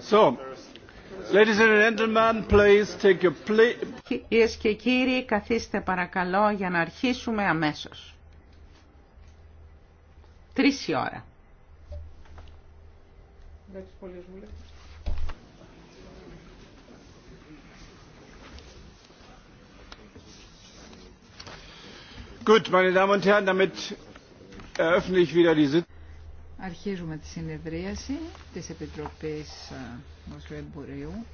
So, ladies and gentlemen, please take your place. Κυρίες και κύριοι, καθίστε παρακαλώ για να αρχίσουμε αμέσως. Τρεις η ώρα. Good, meine Damen und Herren, damit eröffne ich wieder die Sitzung. Αρχίζουμε τη συνεδρίαση της Επιτροπής ε, Μοσχείου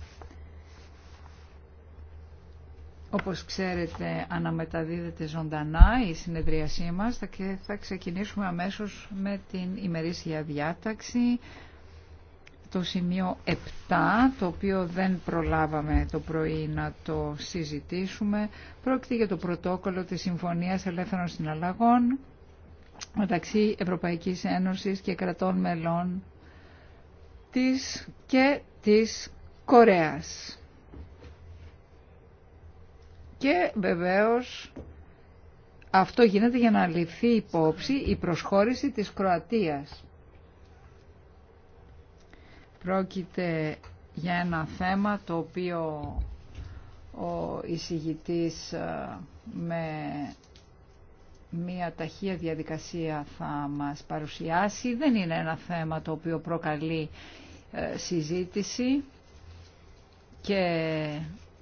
Όπως ξέρετε αναμεταδίδεται ζωντανά η συνεδρίασή μας και θα ξεκινήσουμε αμέσως με την ημερήσια διάταξη το σημείο 7, το οποίο δεν προλάβαμε το πρωί να το συζητήσουμε. Πρόκειται για το πρωτόκολλο της Συμφωνίας Ελεύθερων Συναλλαγών μεταξύ Ευρωπαϊκής Ένωσης και κρατών μελών της και της Κορέας. Και βεβαίως αυτό γίνεται για να ληφθεί υπόψη η προσχώρηση της Κροατίας. Πρόκειται για ένα θέμα το οποίο ο εισηγητής ε, με μία ταχεία διαδικασία θα μας παρουσιάσει. Δεν είναι ένα θέμα το οποίο προκαλεί ε, συζήτηση και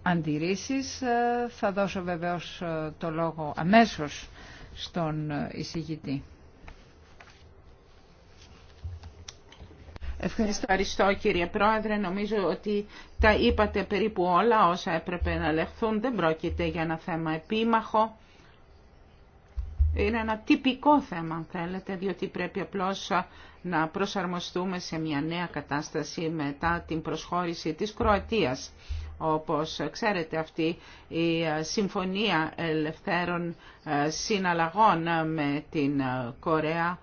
αντιρρήσεις. Ε, θα δώσω βεβαίως ε, το λόγο αμέσως στον εισηγητή. Ευχαριστώ. Ευχαριστώ κύριε Πρόεδρε. Νομίζω ότι τα είπατε περίπου όλα όσα έπρεπε να λεχθούν. Δεν πρόκειται για ένα θέμα επίμαχο είναι ένα τυπικό θέμα, αν θέλετε, διότι πρέπει απλώς να προσαρμοστούμε σε μια νέα κατάσταση μετά την προσχώρηση της Κροατίας. Όπως ξέρετε αυτή η Συμφωνία Ελευθέρων Συναλλαγών με την Κορέα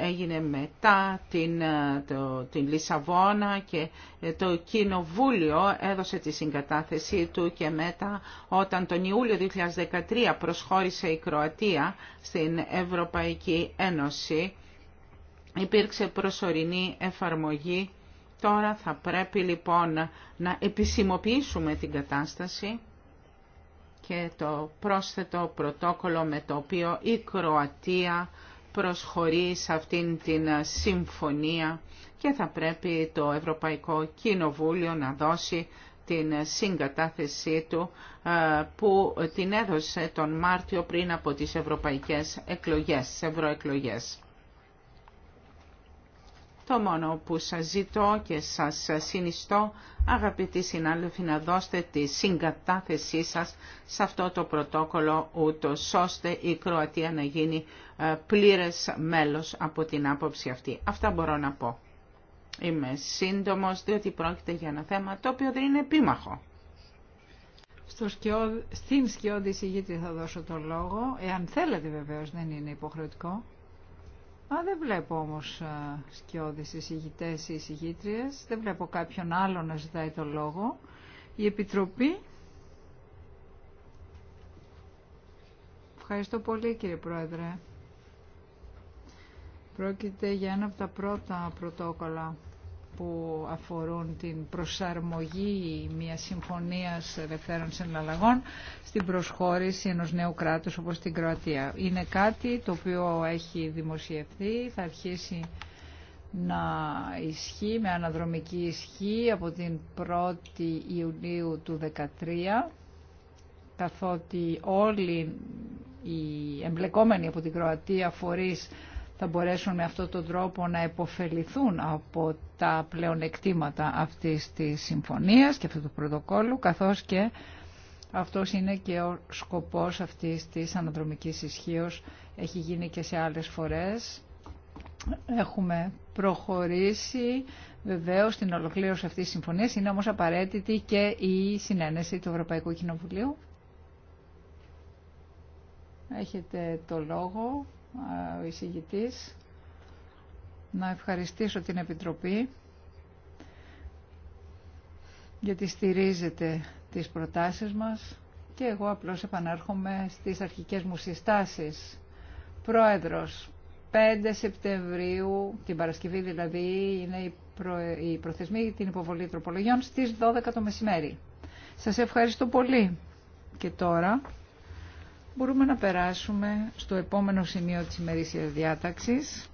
έγινε μετά την, ε, το, την Λισαβόνα και ε, το Κοινοβούλιο έδωσε τη συγκατάθεσή του και μετά όταν τον Ιούλιο 2013 προσχώρησε η Κροατία στην Ευρωπαϊκή Ένωση υπήρξε προσωρινή εφαρμογή. Τώρα θα πρέπει λοιπόν να επισημοποιήσουμε την κατάσταση και το πρόσθετο πρωτόκολλο με το οποίο η Κροατία προσχωρεί σε αυτήν την συμφωνία και θα πρέπει το Ευρωπαϊκό Κοινοβούλιο να δώσει την συγκατάθεσή του ε, που την έδωσε τον Μάρτιο πριν από τις ευρωπαϊκές εκλογές, τις ευρωεκλογές. Το μόνο που σας ζητώ και σας συνιστώ αγαπητοί συνάδελφοι, να δώσετε τη συγκατάθεσή σας σε αυτό το πρωτόκολλο, ούτω ώστε η Κροατία να γίνει ε, πλήρες μέλος από την άποψη αυτή. Αυτά μπορώ να πω. Είμαι σύντομος, διότι πρόκειται για ένα θέμα το οποίο δεν είναι επίμαχο. στην σκιώδη γιατί θα δώσω το λόγο, εάν θέλετε βεβαίως, δεν είναι υποχρεωτικό δεν βλέπω όμως ε, σκιώδεις εισηγητές ή εισηγήτριες. Δεν βλέπω κάποιον άλλο να ζητάει το λόγο. Η Επιτροπή... Ευχαριστώ πολύ κύριε Πρόεδρε. Πρόκειται για ένα από τα πρώτα πρωτόκολλα που αφορούν την προσαρμογή μιας συμφωνίας ελευθέρων συναλλαγών στην προσχώρηση ενός νέου κράτους όπως την Κροατία. Είναι κάτι το οποίο έχει δημοσιευθεί, θα αρχίσει να ισχύει με αναδρομική ισχύ από την 1η Ιουνίου του 2013 καθότι όλοι οι εμπλεκόμενοι από την Κροατία φορείς θα μπορέσουν με αυτόν τον τρόπο να επωφεληθούν από τα πλεονεκτήματα αυτής της συμφωνίας και αυτού του πρωτοκόλλου, καθώς και αυτός είναι και ο σκοπός αυτής της αναδρομικής ισχύω έχει γίνει και σε άλλες φορές. Έχουμε προχωρήσει βεβαίω στην ολοκλήρωση αυτής της συμφωνίας, είναι όμως απαραίτητη και η συνένεση του Ευρωπαϊκού Κοινοβουλίου. Έχετε το λόγο. Ε, ο εισηγητής, να ευχαριστήσω την Επιτροπή γιατί στηρίζετε τις προτάσεις μας και εγώ απλώς επανέρχομαι στις αρχικές μου συστάσεις. Πρόεδρος, 5 Σεπτεμβρίου, την Παρασκευή δηλαδή, είναι η, προ... η την υποβολή τροπολογιών στις 12 το μεσημέρι. Σας ευχαριστώ πολύ. Και τώρα μπορούμε να περάσουμε στο επόμενο σημείο της ημερήσιας διάταξης.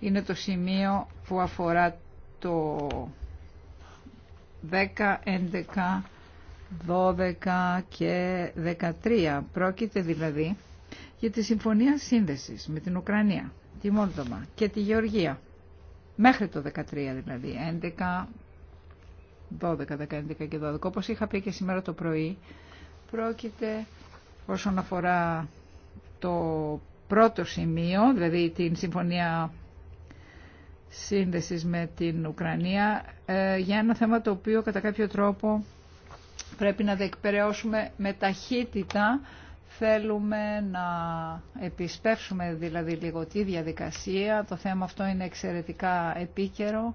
Είναι το σημείο που αφορά το 10, 11, 12 και 13. Πρόκειται δηλαδή για τη Συμφωνία Σύνδεσης με την Ουκρανία, τη Μόλδομα και τη Γεωργία. Μέχρι το 13 δηλαδή, 11, 12, 11 και 12. Όπως είχα πει και σήμερα το πρωί, πρόκειται όσον αφορά το πρώτο σημείο, δηλαδή την συμφωνία σύνδεσης με την Ουκρανία, ε, για ένα θέμα το οποίο κατά κάποιο τρόπο πρέπει να διεκπαιρεώσουμε με ταχύτητα. Θέλουμε να επισπεύσουμε δηλαδή λίγο τη διαδικασία. Το θέμα αυτό είναι εξαιρετικά επίκαιρο.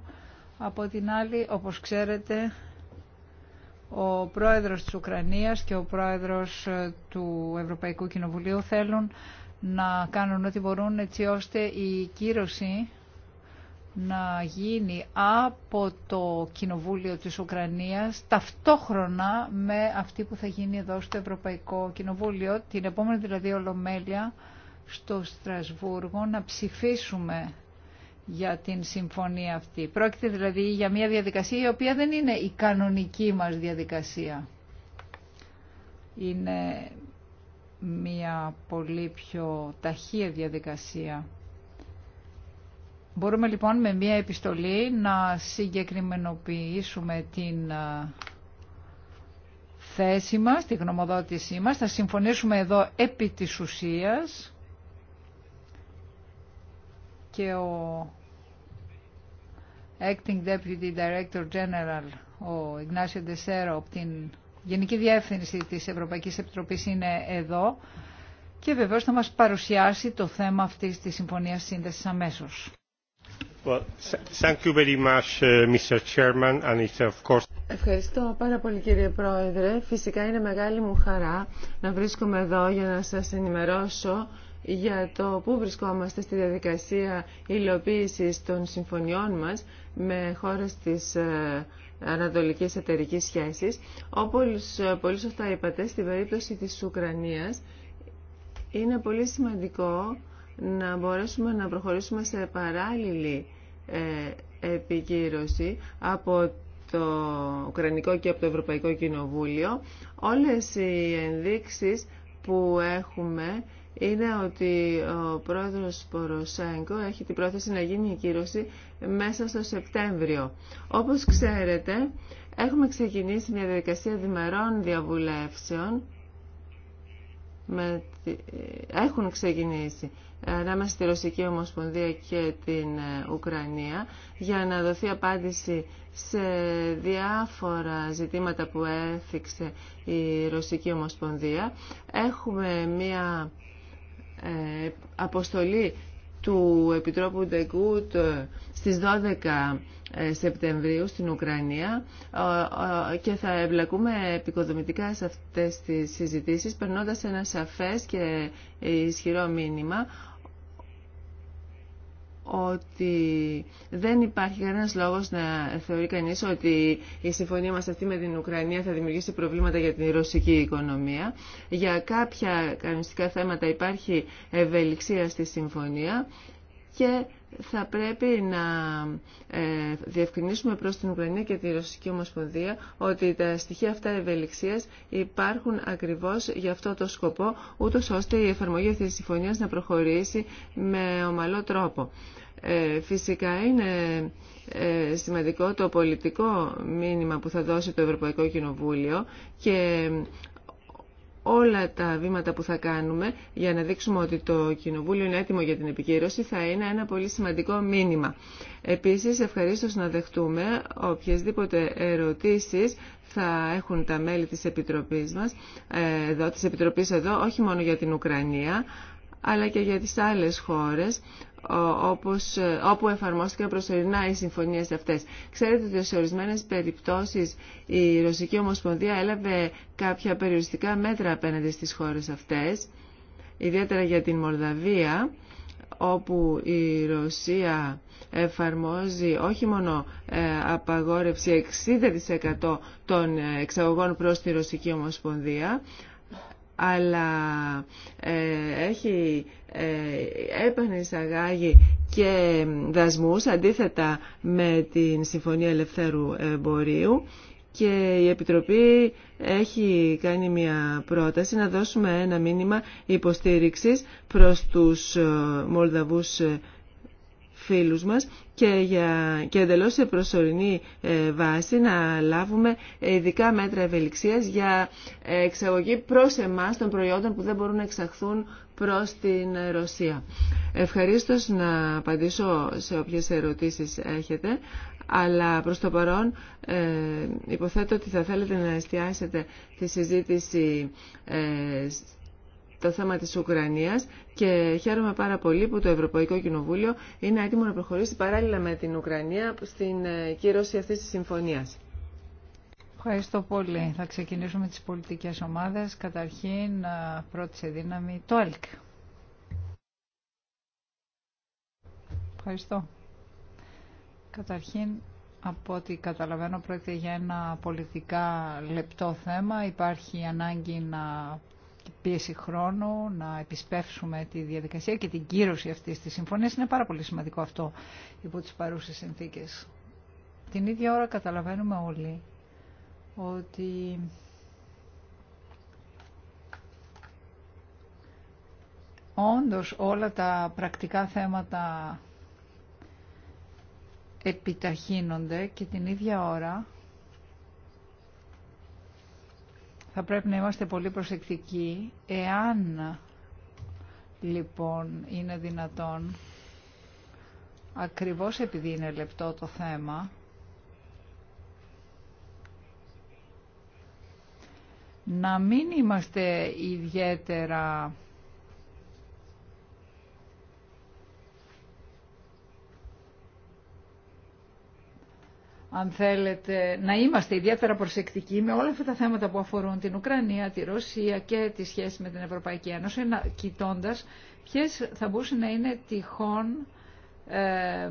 Από την άλλη, όπως ξέρετε, ο πρόεδρος της Ουκρανίας και ο πρόεδρος ε, του Ευρωπαϊκού Κοινοβουλίου θέλουν να κάνουν ό,τι μπορούν έτσι ώστε η κύρωση να γίνει από το Κοινοβούλιο της Ουκρανίας ταυτόχρονα με αυτή που θα γίνει εδώ στο Ευρωπαϊκό Κοινοβούλιο την επόμενη δηλαδή ολομέλεια στο Στρασβούργο να ψηφίσουμε για την συμφωνία αυτή. Πρόκειται δηλαδή για μια διαδικασία η οποία δεν είναι η κανονική μας διαδικασία. Είναι μια πολύ πιο ταχεία διαδικασία. Μπορούμε λοιπόν με μια επιστολή να συγκεκριμενοποιήσουμε την θέση μας, τη γνωμοδότησή μας. Θα συμφωνήσουμε εδώ επί της ουσίας και ο Acting Deputy Director General, ο Ιγνάσιο Ντεσέρο, από την Γενική Διεύθυνση της Ευρωπαϊκής Επιτροπής είναι εδώ και βεβαίως θα μας παρουσιάσει το θέμα αυτής της Συμφωνίας Σύνδεσης αμέσως. Ευχαριστώ πάρα πολύ κύριε Πρόεδρε. Φυσικά είναι μεγάλη μου χαρά να βρίσκομαι εδώ για να σας ενημερώσω για το πού βρισκόμαστε στη διαδικασία υλοποίησης των συμφωνιών μας με χώρες της ε, Ανατολικής Εταιρικής Σχέσης. Όπως ε, πολύ σωστά είπατε, στην περίπτωση της Ουκρανίας είναι πολύ σημαντικό να μπορέσουμε να προχωρήσουμε σε παράλληλη ε, επικύρωση από το Ουκρανικό και από το Ευρωπαϊκό Κοινοβούλιο όλες οι ενδείξεις που έχουμε είναι ότι ο πρόεδρος Ποροσέγκο έχει την πρόθεση να γίνει η κύρωση μέσα στο Σεπτέμβριο. Όπως ξέρετε, έχουμε ξεκινήσει μια διαδικασία διμερών διαβουλεύσεων. Με... Έχουν ξεκινήσει ανάμεσα στη Ρωσική Ομοσπονδία και την ε, Ουκρανία για να δοθεί απάντηση σε διάφορα ζητήματα που έφυξε η Ρωσική Ομοσπονδία. Έχουμε μία ε, αποστολή του Επιτρόπου Ντεκούτ ε, στις 12 ε, Σεπτεμβρίου στην Ουκρανία και θα εμπλακούμε επικοδομητικά σε αυτές τις συζητήσεις περνώντας ένα σαφές και ισχυρό μήνυμα ότι δεν υπάρχει κανένας λόγος να θεωρεί κανεί ότι η συμφωνία μα αυτή με την Ουκρανία θα δημιουργήσει προβλήματα για την ρωσική οικονομία. Για κάποια κανονιστικά θέματα υπάρχει ευελιξία στη συμφωνία και θα πρέπει να ε, διευκρινίσουμε προς την Ουκρανία και τη Ρωσική Ομοσπονδία ότι τα στοιχεία αυτά ευελιξία υπάρχουν ακριβώς για αυτό το σκοπό, ούτως ώστε η εφαρμογή αυτής της συμφωνίας να προχωρήσει με ομαλό τρόπο. Ε, φυσικά είναι ε, σημαντικό το πολιτικό μήνυμα που θα δώσει το Ευρωπαϊκό Κοινοβούλιο και όλα τα βήματα που θα κάνουμε για να δείξουμε ότι το Κοινοβούλιο είναι έτοιμο για την επικύρωση θα είναι ένα πολύ σημαντικό μήνυμα. Επίσης, ευχαρίστω να δεχτούμε οποιασδήποτε ερωτήσεις θα έχουν τα μέλη της Επιτροπής μας, ε, εδώ, της Επιτροπής εδώ, όχι μόνο για την Ουκρανία, αλλά και για τις άλλες χώρες όπως, ε, όπου εφαρμόστηκαν προσωρινά οι συμφωνίες αυτές. Ξέρετε ότι σε ορισμένες περιπτώσεις η Ρωσική Ομοσπονδία έλαβε κάποια περιοριστικά μέτρα απέναντι στις χώρες αυτές, ιδιαίτερα για την Μολδαβία, όπου η Ρωσία εφαρμόζει όχι μόνο ε, απαγόρευση 60% των ε, εξαγωγών προς τη Ρωσική Ομοσπονδία, αλλά ε, έχει ε, έπαιρνε εισαγάγει και δασμούς αντίθετα με την Συμφωνία Ελευθέρου Εμπορίου και η Επιτροπή έχει κάνει μια πρόταση να δώσουμε ένα μήνυμα υποστήριξης προς τους ε, Μολδαβούς ε, φίλους μας και, για, και εντελώς σε προσωρινή ε, βάση να λάβουμε ειδικά μέτρα ευελιξίας για εξαγωγή προς εμάς των προϊόντων που δεν μπορούν να εξαχθούν προς την Ρωσία. Ευχαρίστω να απαντήσω σε όποιες ερωτήσεις έχετε, αλλά προς το παρόν ε, υποθέτω ότι θα θέλετε να εστιάσετε τη συζήτηση ε, το θέμα της Ουκρανίας και χαίρομαι πάρα πολύ που το Ευρωπαϊκό Κοινοβούλιο είναι έτοιμο να προχωρήσει παράλληλα με την Ουκρανία στην ε, κύρωση αυτής της συμφωνίας. Ευχαριστώ πολύ. Θα ξεκινήσουμε τις πολιτικές ομάδες. Καταρχήν, ε, πρώτη σε δύναμη, το ΕΛΚ. Ευχαριστώ. Καταρχήν, από ό,τι καταλαβαίνω, πρόκειται για ένα πολιτικά λεπτό θέμα. Υπάρχει ανάγκη να πίεση χρόνου, να επισπεύσουμε τη διαδικασία και την κύρωση αυτή τη συμφωνία. Είναι πάρα πολύ σημαντικό αυτό υπό τις παρούσες συνθήκες. Την ίδια ώρα καταλαβαίνουμε όλοι ότι όντως όλα τα πρακτικά θέματα επιταχύνονται και την ίδια ώρα θα πρέπει να είμαστε πολύ προσεκτικοί εάν λοιπόν είναι δυνατόν ακριβώς επειδή είναι λεπτό το θέμα να μην είμαστε ιδιαίτερα αν θέλετε, να είμαστε ιδιαίτερα προσεκτικοί με όλα αυτά τα θέματα που αφορούν την Ουκρανία, τη Ρωσία και τη σχέση με την Ευρωπαϊκή Ένωση, κοιτώντα ποιε θα μπορούσαν να είναι τυχόν ε,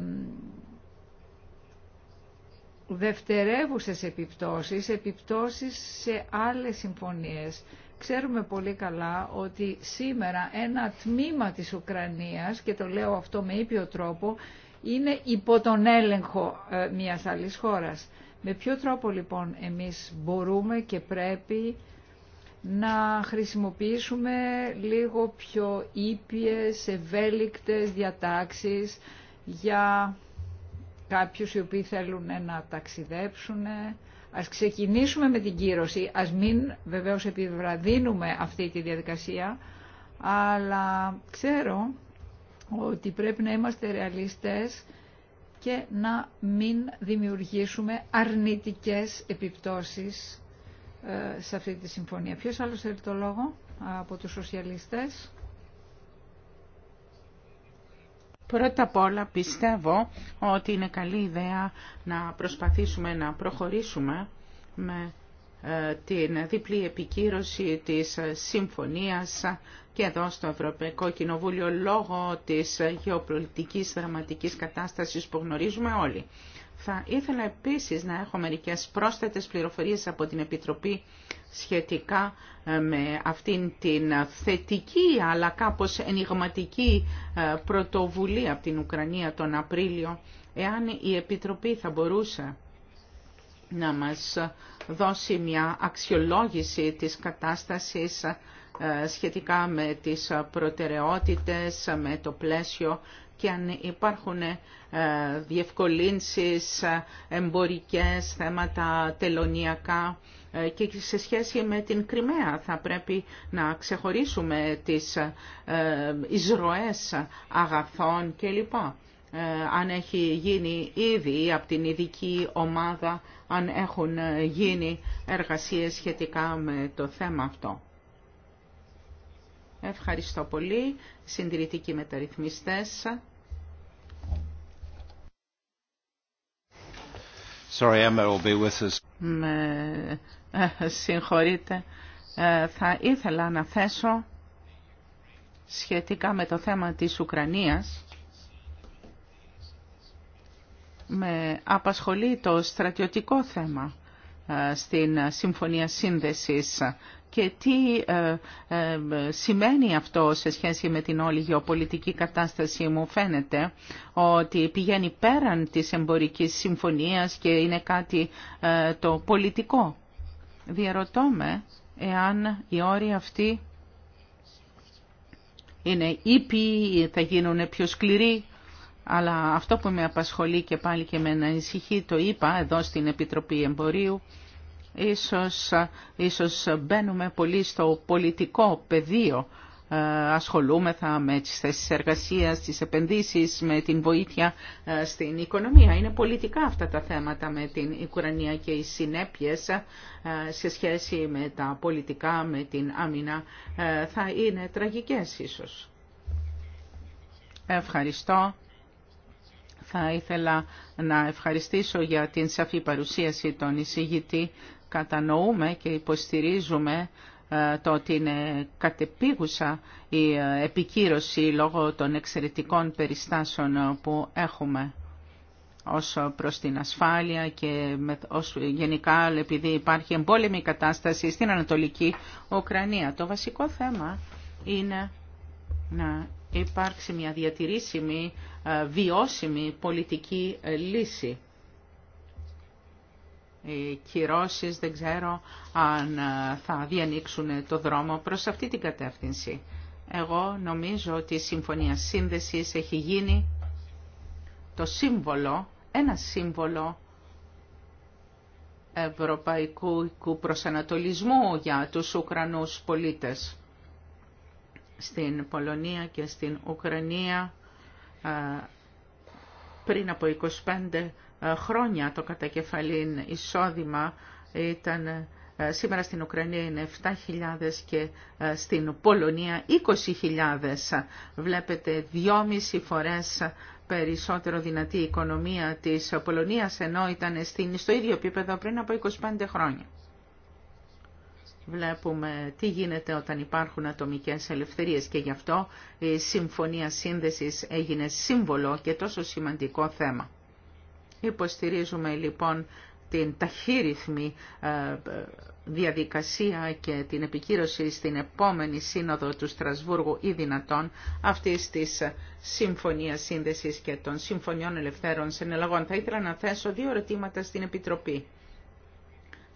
δευτερεύουσες επιπτώσεις, επιπτώσεις σε άλλες συμφωνίες. Ξέρουμε πολύ καλά ότι σήμερα ένα τμήμα της Ουκρανίας, και το λέω αυτό με ήπιο τρόπο, είναι υπό τον έλεγχο ε, μιας άλλης χώρας. Με ποιο τρόπο λοιπόν εμείς μπορούμε και πρέπει να χρησιμοποιήσουμε λίγο πιο ήπιες, ευέλικτες διατάξεις για κάποιους οι οποίοι θέλουν να ταξιδέψουν. Ας ξεκινήσουμε με την κύρωση, ας μην βεβαίως επιβραδύνουμε αυτή τη διαδικασία, αλλά ξέρω ότι πρέπει να είμαστε ρεαλιστές και να μην δημιουργήσουμε αρνητικές επιπτώσεις ε, σε αυτή τη συμφωνία. Ποιος άλλος θέλει το λόγο από τους σοσιαλιστές. Πρώτα απ' όλα πιστεύω ότι είναι καλή ιδέα να προσπαθήσουμε να προχωρήσουμε με ε, την διπλή επικύρωση της συμφωνίας και εδώ στο Ευρωπαϊκό Κοινοβούλιο λόγω της γεωπολιτικής δραματικής κατάστασης που γνωρίζουμε όλοι. Θα ήθελα επίσης να έχω μερικές πρόσθετες πληροφορίες από την Επιτροπή σχετικά ε, με αυτήν την θετική αλλά κάπως ενηγματική ε, πρωτοβουλία από την Ουκρανία τον Απρίλιο, εάν η Επιτροπή θα μπορούσε να μας δώσει μια αξιολόγηση της κατάστασης ε, σχετικά με τις προτεραιότητες, με το πλαίσιο και αν υπάρχουν ε, διευκολύνσεις ε, εμπορικές, θέματα τελωνιακά και σε σχέση με την Κρυμαία θα πρέπει να ξεχωρίσουμε τις εισρωές αγαθών κλπ. Ε, αν έχει γίνει ήδη από την ειδική ομάδα, αν έχουν ε, γίνει εργασίες σχετικά με το θέμα αυτό. Ευχαριστώ πολύ. Συντηρητικοί μεταρρυθμιστές. Sorry, Emma will be with us. Με ε, συγχωρείτε. θα ήθελα να θέσω σχετικά με το θέμα της Ουκρανίας με απασχολεί το στρατιωτικό θέμα ε, στην Συμφωνία Σύνδεσης και τι ε, ε, σημαίνει αυτό σε σχέση με την όλη γεωπολιτική κατάσταση μου φαίνεται ότι πηγαίνει πέραν της εμπορικής συμφωνίας και είναι κάτι το πολιτικό. Διαρωτώ με εάν οι όροι αυτοί είναι ήπιοι, θα γίνουν πιο σκληροί αλλά αυτό που με απασχολεί και πάλι και με ανησυχεί, το είπα εδώ στην Επιτροπή Εμπορίου, ίσως, ίσως μπαίνουμε πολύ στο πολιτικό πεδίο ε, ασχολούμεθα με τις θέσεις εργασίας, τις επενδύσεις, με την βοήθεια ε, στην οικονομία. Είναι πολιτικά αυτά τα θέματα με την Ουκρανία και οι συνέπειες ε, σε σχέση με τα πολιτικά, με την άμυνα θα είναι τραγικές ίσως. Ευχαριστώ. Θα ήθελα να ευχαριστήσω για την σαφή παρουσίαση των εισηγητή. Κατανοούμε και υποστηρίζουμε ε, το ότι είναι κατεπίγουσα η ε, επικύρωση λόγω των εξαιρετικών περιστάσεων ε, που έχουμε ως προς την ασφάλεια και ως γενικά επειδή υπάρχει εμπόλεμη κατάσταση στην Ανατολική Ουκρανία. Το βασικό θέμα είναι να υπάρξει μια διατηρήσιμη, ε, βιώσιμη πολιτική ε, λύση. Οι κυρώσεις δεν ξέρω αν ε, θα διανοίξουν το δρόμο προς αυτή την κατεύθυνση. Εγώ νομίζω ότι η Συμφωνία Σύνδεσης έχει γίνει το σύμβολο, ένα σύμβολο ευρωπαϊκού προσανατολισμού για τους Ουκρανούς πολίτες στην Πολωνία και στην Ουκρανία ε, πριν από 25 ε, χρόνια το κατακεφαλήν εισόδημα ήταν ε, σήμερα στην Ουκρανία είναι 7.000 και στην Πολωνία 20.000. Βλέπετε 2,5 φορές περισσότερο δυνατή η οικονομία της Πολωνίας ενώ ήταν στο ίδιο επίπεδο πριν από 25 χρόνια βλέπουμε τι γίνεται όταν υπάρχουν ατομικές ελευθερίες και γι' αυτό η Συμφωνία Σύνδεσης έγινε σύμβολο και τόσο σημαντικό θέμα. Υποστηρίζουμε λοιπόν την ταχύρυθμη ε, διαδικασία και την επικύρωση στην επόμενη σύνοδο του Στρασβούργου ή δυνατόν αυτής της Συμφωνίας Σύνδεσης και των Συμφωνιών Ελευθέρων Συνελλαγών. Θα ήθελα να θέσω δύο ερωτήματα στην Επιτροπή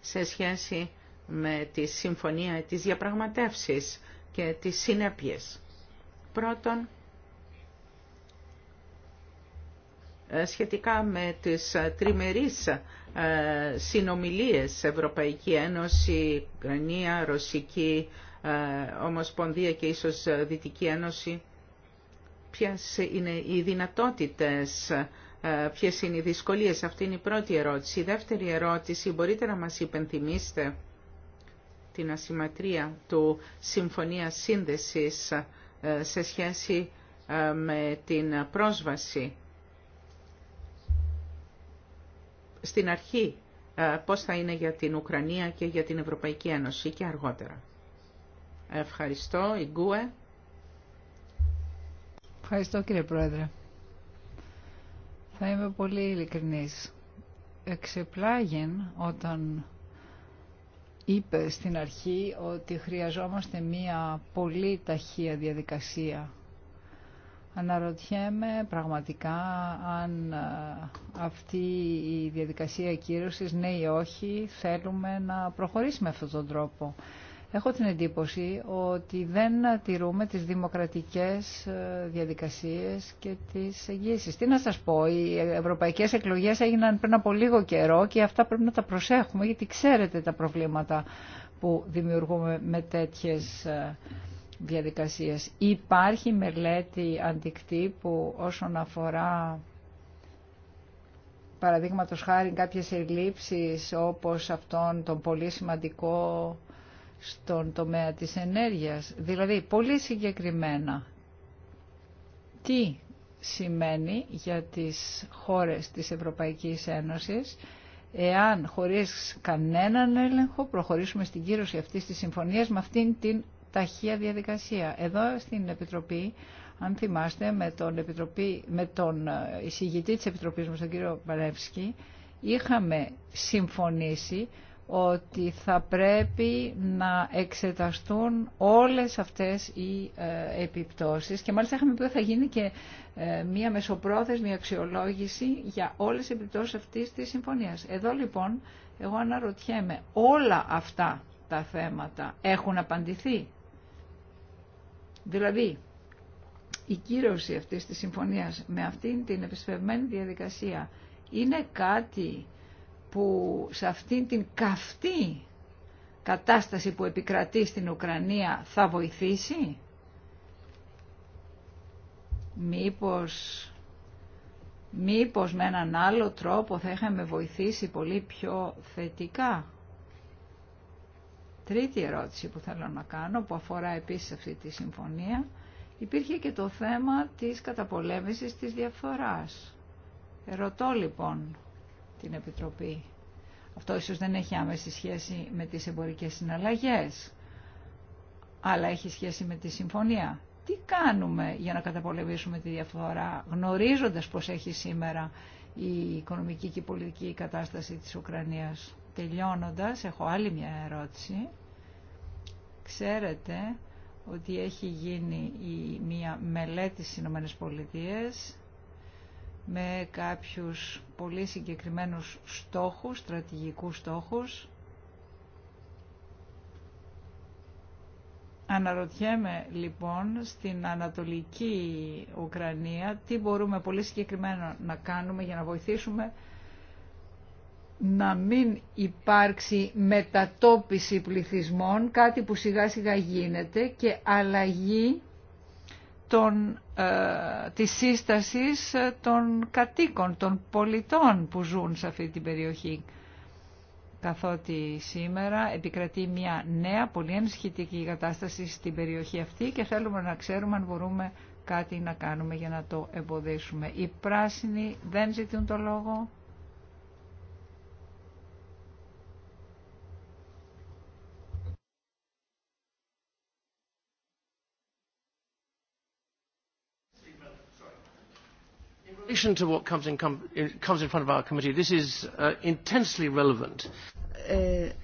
σε σχέση με τη συμφωνία της διαπραγματεύσεις και τις συνέπειες. Πρώτον, ε, σχετικά με τις ε, τριμερείς ε, συνομιλίες Ευρωπαϊκή Ένωση, Γρανία, Ρωσική Ομοσπονδία και ίσως Δυτική Ένωση, ποιες είναι οι δυνατότητες, ποιες είναι οι δυσκολίες. Αυτή είναι η πρώτη ερώτηση. Η δεύτερη ερώτηση, μπορείτε να μας υπενθυμίσετε την ασυμματρία του Συμφωνία Σύνδεσης ε, σε σχέση ε, με την πρόσβαση στην αρχή ε, πώς θα είναι για την Ουκρανία και για την Ευρωπαϊκή Ένωση και αργότερα. Ευχαριστώ, Ιγκούε. Ευχαριστώ κύριε Πρόεδρε. Θα είμαι πολύ ειλικρινής. Εξεπλάγεν όταν είπε στην αρχή ότι χρειαζόμαστε μία πολύ ταχεία διαδικασία. Αναρωτιέμαι πραγματικά αν ε, αυτή η διαδικασία κύρωσης, ναι ή όχι, θέλουμε να προχωρήσουμε αυτόν τον τρόπο. Έχω την εντύπωση ότι δεν τηρούμε τις δημοκρατικές ε, διαδικασίες και τις εγγύσεις. Τι να σας πω, οι ευρωπαϊκές εκλογές έγιναν πριν από λίγο καιρό και αυτά πρέπει να τα προσέχουμε γιατί ξέρετε τα προβλήματα που δημιουργούμε με τέτοιες ε, διαδικασίες. Υπάρχει μελέτη αντικτύπου όσον αφορά παραδείγματος χάρη κάποιες ελλείψεις όπως αυτόν τον πολύ σημαντικό στον τομέα της ενέργειας. Δηλαδή, πολύ συγκεκριμένα, τι σημαίνει για τις χώρες της Ευρωπαϊκής Ένωσης εάν χωρίς κανέναν έλεγχο προχωρήσουμε στην κύρωση αυτής της συμφωνίας με αυτήν την ταχεία διαδικασία. Εδώ στην Επιτροπή, αν θυμάστε, με τον, Επιτροπή, με τον ε, εισηγητή της Επιτροπής μας, τον κύριο Παρεύσκη, είχαμε συμφωνήσει ότι θα πρέπει να εξεταστούν όλες αυτές οι ε, επιπτώσεις και μάλιστα είχαμε πει ότι θα γίνει και ε, μία μεσοπρόθεσμη αξιολόγηση για όλες τις επιπτώσεις αυτής της συμφωνίας. Εδώ λοιπόν εγώ αναρωτιέμαι όλα αυτά τα θέματα έχουν απαντηθεί. Δηλαδή η κύρωση αυτής της συμφωνίας με αυτήν την επισφευμένη διαδικασία είναι κάτι που σε αυτήν την καυτή κατάσταση που επικρατεί στην Ουκρανία θα βοηθήσει. Μήπως, μήπως με έναν άλλο τρόπο θα είχαμε βοηθήσει πολύ πιο θετικά. Τρίτη ερώτηση που θέλω να κάνω, που αφορά επίσης αυτή τη συμφωνία, υπήρχε και το θέμα της καταπολέμησης της διαφθοράς. Ερωτώ λοιπόν, την Επιτροπή. Αυτό ίσως δεν έχει άμεση σχέση με τις εμπορικές συναλλαγές, αλλά έχει σχέση με τη συμφωνία. Τι κάνουμε για να καταπολεμήσουμε τη διαφορά, γνωρίζοντας πως έχει σήμερα η οικονομική και η πολιτική κατάσταση της Ουκρανίας. Τελειώνοντας, έχω άλλη μια ερώτηση. Ξέρετε ότι έχει γίνει η, μια μελέτη στις Ηνωμένες Πολιτείες με κάποιους πολύ συγκεκριμένους στόχους, στρατηγικούς στόχους. Αναρωτιέμαι λοιπόν στην Ανατολική Ουκρανία τι μπορούμε πολύ συγκεκριμένα να κάνουμε για να βοηθήσουμε να μην υπάρξει μετατόπιση πληθυσμών, κάτι που σιγά σιγά γίνεται και αλλαγή των, ε, της σύστασης ε, των κατοίκων, των πολιτών που ζουν σε αυτή την περιοχή. Καθότι σήμερα επικρατεί μια νέα, πολύ ενισχυτική κατάσταση στην περιοχή αυτή και θέλουμε να ξέρουμε αν μπορούμε κάτι να κάνουμε για να το εμποδίσουμε. Οι πράσινοι δεν ζητούν το λόγο.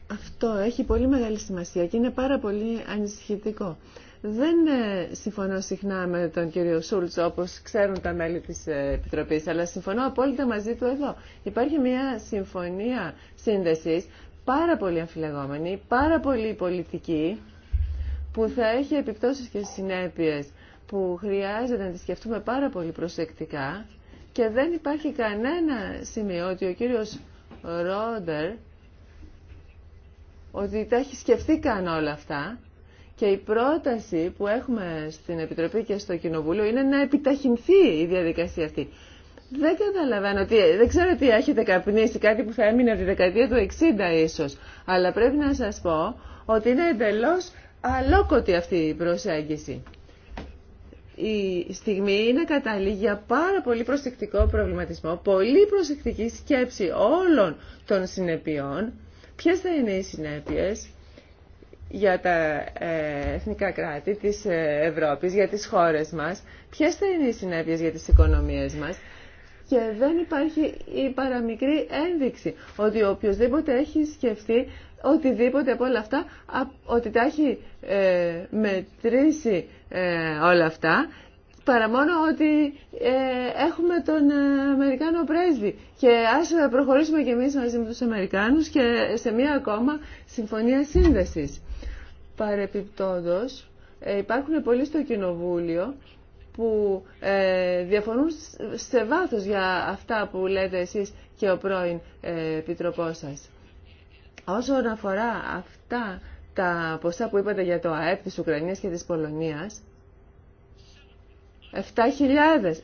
αυτό έχει πολύ μεγάλη σημασία και είναι πάρα πολύ ανησυχητικό. Δεν ε, συμφωνώ συχνά με τον κύριο Σούλτς όπως ξέρουν τα μέλη της ε, Επιτροπής, αλλά συμφωνώ απόλυτα μαζί του εδώ. Υπάρχει μια συμφωνία σύνδεσης πάρα πολύ αμφιλεγόμενη, πάρα πολύ πολιτική, που θα έχει επιπτώσεις και συνέπειες που χρειάζεται να τη σκεφτούμε πάρα πολύ προσεκτικά και δεν υπάρχει κανένα σημείο ότι ο κύριος Ρόντερ ότι τα έχει σκεφτεί καν όλα αυτά και η πρόταση που έχουμε στην Επιτροπή και στο Κοινοβούλιο είναι να επιταχυνθεί η διαδικασία αυτή. Δεν καταλαβαίνω τι, δεν ξέρω τι έχετε καπνίσει, κάτι που θα έμεινε από τη δεκαετία του 60 ίσως, αλλά πρέπει να σας πω ότι είναι εντελώς αλόκοτη αυτή η προσέγγιση η στιγμή είναι κατάλληλη για πάρα πολύ προσεκτικό προβληματισμό, πολύ προσεκτική σκέψη όλων των συνεπειών, ποιες θα είναι οι συνέπειες για τα ε, εθνικά κράτη της ε, Ευρώπης, για τις χώρες μας, ποιες θα είναι οι συνέπειες για τις οικονομίες μας και δεν υπάρχει η παραμικρή ένδειξη ότι οποιοδήποτε έχει σκεφτεί οτιδήποτε από όλα αυτά, ότι τα έχει ε, μετρήσει ε, όλα αυτά, παρά μόνο ότι ε, έχουμε τον Αμερικάνο πρέσβη. Και ας προχωρήσουμε κι εμείς μαζί με τους Αμερικάνους και σε μία ακόμα συμφωνία σύνδεσης. Παρεπιπτόντως, υπάρχουν πολλοί στο Κοινοβούλιο που διαφωνούν σε βάθος για αυτά που λέτε εσείς και ο πρώην επιτροπός σας. Όσον αφορά αυτά τα ποσά που είπατε για το ΑΕΠ της Ουκρανίας και της Πολωνίας, 7.000.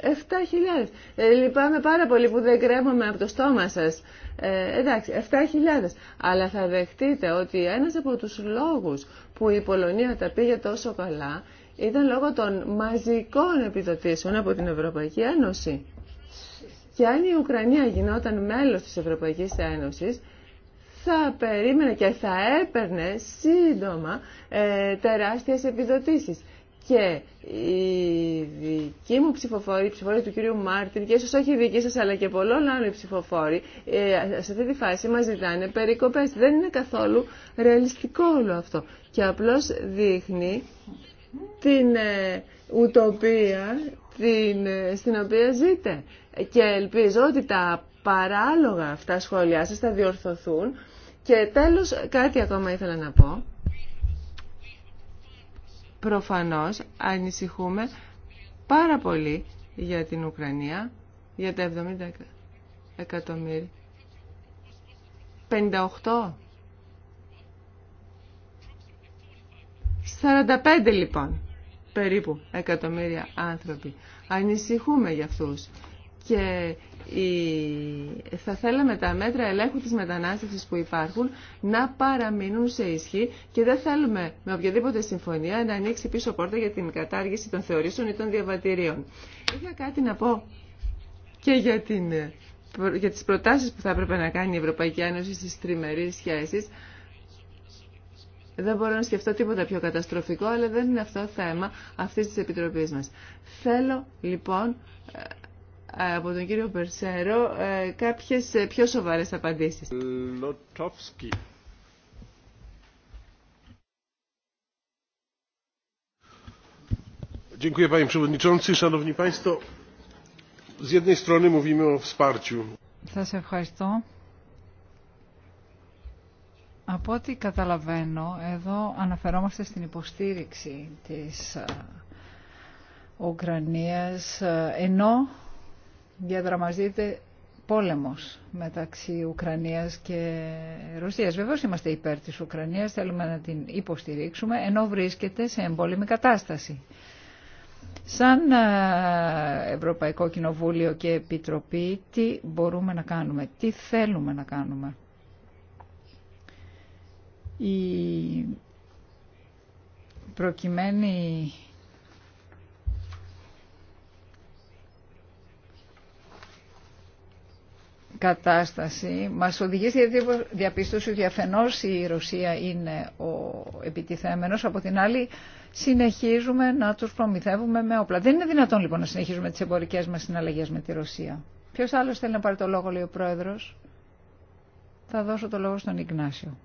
7.000. Ε, λυπάμαι πάρα πολύ που δεν κρέμομαι από το στόμα σας. Ε, εντάξει, 7.000. Αλλά θα δεχτείτε ότι ένας από τους λόγους που η Πολωνία τα πήγε τόσο καλά ήταν λόγω των μαζικών επιδοτήσεων από την Ευρωπαϊκή Ένωση. Και αν η Ουκρανία γινόταν μέλος της Ευρωπαϊκής Ένωσης, θα περίμενε και θα έπαιρνε σύντομα ε, τεράστιες επιδοτήσεις. Και η δική μου ψηφοφόρη, η ψηφοφόρη του κυρίου Μάρτιν και ίσως όχι η δική σας αλλά και πολλών άλλων ψηφοφόροι ε, σε αυτή τη φάση μας ζητάνε περικοπές. Δεν είναι καθόλου ρεαλιστικό όλο αυτό και απλώς δείχνει την ε, ουτοπία την, ε, στην οποία ζείτε. Και ελπίζω ότι τα παράλογα αυτά σχόλιά σας θα διορθωθούν και τέλος, κάτι ακόμα ήθελα να πω. Προφανώς ανησυχούμε πάρα πολύ για την Ουκρανία, για τα 70 εκατομμύρια. 58. 45 λοιπόν περίπου εκατομμύρια άνθρωποι. Ανησυχούμε για αυτούς. Και θα θέλαμε τα μέτρα ελέγχου της μετανάστευσης που υπάρχουν να παραμείνουν σε ισχύ και δεν θέλουμε με οποιαδήποτε συμφωνία να ανοίξει πίσω πόρτα για την κατάργηση των θεωρήσεων ή των διαβατηρίων. Είχα κάτι να πω και για, την, για τις προτάσεις που θα έπρεπε να κάνει η Ευρωπαϊκή Ένωση στις τριμερείς σχέσεις. Δεν μπορώ να σκεφτώ τίποτα πιο καταστροφικό, αλλά δεν είναι αυτό θέμα αυτής της Επιτροπής μας. Θέλω λοιπόν ε, από τον κύριο Μπερσέρο ε, κάποιες ε, πιο σοβαρές απαντήσεις. Λοτόφσκι. Dziękuję Σας ευχαριστώ. Από ό,τι καταλαβαίνω, εδώ αναφερόμαστε στην υποστήριξη της ε, Ουκρανίας, ενώ διαδραμαζείται πόλεμος μεταξύ Ουκρανίας και Ρωσίας. Βεβαίως είμαστε υπέρ της Ουκρανίας, θέλουμε να την υποστηρίξουμε, ενώ βρίσκεται σε εμπόλεμη κατάσταση. Σαν ε, Ευρωπαϊκό Κοινοβούλιο και Επιτροπή, τι μπορούμε να κάνουμε, τι θέλουμε να κάνουμε. Η προκειμένη κατάσταση μας οδηγεί στη διαπίστωση ότι αφενός η Ρωσία είναι ο επιτιθέμενος, από την άλλη συνεχίζουμε να τους προμηθεύουμε με όπλα. Δεν είναι δυνατόν λοιπόν να συνεχίζουμε τις εμπορικές μας συναλλαγές με τη Ρωσία. Ποιο άλλο θέλει να πάρει το λόγο, λέει ο Πρόεδρος. Θα δώσω το λόγο στον Ιγνάσιο.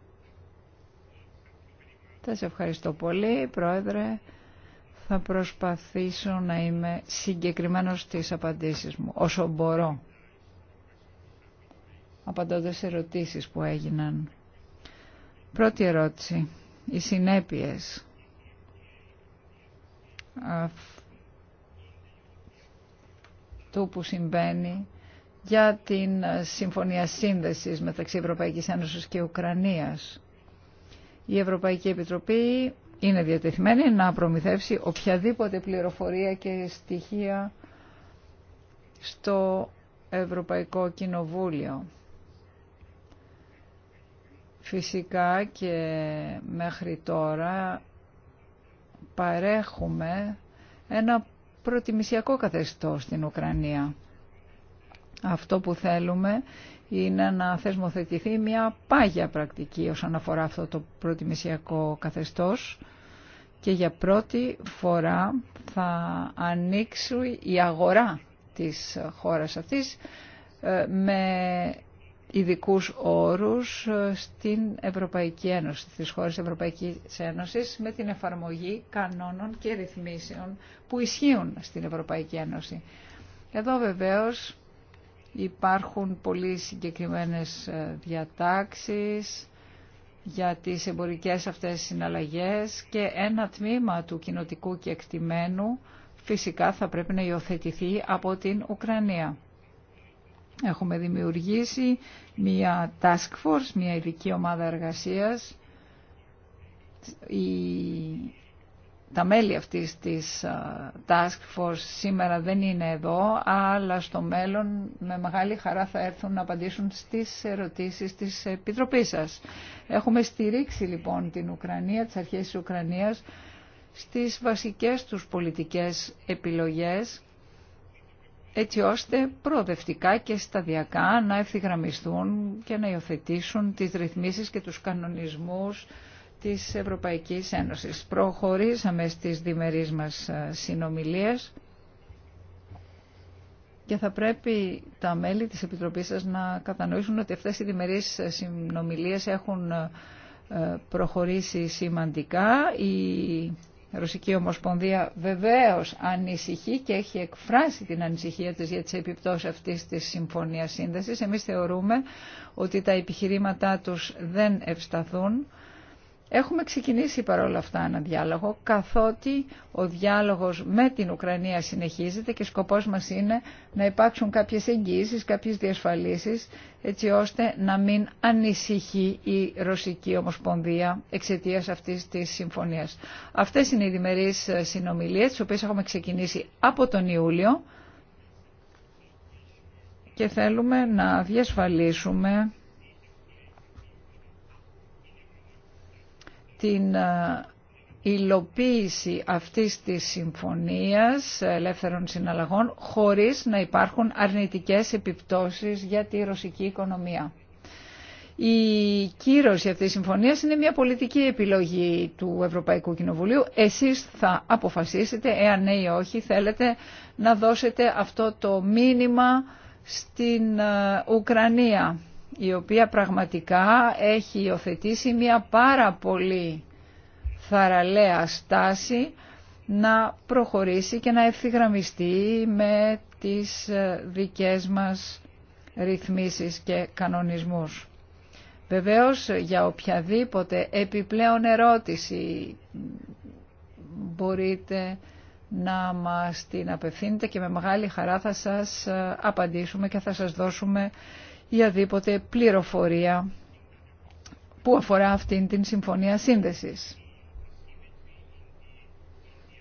Θα σε ευχαριστώ πολύ, Πρόεδρε. Θα προσπαθήσω να είμαι συγκεκριμένος στις απαντήσεις μου, όσο μπορώ απαντώντας σε ερωτήσεις που έγιναν. Πρώτη ερώτηση. Οι συνέπειες του που συμβαίνει για την ε, Συμφωνία Σύνδεσης μεταξύ Ευρωπαϊκής Ένωσης και Ουκρανίας. Η Ευρωπαϊκή Επιτροπή είναι διατεθειμένη να προμηθεύσει οποιαδήποτε πληροφορία και στοιχεία στο Ευρωπαϊκό Κοινοβούλιο. Φυσικά και μέχρι τώρα παρέχουμε ένα προτιμησιακό καθεστώς στην Ουκρανία. Αυτό που θέλουμε είναι να θεσμοθετηθεί μια πάγια πρακτική όσον αφορά αυτό το προτιμησιακό καθεστώς και για πρώτη φορά θα ανοίξει η αγορά της χώρας αυτής ε, με ειδικού όρους ε, στην Ευρωπαϊκή Ένωση, στις χώρες Ευρωπαϊκή Ένωσης, με την εφαρμογή κανόνων και ρυθμίσεων που ισχύουν στην Ευρωπαϊκή Ένωση. Εδώ βεβαίω υπάρχουν πολύ συγκεκριμένε ε, διατάξεις για τις εμπορικές αυτές συναλλαγές και ένα τμήμα του κοινοτικού κεκτημένου φυσικά θα πρέπει να υιοθετηθεί από την Ουκρανία. Έχουμε δημιουργήσει μία task force, μία ειδική ομάδα εργασίας. Η... Τα μέλη αυτής της task force σήμερα δεν είναι εδώ, αλλά στο μέλλον με μεγάλη χαρά θα έρθουν να απαντήσουν στις ερωτήσεις της Επιτροπής σας. Έχουμε στηρίξει λοιπόν την Ουκρανία, τις αρχές της Ουκρανίας, στις βασικές τους πολιτικές επιλογές έτσι ώστε προοδευτικά και σταδιακά να ευθυγραμμιστούν και να υιοθετήσουν τις ρυθμίσεις και τους κανονισμούς της Ευρωπαϊκής Ένωσης. Προχωρήσαμε στις διμερείς μας ε, συνομιλίες και θα πρέπει τα μέλη της Επιτροπής σας να κατανοήσουν ότι αυτές οι διμερείς ε, συνομιλίες έχουν ε, προχωρήσει σημαντικά. Η Ρωσική Ομοσπονδία βεβαίως ανησυχεί και έχει εκφράσει την ανησυχία της για τις επιπτώσεις αυτής της συμφωνίας σύνδεσης. Εμείς θεωρούμε ότι τα επιχειρήματά τους δεν ευσταθούν Έχουμε ξεκινήσει παρόλα αυτά ένα διάλογο, καθότι ο διάλογος με την Ουκρανία συνεχίζεται και σκοπός μας είναι να υπάρξουν κάποιες εγγύησεις, κάποιες διασφαλίσεις, έτσι ώστε να μην ανησυχεί η Ρωσική Ομοσπονδία εξαιτία αυτής της συμφωνίας. Αυτές είναι οι διμερείς συνομιλίες, τις οποίες έχουμε ξεκινήσει από τον Ιούλιο και θέλουμε να διασφαλίσουμε την ε, υλοποίηση αυτής της συμφωνίας ελεύθερων συναλλαγών χωρίς να υπάρχουν αρνητικές επιπτώσεις για τη ρωσική οικονομία. Η κύρωση αυτής της συμφωνίας είναι μια πολιτική επιλογή του Ευρωπαϊκού Κοινοβουλίου. Εσείς θα αποφασίσετε, εάν ναι ή όχι, θέλετε να δώσετε αυτό το μήνυμα στην ε, Ουκρανία η οποία πραγματικά έχει υιοθετήσει μια πάρα πολύ θαραλέα στάση να προχωρήσει και να ευθυγραμμιστεί με τις ε, δικές μας ρυθμίσεις και κανονισμούς. Βεβαίως για οποιαδήποτε επιπλέον ερώτηση μπορείτε να μας την απευθύνετε και με μεγάλη χαρά θα σας ε, απαντήσουμε και θα σας δώσουμε ή δίποτε πληροφορία που αφορά αυτήν την συμφωνία σύνδεσης.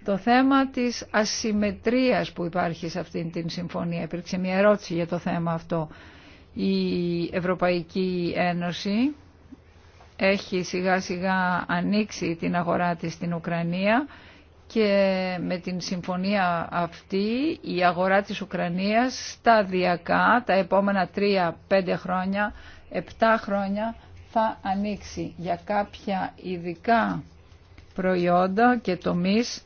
Το θέμα της ασυμμετρίας που υπάρχει σε αυτήν την συμφωνία. Υπήρξε μια ερώτηση για το θέμα αυτό. Η Ευρωπαϊκή Ένωση έχει σιγά σιγά ανοίξει την αγορά της στην Ουκρανία και με την συμφωνία αυτή η αγορά της Ουκρανίας σταδιακά τα επόμενα 3-5 χρόνια, 7 χρόνια θα ανοίξει για κάποια ειδικά προϊόντα και τομείς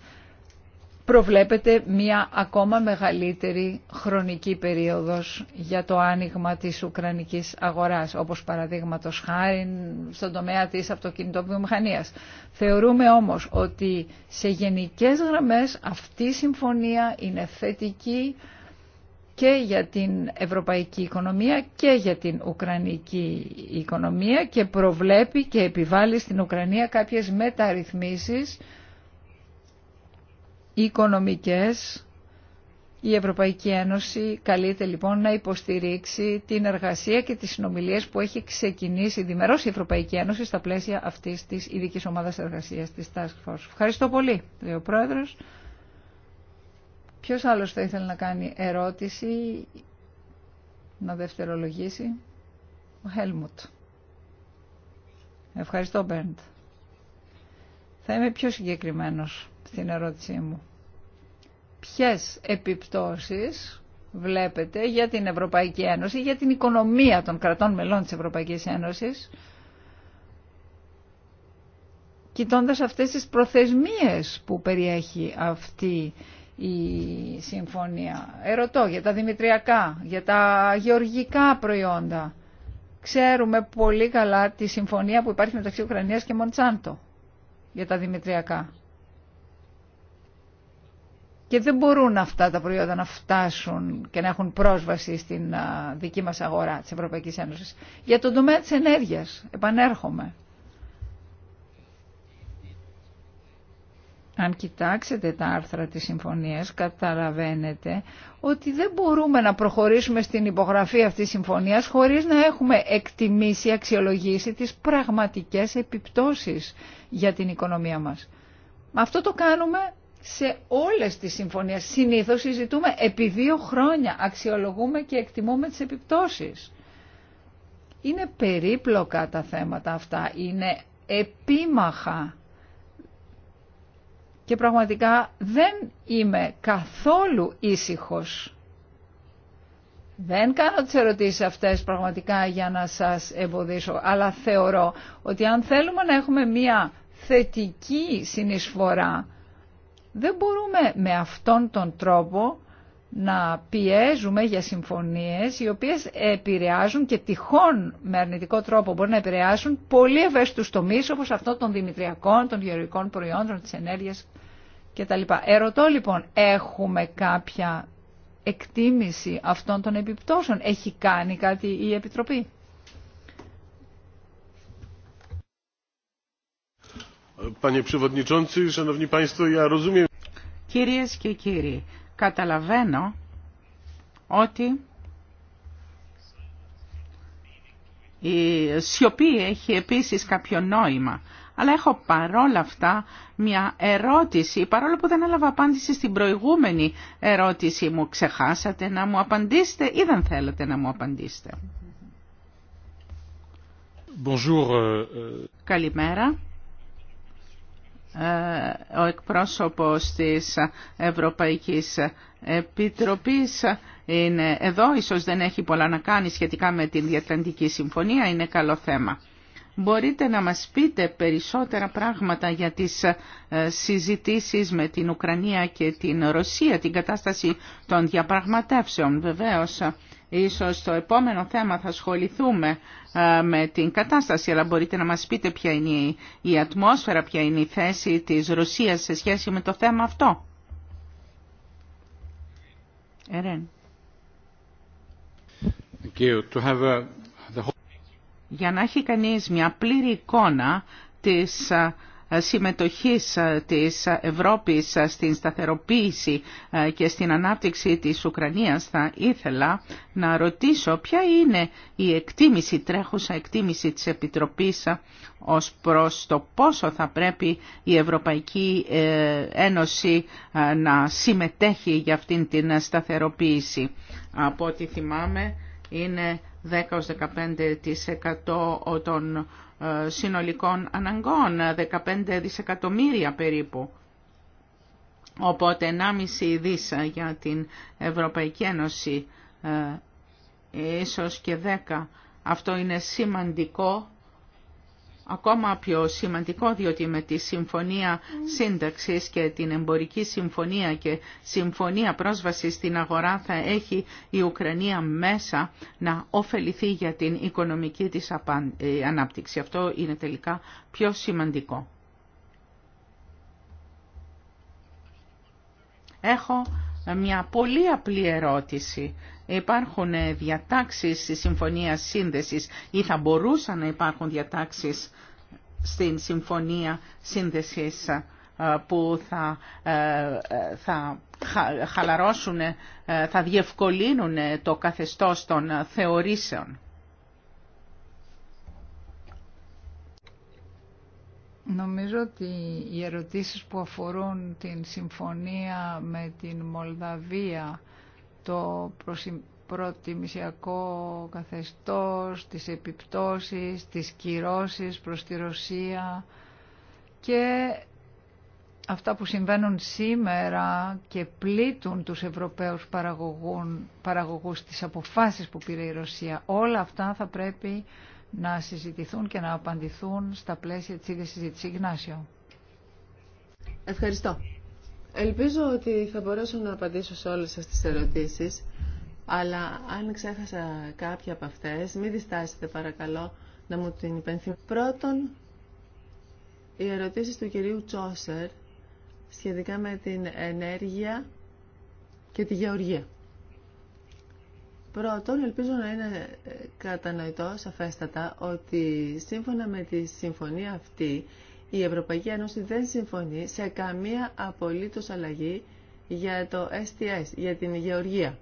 προβλέπεται μια ακόμα μεγαλύτερη χρονική περίοδος για το άνοιγμα της ουκρανικής αγοράς, όπως παραδείγματο χάρη στον τομέα της αυτοκινητοβιομηχανίας. Θεωρούμε όμως ότι σε γενικές γραμμές αυτή η συμφωνία είναι θετική και για την ευρωπαϊκή οικονομία και για την ουκρανική οικονομία και προβλέπει και επιβάλλει στην Ουκρανία κάποιες μεταρρυθμίσεις οικονομικές. Η Ευρωπαϊκή Ένωση καλείται λοιπόν να υποστηρίξει την εργασία και τις συνομιλίες που έχει ξεκινήσει διμερώς η Ευρωπαϊκή Ένωση στα πλαίσια αυτής της ειδικής ομάδας εργασίας της Task Force. Ευχαριστώ πολύ, λέει ο Πρόεδρος. Ποιος άλλος θα ήθελε να κάνει ερώτηση, να δευτερολογήσει. Ο Χέλμουτ. Ευχαριστώ, Μπέρντ. Θα είμαι πιο συγκεκριμένος στην ερώτησή μου. Ποιες επιπτώσεις βλέπετε για την Ευρωπαϊκή Ένωση, για την οικονομία των κρατών μελών της Ευρωπαϊκής Ένωσης, κοιτώντας αυτές τις προθεσμίες που περιέχει αυτή η συμφωνία. Ερωτώ για τα δημητριακά, για τα γεωργικά προϊόντα. Ξέρουμε πολύ καλά τη συμφωνία που υπάρχει μεταξύ Ουκρανίας και Μοντσάντο για τα δημητριακά και δεν μπορούν αυτά τα προϊόντα να φτάσουν και να έχουν πρόσβαση στην δική μας αγορά της Ευρωπαϊκής Ένωσης. Για τον τομέα της ενέργειας, επανέρχομαι. Αν κοιτάξετε τα άρθρα της συμφωνίας, καταλαβαίνετε ότι δεν μπορούμε να προχωρήσουμε στην υπογραφή αυτής της συμφωνίας χωρίς να έχουμε εκτιμήσει, αξιολογήσει τις πραγματικές επιπτώσεις για την οικονομία μας. Αυτό το κάνουμε σε όλες τις συμφωνίες. Συνήθως συζητούμε επί δύο χρόνια, αξιολογούμε και εκτιμούμε τις επιπτώσεις. Είναι περίπλοκα τα θέματα αυτά, είναι επίμαχα. Και πραγματικά δεν είμαι καθόλου ήσυχος. Δεν κάνω τις ερωτήσεις αυτές πραγματικά για να σας εμποδίσω, αλλά θεωρώ ότι αν θέλουμε να έχουμε μία θετική συνεισφορά δεν μπορούμε με αυτόν τον τρόπο να πιέζουμε για συμφωνίες οι οποίες επηρεάζουν και τυχόν με αρνητικό τρόπο μπορεί να επηρεάσουν πολύ ευαίσθητους τομείς όπως αυτό των δημητριακών, των γεωργικών προϊόντων, της ενέργειας κτλ. Ερωτώ λοιπόν, έχουμε κάποια εκτίμηση αυτών των επιπτώσεων. Έχει κάνει κάτι η Επιτροπή. Κυρίες και κύριοι, καταλαβαίνω ότι η σιωπή έχει επίσης κάποιο νόημα. Αλλά έχω παρόλα αυτά μια ερώτηση, παρόλο που δεν έλαβα απάντηση στην προηγούμενη ερώτηση μου. Ξεχάσατε να μου απαντήσετε ή δεν θέλετε να μου απαντήσετε. Euh, Καλημέρα. Ε, ο εκπρόσωπος της Ευρωπαϊκής Επιτροπής είναι εδώ, ίσως δεν έχει πολλά να κάνει σχετικά με την Διατλαντική Συμφωνία, είναι καλό θέμα. Μπορείτε να μας πείτε περισσότερα πράγματα για τις ε, συζητήσεις με την Ουκρανία και την Ρωσία, την κατάσταση των διαπραγματεύσεων βεβαίως. Ίσως στο επόμενο θέμα θα ασχοληθούμε ε, με την κατάσταση, αλλά μπορείτε να μας πείτε ποια είναι η ατμόσφαιρα, ποια είναι η θέση της Ρωσίας σε σχέση με το θέμα αυτό. Για να έχει κανείς μια πλήρη εικόνα της ε, συμμετοχής ε, της Ευρώπης ε, στην σταθεροποίηση και στην ανάπτυξη της Ουκρανίας θα ήθελα να ρωτήσω ποια είναι η εκτίμηση, τρέχουσα εκτίμηση της Επιτροπής ως προς το πόσο θα πρέπει η Ευρωπαϊκή Ένωση να συμμετέχει για αυτήν την σταθεροποίηση. Από ό,τι θυμάμαι είναι 10-15% των ε, συνολικών αναγκών, 15 δισεκατομμύρια περίπου. Οπότε 1,5 δις για την Ευρωπαϊκή Ένωση, ε, ίσως και 10. Αυτό είναι σημαντικό ακόμα πιο σημαντικό διότι με τη Συμφωνία Σύνταξης και την Εμπορική Συμφωνία και Συμφωνία Πρόσβασης στην Αγορά θα έχει η Ουκρανία μέσα να ωφεληθεί για την οικονομική της ε, ανάπτυξη. Αυτό είναι τελικά πιο σημαντικό. Έχω μια πολύ απλή ερώτηση. Υπάρχουν διατάξεις στη Συμφωνία Σύνδεσης ή θα μπορούσαν να υπάρχουν διατάξεις στην Συμφωνία Σύνδεσης ε, που θα, ε, θα χαλαρώσουν, ε, θα διευκολύνουν το καθεστώς των θεωρήσεων. Νομίζω ότι οι ερωτήσεις που αφορούν την συμφωνία με την Μολδαβία, το προτιμησιακό καθεστώς, τις επιπτώσεις, τις κυρώσεις προς τη Ρωσία και αυτά που συμβαίνουν σήμερα και πλήττουν τους Ευρωπαίους παραγωγούς τις αποφάσεις που πήρε η Ρωσία. Όλα αυτά θα πρέπει να συζητηθούν και να απαντηθούν στα πλαίσια της ίδιας συζήτησης. Ευχαριστώ. Ελπίζω ότι θα μπορέσω να απαντήσω σε όλες σας τις ερωτήσεις αλλά αν ξέχασα κάποια από αυτές, μην διστάσετε παρακαλώ να μου την υπενθυμίσετε. Πρώτον, οι ερωτήσεις του κυρίου Τσόσερ σχετικά με την ενέργεια και τη γεωργία. Πρώτον, ελπίζω να είναι ε, κατανοητό σαφέστατα ότι σύμφωνα με τη συμφωνία αυτή η Ευρωπαϊκή Ένωση δεν συμφωνεί σε καμία απολύτως αλλαγή για το STS, για την γεωργία.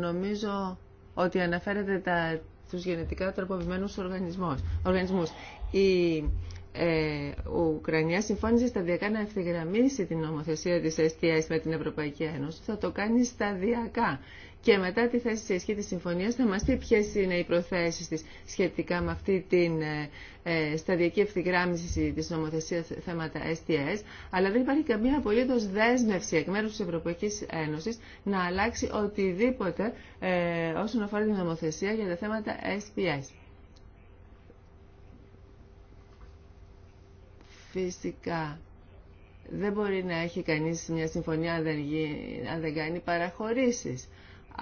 Νομίζω ότι αναφέρεται τα, τους γενετικά τροποποιημένους οργανισμούς. οργανισμούς. Η ε, Ουκρανία συμφώνησε σταδιακά να ευθυγραμμίσει την νομοθεσία της STS με την Ευρωπαϊκή Ένωση. Θα το κάνει σταδιακά και μετά τη θέση σε ισχύ της συμφωνίας θα μας πει ποιες είναι οι προθέσεις της σχετικά με αυτή τη ε, ε, σταδιακή ευθυγράμμιση της νομοθεσίας θέματα STS, αλλά δεν υπάρχει καμία απολύτως δέσμευση εκ μέρους της Ευρωπαϊκής Ένωσης να αλλάξει οτιδήποτε ε, όσον αφορά την νομοθεσία για τα θέματα SPS. Φυσικά δεν μπορεί να έχει κανείς μια συμφωνία αν δεν, αν δεν κάνει παραχωρήσεις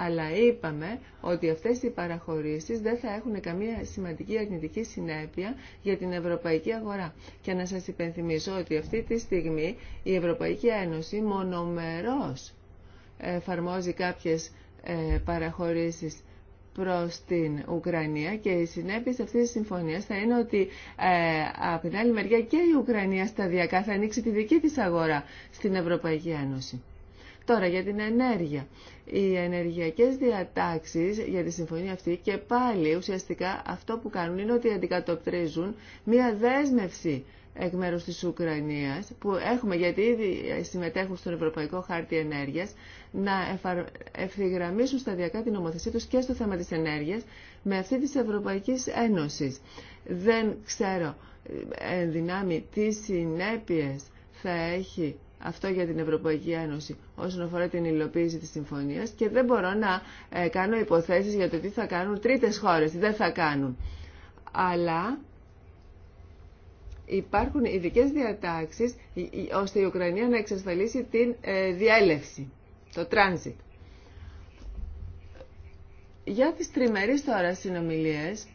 αλλά είπαμε ότι αυτές οι παραχωρήσεις δεν θα έχουν καμία σημαντική αρνητική συνέπεια για την ευρωπαϊκή αγορά. Και να σας υπενθυμίσω ότι αυτή τη στιγμή η Ευρωπαϊκή Ένωση μονομερός εφαρμόζει κάποιες ε, παραχωρήσεις προς την Ουκρανία και οι συνέπειες αυτής της συμφωνίας θα είναι ότι ε, από την άλλη μεριά και η Ουκρανία σταδιακά θα ανοίξει τη δική της αγορά στην Ευρωπαϊκή Ένωση. Τώρα για την ενέργεια. Οι ενεργειακές διατάξεις για τη συμφωνία αυτή και πάλι ουσιαστικά αυτό που κάνουν είναι ότι αντικατοπτρίζουν μία δέσμευση εκ μέρους της Ουκρανίας που έχουμε γιατί ήδη συμμετέχουν στον Ευρωπαϊκό Χάρτη Ενέργειας να ευθυγραμμίσουν σταδιακά την νομοθεσία τους και στο θέμα της ενέργειας με αυτή της Ευρωπαϊκής Ένωσης. Δεν ξέρω ε, εν δυνάμει τι συνέπειες θα έχει αυτό για την Ευρωπαϊκή Ένωση όσον αφορά την υλοποίηση της συμφωνίας και δεν μπορώ να ε, κάνω υποθέσεις για το τι θα κάνουν τρίτες χώρες, τι δεν θα κάνουν. Αλλά υπάρχουν ειδικέ διατάξεις ώστε η Ουκρανία να εξασφαλίσει την ε, διέλευση, το τρανζιτ. Για τις τριμερείς τώρα συνομιλίες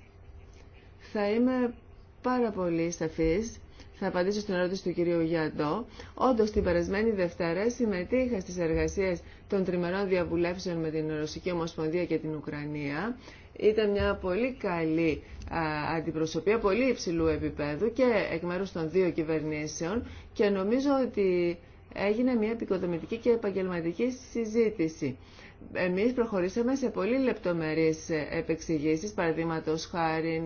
θα είμαι πάρα πολύ σαφής θα απαντήσω στην ερώτηση του κυρίου Γιαντό. Όντω, την περασμένη Δευτέρα συμμετείχα στι εργασίε των τριμερών διαβουλεύσεων με την Ρωσική Ομοσπονδία και την Ουκρανία. Ήταν μια πολύ καλή αντιπροσωπεία, πολύ υψηλού επίπεδου και εκ μέρου των δύο κυβερνήσεων και νομίζω ότι έγινε μια επικοδομητική και επαγγελματική συζήτηση. Εμείς προχωρήσαμε σε πολύ λεπτομερείς επεξηγήσεις, παραδείγματο χάρη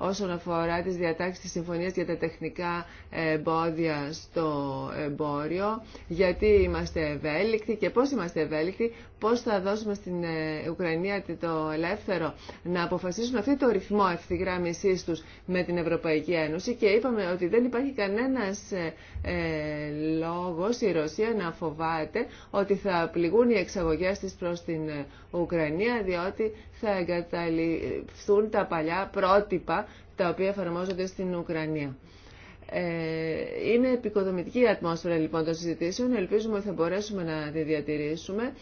όσον αφορά τις διατάξεις της συμφωνίας για τα τεχνικά εμπόδια στο εμπόριο, γιατί είμαστε ευέλικτοι και πώς είμαστε ευέλικτοι, πώς θα δώσουμε στην ε, Ουκρανία το ελεύθερο να αποφασίσουν αυτή το ρυθμό ευθυγράμμισής τους με την Ευρωπαϊκή Ένωση και είπαμε ότι δεν υπάρχει κανένας ε, ε, λόγος η Ρωσία να φοβάται ότι θα πληγούν οι εξαγωγές της προς την Ουκρανία διότι θα εγκαταλειφθούν τα παλιά πρότυπα τα οποία εφαρμόζονται στην Ουκρανία. Ε, είναι επικοδομητική η ατμόσφαιρα λοιπόν των συζητήσεων. Ελπίζουμε ότι θα μπορέσουμε να τη διατηρήσουμε.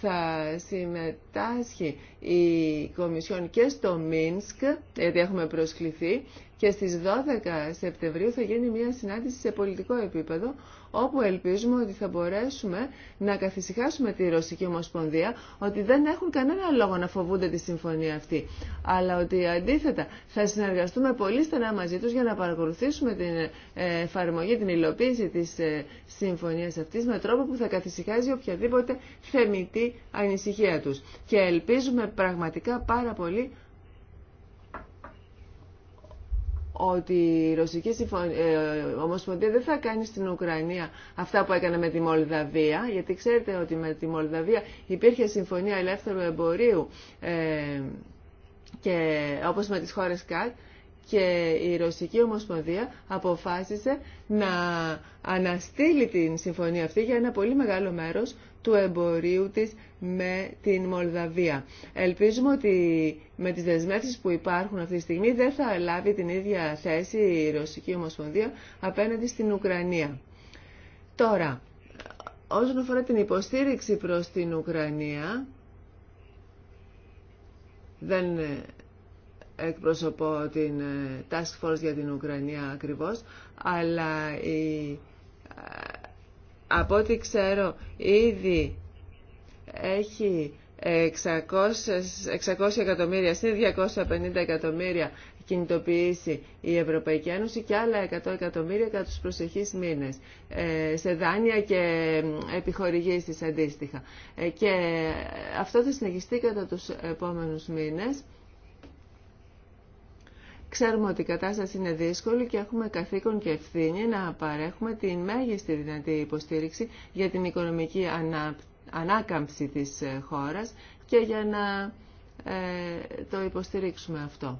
Θα συμμετάσχει η Κομισιόν και στο Μίνσκ, γιατί έχουμε προσκληθεί και στις 12 Σεπτεμβρίου θα γίνει μια συνάντηση σε πολιτικό επίπεδο όπου ελπίζουμε ότι θα μπορέσουμε να καθησυχάσουμε τη Ρωσική Ομοσπονδία ότι δεν έχουν κανένα λόγο να φοβούνται τη συμφωνία αυτή αλλά ότι αντίθετα θα συνεργαστούμε πολύ στενά μαζί τους για να παρακολουθήσουμε την ε, εφαρμογή, την υλοποίηση της ε, συμφωνίας αυτής με τρόπο που θα καθησυχάζει οποιαδήποτε θεμητή ανησυχία τους. Και ελπίζουμε πραγματικά πάρα πολύ ότι η Ρωσική ε, Ομοσπονδία δεν θα κάνει στην Ουκρανία αυτά που έκανε με τη Μολδαβία, γιατί ξέρετε ότι με τη Μολδαβία υπήρχε συμφωνία ελεύθερου εμπορίου ε, και όπως με τις χώρες ΚΑΤ και η Ρωσική Ομοσπονδία αποφάσισε να αναστείλει την συμφωνία αυτή για ένα πολύ μεγάλο μέρος του εμπορίου της με την Μολδαβία. Ελπίζουμε ότι με τις δεσμεύσεις που υπάρχουν αυτή τη στιγμή δεν θα λάβει την ίδια θέση η Ρωσική Ομοσπονδία απέναντι στην Ουκρανία. Τώρα, όσον αφορά την υποστήριξη προς την Ουκρανία, δεν εκπροσωπώ την ε, Task Force για την Ουκρανία ακριβώς, αλλά η ε, από ό,τι ξέρω, ήδη έχει 600, 600 εκατομμύρια συν 250 εκατομμύρια κινητοποιήσει η Ευρωπαϊκή Ένωση και άλλα 100 εκατομμύρια κατά τους προσεχείς μήνες ε, σε δάνεια και επιχορηγήσεις αντίστοιχα. Ε, και αυτό θα συνεχιστεί κατά τους επόμενους μήνες. Ξέρουμε ότι η κατάσταση είναι δύσκολη και έχουμε καθήκον και ευθύνη να παρέχουμε την μέγιστη δυνατή υποστήριξη για την οικονομική ανάκαμψη της ε, χώρας και για να ε, το υποστηρίξουμε αυτό.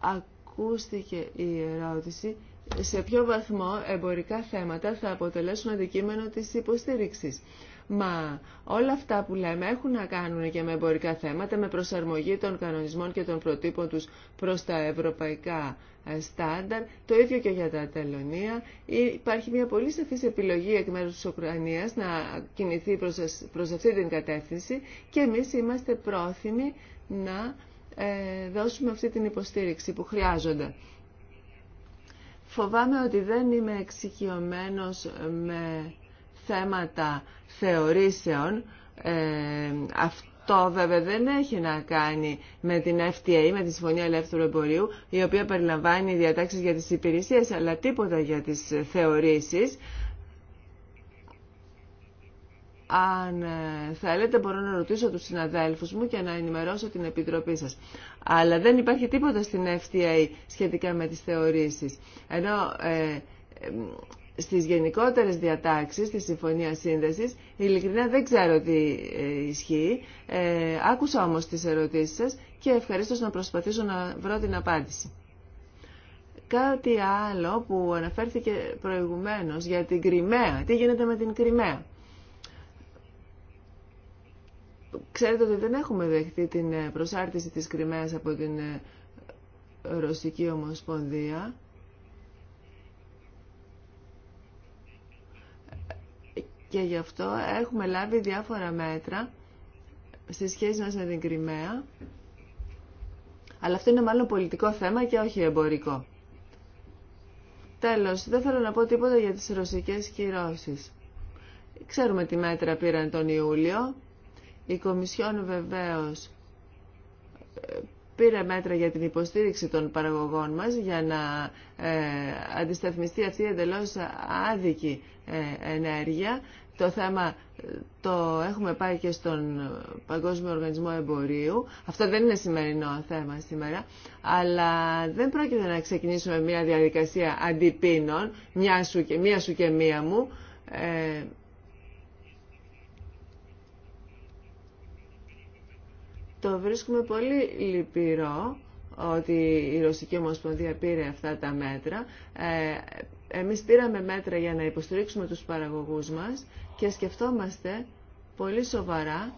Ακούστηκε η ερώτηση σε ποιο βαθμό εμπορικά θέματα θα αποτελέσουν αντικείμενο της υποστήριξης. Μα όλα αυτά που λέμε έχουν να κάνουν και με εμπορικά θέματα, με προσαρμογή των κανονισμών και των προτύπων τους προς τα ευρωπαϊκά ε, στάνταρ. Το ίδιο και για τα τελωνία. Υπάρχει μια πολύ σαφής επιλογή εκ μέρους της Ουκρανίας να κινηθεί προς ε, αυτή την κατεύθυνση και εμείς είμαστε πρόθυμοι να ε, δώσουμε αυτή την υποστήριξη που χρειάζονται. Φοβάμαι ότι δεν είμαι εξοικειωμένος με θέματα θεωρήσεων, ε, αυτό βέβαια δεν έχει να κάνει με την FTA, με τη Συμφωνία Ελεύθερου Εμπορίου, η οποία περιλαμβάνει διατάξεις για τις υπηρεσίες, αλλά τίποτα για τις θεωρήσεις. Αν ε, θέλετε μπορώ να ρωτήσω τους συναδέλφους μου και να ενημερώσω την Επιτροπή σας. Αλλά δεν υπάρχει τίποτα στην FTA σχετικά με τις θεωρήσεις. Ενώ ε, στις γενικότερες διατάξεις της Συμφωνίας Σύνδεσης, ειλικρινά δεν ξέρω τι ε, ισχύει. Ε, άκουσα όμως τις ερωτήσεις σας και ευχαρίστως να προσπαθήσω να βρω την απάντηση. Κάτι άλλο που αναφέρθηκε προηγουμένως για την Κρυμαία. Τι γίνεται με την Κρυμαία. Ξέρετε ότι δεν έχουμε δεχτεί την ε, προσάρτηση της Κρυμαίας από την Ρωσική Ομοσπονδία και γι' αυτό έχουμε λάβει διάφορα μέτρα στη σχέση μας με την Κρυμαία. Αλλά αυτό είναι μάλλον πολιτικό θέμα και όχι εμπορικό. Τέλος, δεν θέλω να πω τίποτα για τις ρωσικές κυρώσεις. Ξέρουμε τι μέτρα πήραν τον Ιούλιο. Η Κομισιόν βεβαίως ε, πήρε μέτρα για την υποστήριξη των παραγωγών μας για να ε, αντισταθμιστεί αυτή η εντελώς άδικη ε, ενέργεια. Το θέμα ε, το έχουμε πάει και στον ε, Παγκόσμιο Οργανισμό Εμπορίου. Αυτό δεν είναι σημερινό θέμα σήμερα, αλλά δεν πρόκειται να ξεκινήσουμε μια διαδικασία αντιπίνων, μια σου και, μια σου και μία μου, ε, το βρίσκουμε πολύ λυπηρό ότι η Ρωσική Ομοσπονδία πήρε αυτά τα μέτρα. Ε, εμείς πήραμε μέτρα για να υποστηρίξουμε τους παραγωγούς μας και σκεφτόμαστε πολύ σοβαρά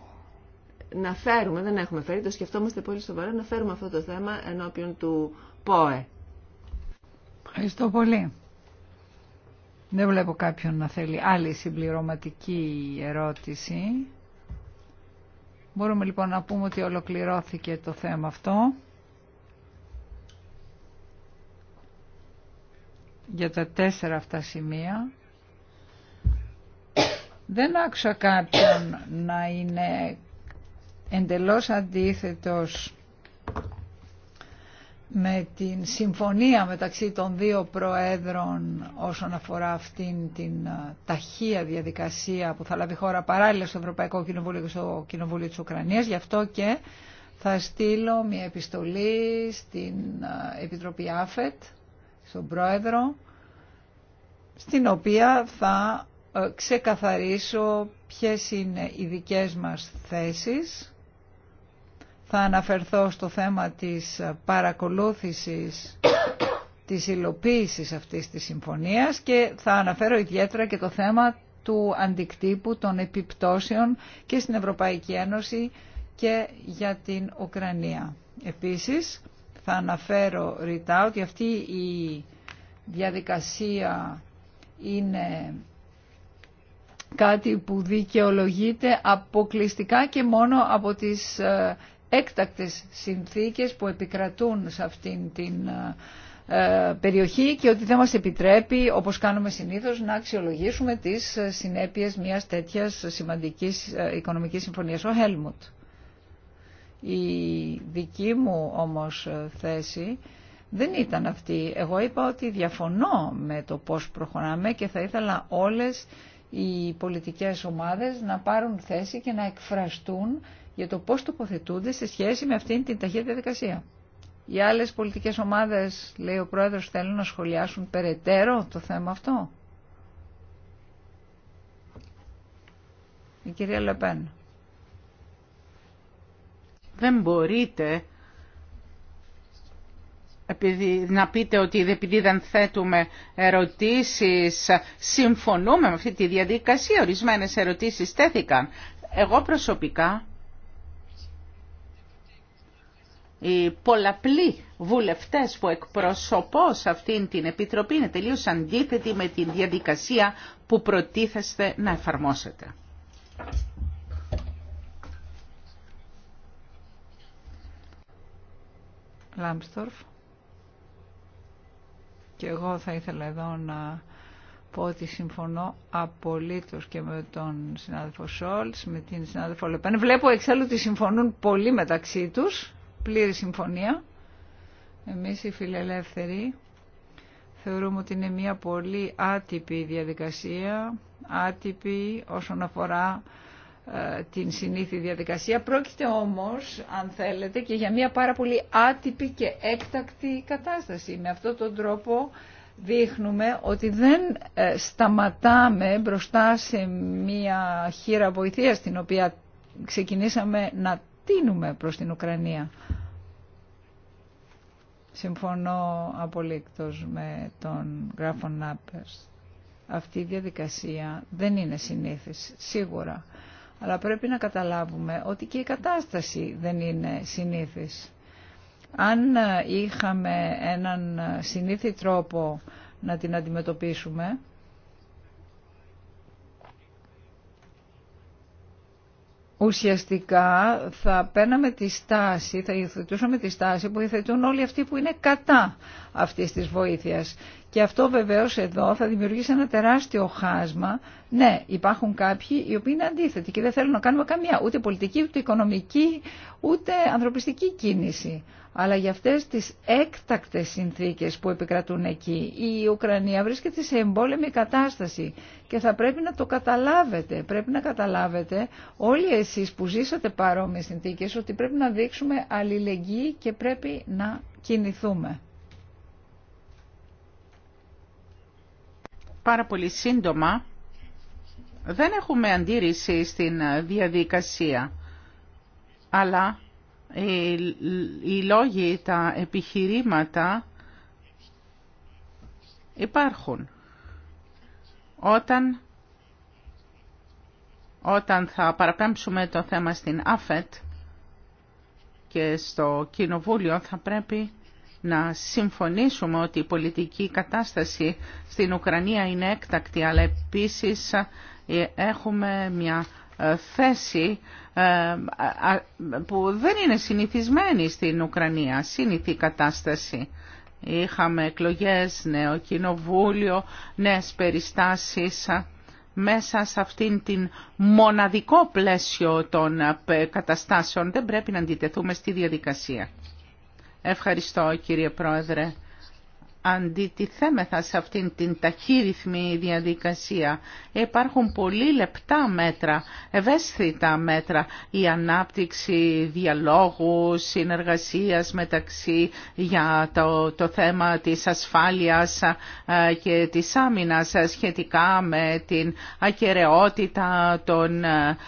να φέρουμε, δεν έχουμε φέρει, το σκεφτόμαστε πολύ σοβαρά να φέρουμε αυτό το θέμα ενώπιον του ΠΟΕ. Ευχαριστώ πολύ. Δεν βλέπω κάποιον να θέλει άλλη συμπληρωματική ερώτηση. Μπορούμε λοιπόν να πούμε ότι ολοκληρώθηκε το θέμα αυτό. για τα τέσσερα αυτά σημεία. Δεν άκουσα κάποιον να είναι εντελώς αντίθετος με την συμφωνία μεταξύ των δύο προέδρων όσον αφορά αυτήν την ταχεία διαδικασία που θα λάβει χώρα παράλληλα στο Ευρωπαϊκό Κοινοβούλιο και στο Κοινοβούλιο της Ουκρανίας. Γι' αυτό και θα στείλω μια επιστολή στην Επιτροπή ΑΦΕΤ στον Πρόεδρο, στην οποία θα ε, ξεκαθαρίσω ποιες είναι οι δικές μας θέσεις. Θα αναφερθώ στο θέμα της παρακολούθησης της υλοποίησης αυτής της συμφωνίας και θα αναφέρω ιδιαίτερα και το θέμα του αντικτύπου των επιπτώσεων και στην Ευρωπαϊκή Ένωση και για την Ουκρανία. Επίσης, θα αναφέρω ρητά ότι αυτή η διαδικασία είναι κάτι που δικαιολογείται αποκλειστικά και μόνο από τις ε, έκτακτες συνθήκες που επικρατούν σε αυτήν την ε, ε, περιοχή και ότι δεν μας επιτρέπει, όπως κάνουμε συνήθως, να αξιολογήσουμε τις συνέπειες μιας τέτοιας σημαντικής οικονομικής συμφωνίας. Ο Χέλμουτ. Η δική μου όμως θέση δεν ήταν αυτή. Εγώ είπα ότι διαφωνώ με το πώς προχωράμε και θα ήθελα όλες οι πολιτικές ομάδες να πάρουν θέση και να εκφραστούν για το πώς τοποθετούνται σε σχέση με αυτήν την ταχεία διαδικασία. Οι άλλες πολιτικές ομάδες, λέει ο Πρόεδρος, θέλουν να σχολιάσουν περαιτέρω το θέμα αυτό. Η κυρία Λεπέν. Δεν μπορείτε επειδή, να πείτε ότι επειδή δεν θέτουμε ερωτήσεις συμφωνούμε με αυτή τη διαδικασία. Ορισμένες ερωτήσεις τέθηκαν. Εγώ προσωπικά οι πολλαπλοί βουλευτές που εκπροσωπώ σε αυτήν την Επιτροπή είναι τελείως αντίθετοι με την διαδικασία που προτίθεστε να εφαρμόσετε. Λάμπστορφ. Και εγώ θα ήθελα εδώ να πω ότι συμφωνώ απολύτως και με τον συνάδελφο Σόλτς, με την συνάδελφο Λεπέν. Βλέπω εξάλλου ότι συμφωνούν πολύ μεταξύ τους, πλήρη συμφωνία. Εμείς οι φιλελεύθεροι θεωρούμε ότι είναι μια πολύ άτυπη διαδικασία, άτυπη όσον αφορά ε, την συνήθη διαδικασία. Πρόκειται όμως, αν θέλετε, και για μια πάρα πολύ άτυπη και έκτακτη κατάσταση. Με αυτόν τον τρόπο δείχνουμε ότι δεν ε, σταματάμε μπροστά σε μια χείρα βοηθείας την οποία ξεκινήσαμε να τίνουμε προς την Ουκρανία. Συμφωνώ απολύκτως με τον Γράφον Νάπερς. Αυτή η διαδικασία δεν είναι συνήθις, σίγουρα αλλά πρέπει να καταλάβουμε ότι και η κατάσταση δεν είναι συνήθις. Αν ε, είχαμε έναν ε, συνήθι τρόπο να την αντιμετωπίσουμε, ουσιαστικά θα παίρναμε τη στάση, θα υιοθετούσαμε τη στάση που υιοθετούν όλοι αυτοί που είναι κατά αυτής της βοήθειας. Και αυτό βεβαίως εδώ θα δημιουργήσει ένα τεράστιο χάσμα. Ναι, υπάρχουν κάποιοι οι οποίοι είναι αντίθετοι και δεν θέλουν να κάνουμε καμία ούτε πολιτική, ούτε οικονομική, ούτε ανθρωπιστική κίνηση. Αλλά για αυτές τις έκτακτες συνθήκες που επικρατούν εκεί, η Ουκρανία βρίσκεται σε εμπόλεμη κατάσταση και θα πρέπει να το καταλάβετε. Πρέπει να καταλάβετε όλοι εσείς που ζήσατε παρόμοιες συνθήκες ότι πρέπει να δείξουμε αλληλεγγύη και πρέπει να κινηθούμε. πάρα πολύ σύντομα. Δεν έχουμε αντίρρηση στην διαδικασία, αλλά οι λόγοι, τα επιχειρήματα υπάρχουν. Όταν, όταν θα παραπέμψουμε το θέμα στην ΑΦΕΤ και στο Κοινοβούλιο θα πρέπει να συμφωνήσουμε ότι η πολιτική κατάσταση στην Ουκρανία είναι έκτακτη, αλλά επίσης ε, έχουμε μια ε, θέση ε, που δεν είναι συνηθισμένη στην Ουκρανία, σύνηθη κατάσταση. Είχαμε εκλογές, νέο κοινοβούλιο, νέες περιστάσεις μέσα σε αυτήν την μοναδικό πλαίσιο των καταστάσεων. Δεν πρέπει να αντιτεθούμε στη διαδικασία. Ευχαριστώ κύριε Πρόεδρε. Αντιτιθέμεθα σε αυτήν την ταχύρυθμη διαδικασία. Υπάρχουν πολύ λεπτά μέτρα, ευαίσθητα μέτρα. Η ανάπτυξη διαλόγου, συνεργασίας μεταξύ για το, το θέμα της ασφάλειας ε, και της άμυνας σχετικά με την ακαιρεότητα των ε,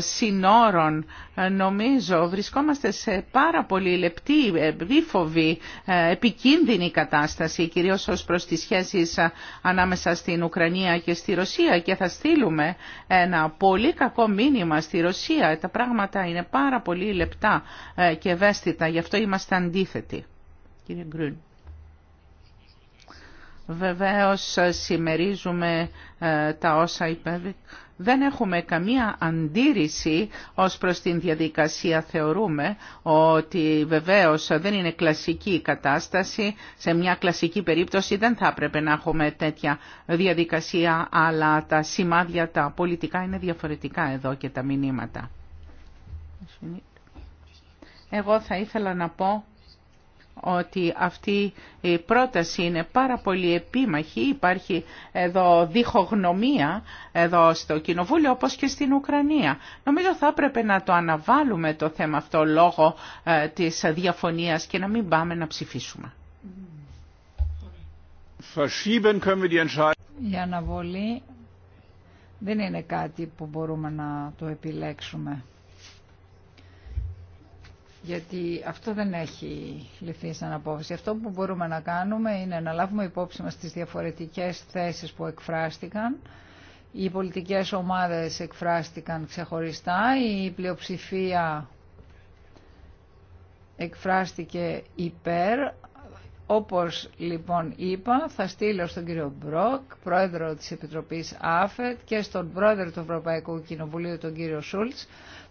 συνόρων νομίζω βρισκόμαστε σε πάρα πολύ λεπτή, βίφοβη, ε, ε, επικίνδυνη κατάσταση, κυρίως ως προς τις σχέσεις ε, ανάμεσα στην Ουκρανία και στη Ρωσία και θα στείλουμε ένα πολύ κακό μήνυμα στη Ρωσία. Τα πράγματα είναι πάρα πολύ λεπτά και ευαίσθητα, γι' αυτό είμαστε αντίθετοι. Κύριε Βεβαίως συμμερίζουμε ε, τα όσα είπε. Δεν έχουμε καμία αντίρρηση ως προς την διαδικασία. Θεωρούμε ότι βεβαίως δεν είναι κλασική η κατάσταση. Σε μια κλασική περίπτωση δεν θα έπρεπε να έχουμε τέτοια διαδικασία, αλλά τα σημάδια τα πολιτικά είναι διαφορετικά εδώ και τα μηνύματα. Εγώ θα ήθελα να πω ότι αυτή η πρόταση είναι πάρα πολύ επίμαχη. Υπάρχει εδώ διχογνωμία εδώ στο Κοινοβούλιο όπως και στην Ουκρανία. Νομίζω θα έπρεπε να το αναβάλουμε το θέμα αυτό λόγω ε, της διαφωνίας και να μην πάμε να ψηφίσουμε. Η αναβολή δεν είναι κάτι που μπορούμε να το επιλέξουμε γιατί αυτό δεν έχει ληφθεί σαν απόφαση. Αυτό που μπορούμε να κάνουμε είναι να λάβουμε υπόψη μας τις διαφορετικές θέσεις που εκφράστηκαν. Οι πολιτικές ομάδες εκφράστηκαν ξεχωριστά, η πλειοψηφία εκφράστηκε υπέρ. Όπως λοιπόν είπα, θα στείλω στον κύριο Μπροκ, πρόεδρο της Επιτροπής ΑΦΕΤ και στον πρόεδρο του Ευρωπαϊκού Κοινοβουλίου, τον κύριο Σούλτς,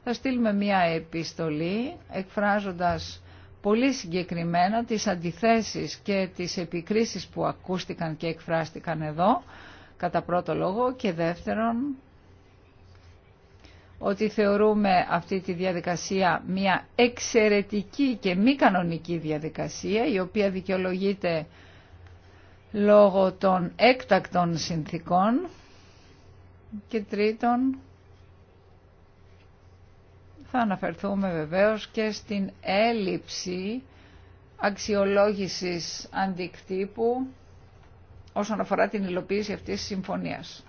θα στείλουμε μία επιστολή εκφράζοντας πολύ συγκεκριμένα τις αντιθέσεις και τις επικρίσεις που ακούστηκαν και εκφράστηκαν εδώ, κατά πρώτο λόγο, και δεύτερον, ότι θεωρούμε αυτή τη διαδικασία μια εξαιρετική και μη κανονική διαδικασία, η οποία δικαιολογείται λόγω των έκτακτων συνθήκων, και τρίτον, θα αναφερθούμε βεβαίως και στην έλλειψη αξιολόγησης αντικτύπου όσον αφορά την υλοποίηση αυτής της συμφωνίας.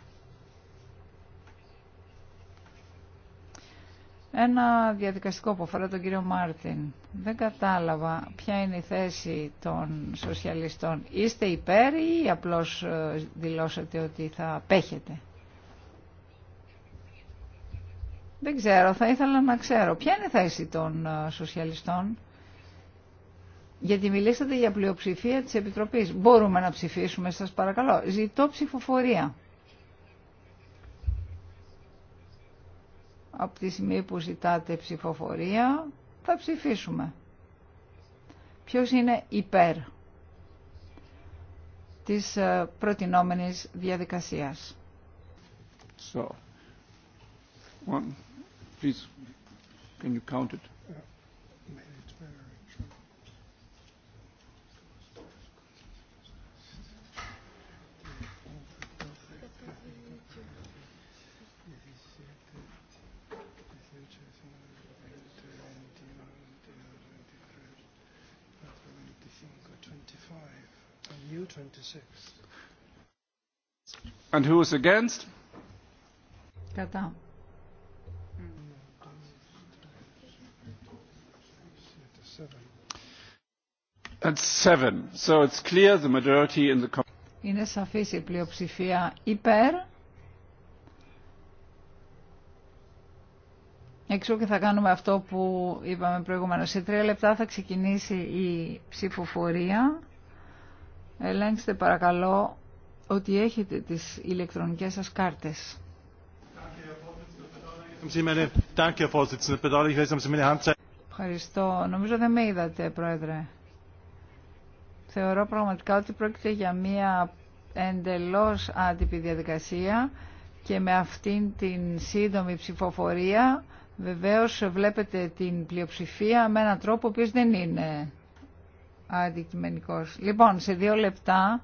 Ένα διαδικαστικό που αφορά τον κύριο Μάρτιν. Δεν κατάλαβα ποια είναι η θέση των σοσιαλιστών. Είστε υπέρ ή απλώς ε, δηλώσατε ότι θα απέχετε. Δεν ξέρω, θα ήθελα να ξέρω. Ποια είναι η θέση των ε, σοσιαλιστών, γιατί μιλήσατε για πλειοψηφία της Επιτροπής. Μπορούμε να ψηφίσουμε, σας παρακαλώ. Ζητώ ψηφοφορία. Από τη στιγμή που ζητάτε ψηφοφορία, θα ψηφίσουμε. Ποιος είναι υπέρ της ε, προτινόμενης διαδικασίας. So, one. Please, can you count it? And who is against? Είναι σαφής η πλειοψηφία υπέρ. Εξού και θα κάνουμε αυτό που είπαμε προηγουμένως. Σε τρία λεπτά θα ξεκινήσει η ψηφοφορία. Ελέγξτε παρακαλώ ότι έχετε τις ηλεκτρονικές σας κάρτες. Ευχαριστώ. Νομίζω δεν με είδατε, Πρόεδρε. Θεωρώ πραγματικά ότι πρόκειται για μία εντελώς άτυπη διαδικασία και με αυτήν την σύντομη ψηφοφορία βεβαίως βλέπετε την πλειοψηφία με έναν τρόπο ο οποίος δεν είναι αντικειμενικός. Λοιπόν, σε δύο λεπτά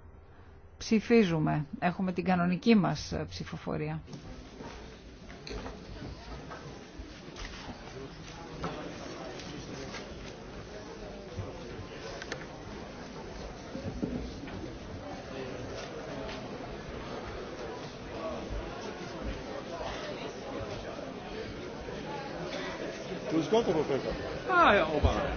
ψηφίζουμε. Έχουμε την κανονική μας ψηφοφορία. Herr Ober.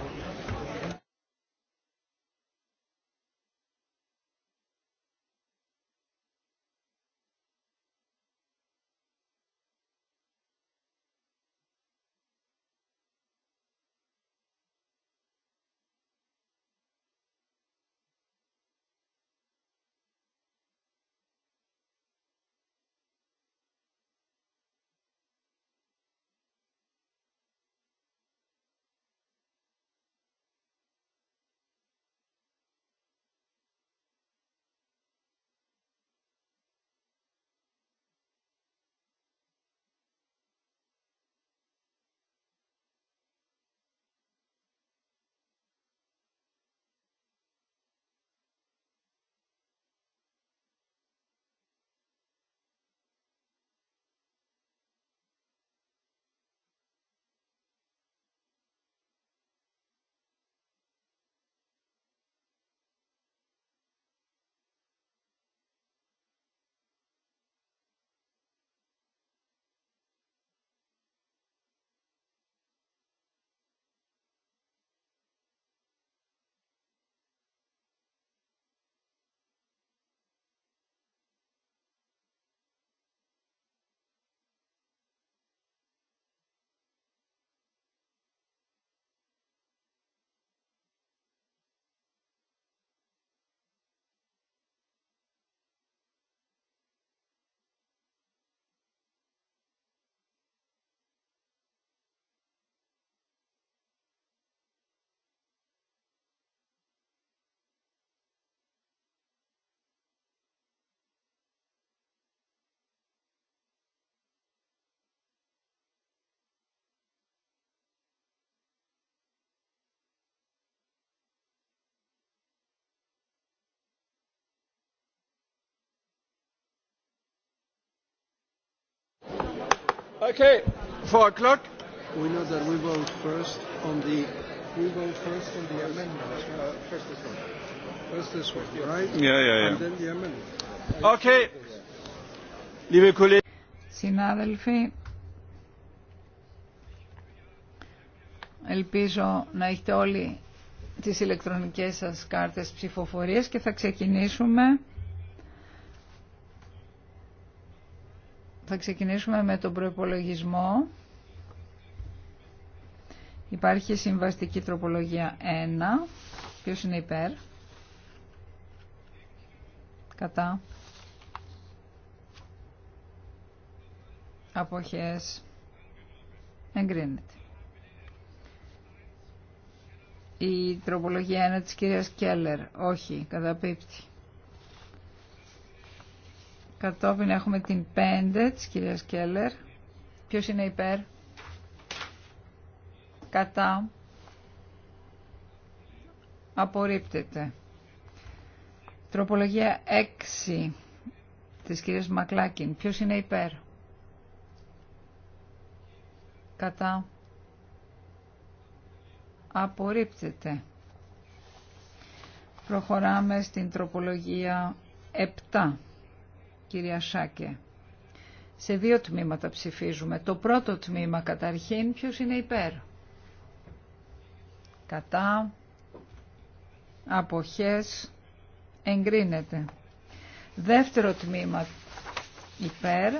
Okay, four o'clock. We know that we vote first on the we vote first on the amendment. Uh, first this one. First this one, right? Yeah, yeah, yeah. And then the amendment. Okay. Liebe Kollegen. Συνάδελφοι, ελπίζω να έχετε όλοι τις ηλεκτρονικές σας κάρτες ψηφοφορίας και θα ξεκινήσουμε Θα ξεκινήσουμε με τον προϋπολογισμό. Υπάρχει συμβαστική τροπολογία 1. Ποιος είναι υπέρ. Κατά. Αποχές. Εγκρίνεται. Η τροπολογία 1 της κυρίας Κέλλερ. Όχι, καταπίπτει. Κατόπιν έχουμε την 5 της κυρίας Κέλλερ. Ποιος είναι υπέρ. Κατά. Απορρίπτεται. Τροπολογία 6 της κυρίας Μακλάκιν. Ποιος είναι υπέρ. Κατά. Απορρίπτεται. Προχωράμε στην τροπολογία 7 κυρία Σάκε. Σε δύο τμήματα ψηφίζουμε. Το πρώτο τμήμα καταρχήν ποιος είναι υπέρ. Κατά αποχές εγκρίνεται. Δεύτερο τμήμα υπέρ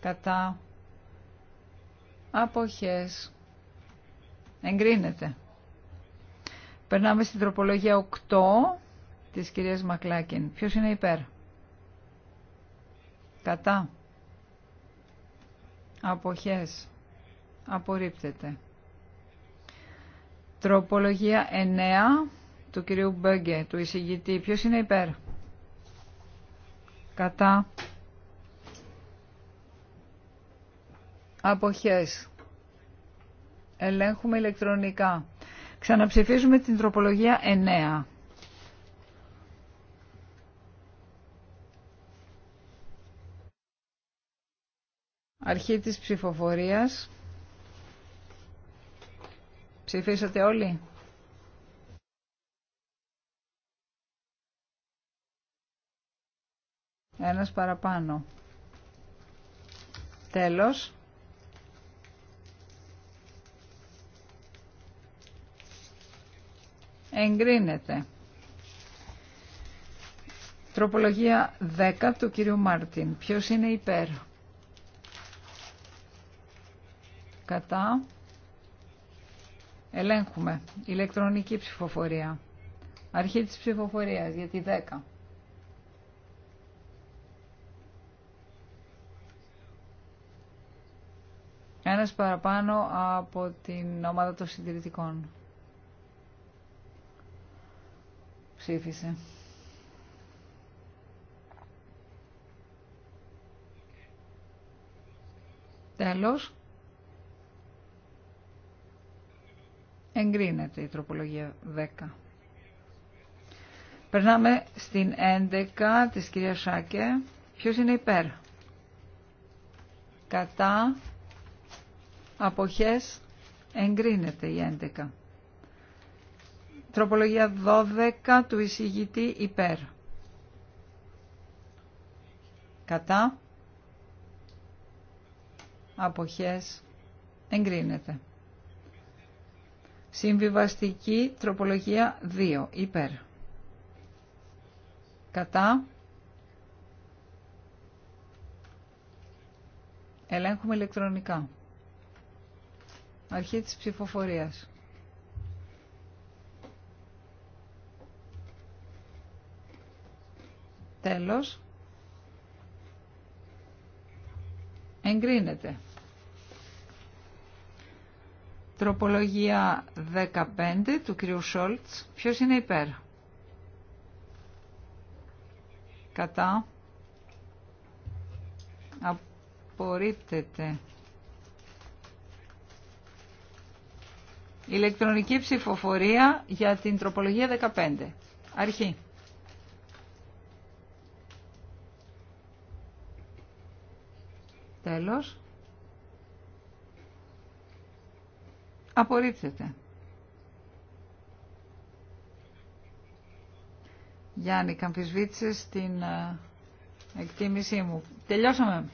κατά αποχές εγκρίνεται. Περνάμε στην τροπολογία 8 της κυρίας Μακλάκιν. Ποιος είναι υπέρ κατά αποχές απορρίπτεται τροπολογία 9 του κυρίου Μπέγκε του εισηγητή ποιος είναι υπέρ κατά αποχές ελέγχουμε ηλεκτρονικά ξαναψηφίζουμε την τροπολογία 9 Αρχή της ψηφοφορίας. Ψηφίσατε όλοι. Ένας παραπάνω. Τέλος. Εγκρίνεται. Τροπολογία 10 του κυρίου Μάρτιν. Ποιος είναι υπέρ. κατά, ελέγχουμε, ηλεκτρονική ψηφοφορία, αρχή της ψηφοφορίας για τη 10. Ένας παραπάνω από την ομάδα των συντηρητικών. Ψήφισε. Τέλος. Εγκρίνεται η τροπολογία 10. Περνάμε στην 11 της κυρία Σάκε. Ποιος είναι υπέρ. Κατά αποχές εγκρίνεται η 11. Τροπολογία 12 του εισηγητή υπέρ. Κατά αποχές εγκρίνεται. Συμβιβαστική τροπολογία 2. Υπέρ. Κατά. Ελέγχουμε ηλεκτρονικά. Αρχή της ψηφοφορίας. Τέλος. Εγκρίνεται. Τροπολογία 15 του κυρίου Σόλτς. Ποιος είναι υπέρ. Κατά. Απορρίπτεται. Ηλεκτρονική ψηφοφορία για την τροπολογία 15. Αρχή. Τέλος. Απορρίπτεται. Γιάννη, καμφισβήτησες την ε, εκτίμησή μου. Τελειώσαμε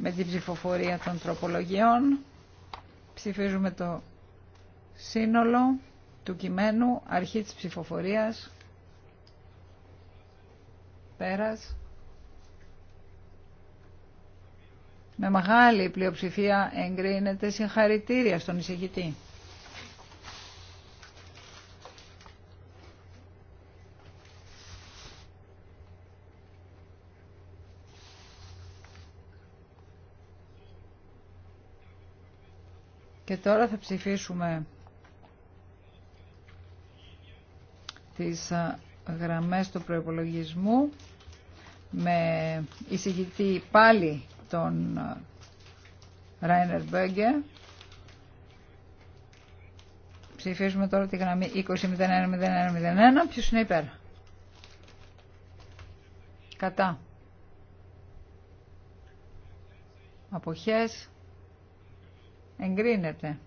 με την ψηφοφορία των τροπολογιών. Ψηφίζουμε το σύνολο του κειμένου, αρχή της ψηφοφορίας. Πέρας. με μεγάλη πλειοψηφία εγκρίνεται συγχαρητήρια στον εισηγητή. Και τώρα θα ψηφίσουμε τις γραμμές του προϋπολογισμού με εισηγητή πάλι τον ε, Ράινερ Μπέγκε. Ψηφίζουμε τώρα τη γραμμή 20.01.01.01. Ποιο είναι υπέρ. Κατά. Αποχέ. Εγκρίνεται.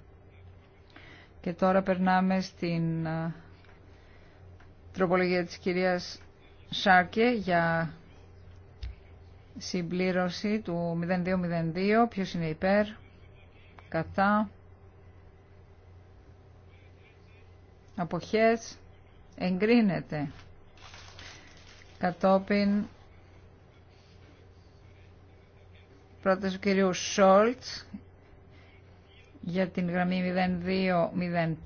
Και τώρα περνάμε στην ε, τροπολογία της κυρίας Σάρκε για συμπλήρωση του 0202 ποιος είναι υπέρ κατά αποχές εγκρίνεται κατόπιν πρόταση του κυρίου Σόλτ για την γραμμή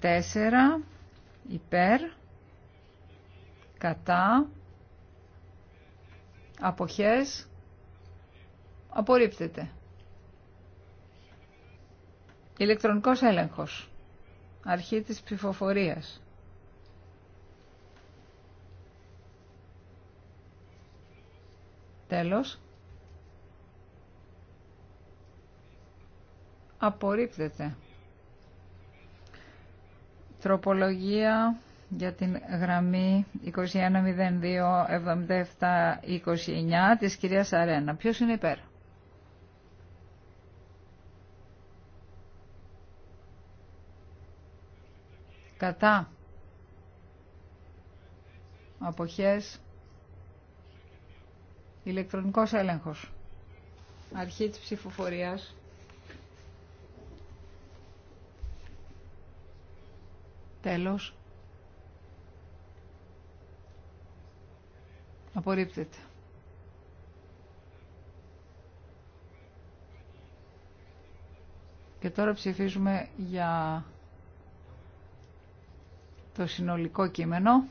0204 υπέρ κατά αποχές Απορρίπτεται. Ηλεκτρονικός έλεγχος. Αρχή της ψηφοφορίας. Τέλος. Απορρίπτεται. Τροπολογία για την γραμμή 2102-77-29 της κυρίας Αρένα. Ποιος είναι υπέρ. κατά αποχές ηλεκτρονικός έλεγχος αρχή της ψηφοφορίας τέλος απορρίπτεται και τώρα ψηφίζουμε για το συνολικό κείμενο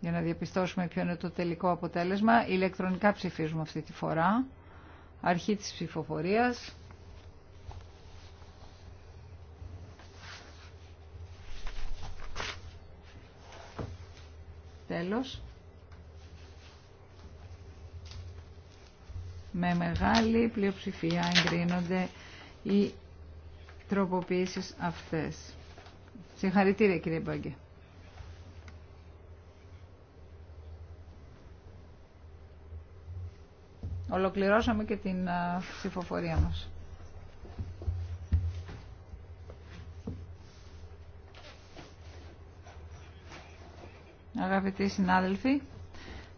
για να διαπιστώσουμε ποιο είναι το τελικό αποτέλεσμα. Ηλεκτρονικά ψηφίζουμε αυτή τη φορά. Αρχή της ψηφοφορίας. Τέλος. Με μεγάλη πλειοψηφία εγκρίνονται οι τροποποίησεις αυτές. Συγχαρητήρια κύριε Μπάγκε. Ολοκληρώσαμε και την ψηφοφορία μας. Αγαπητοί συνάδελφοι,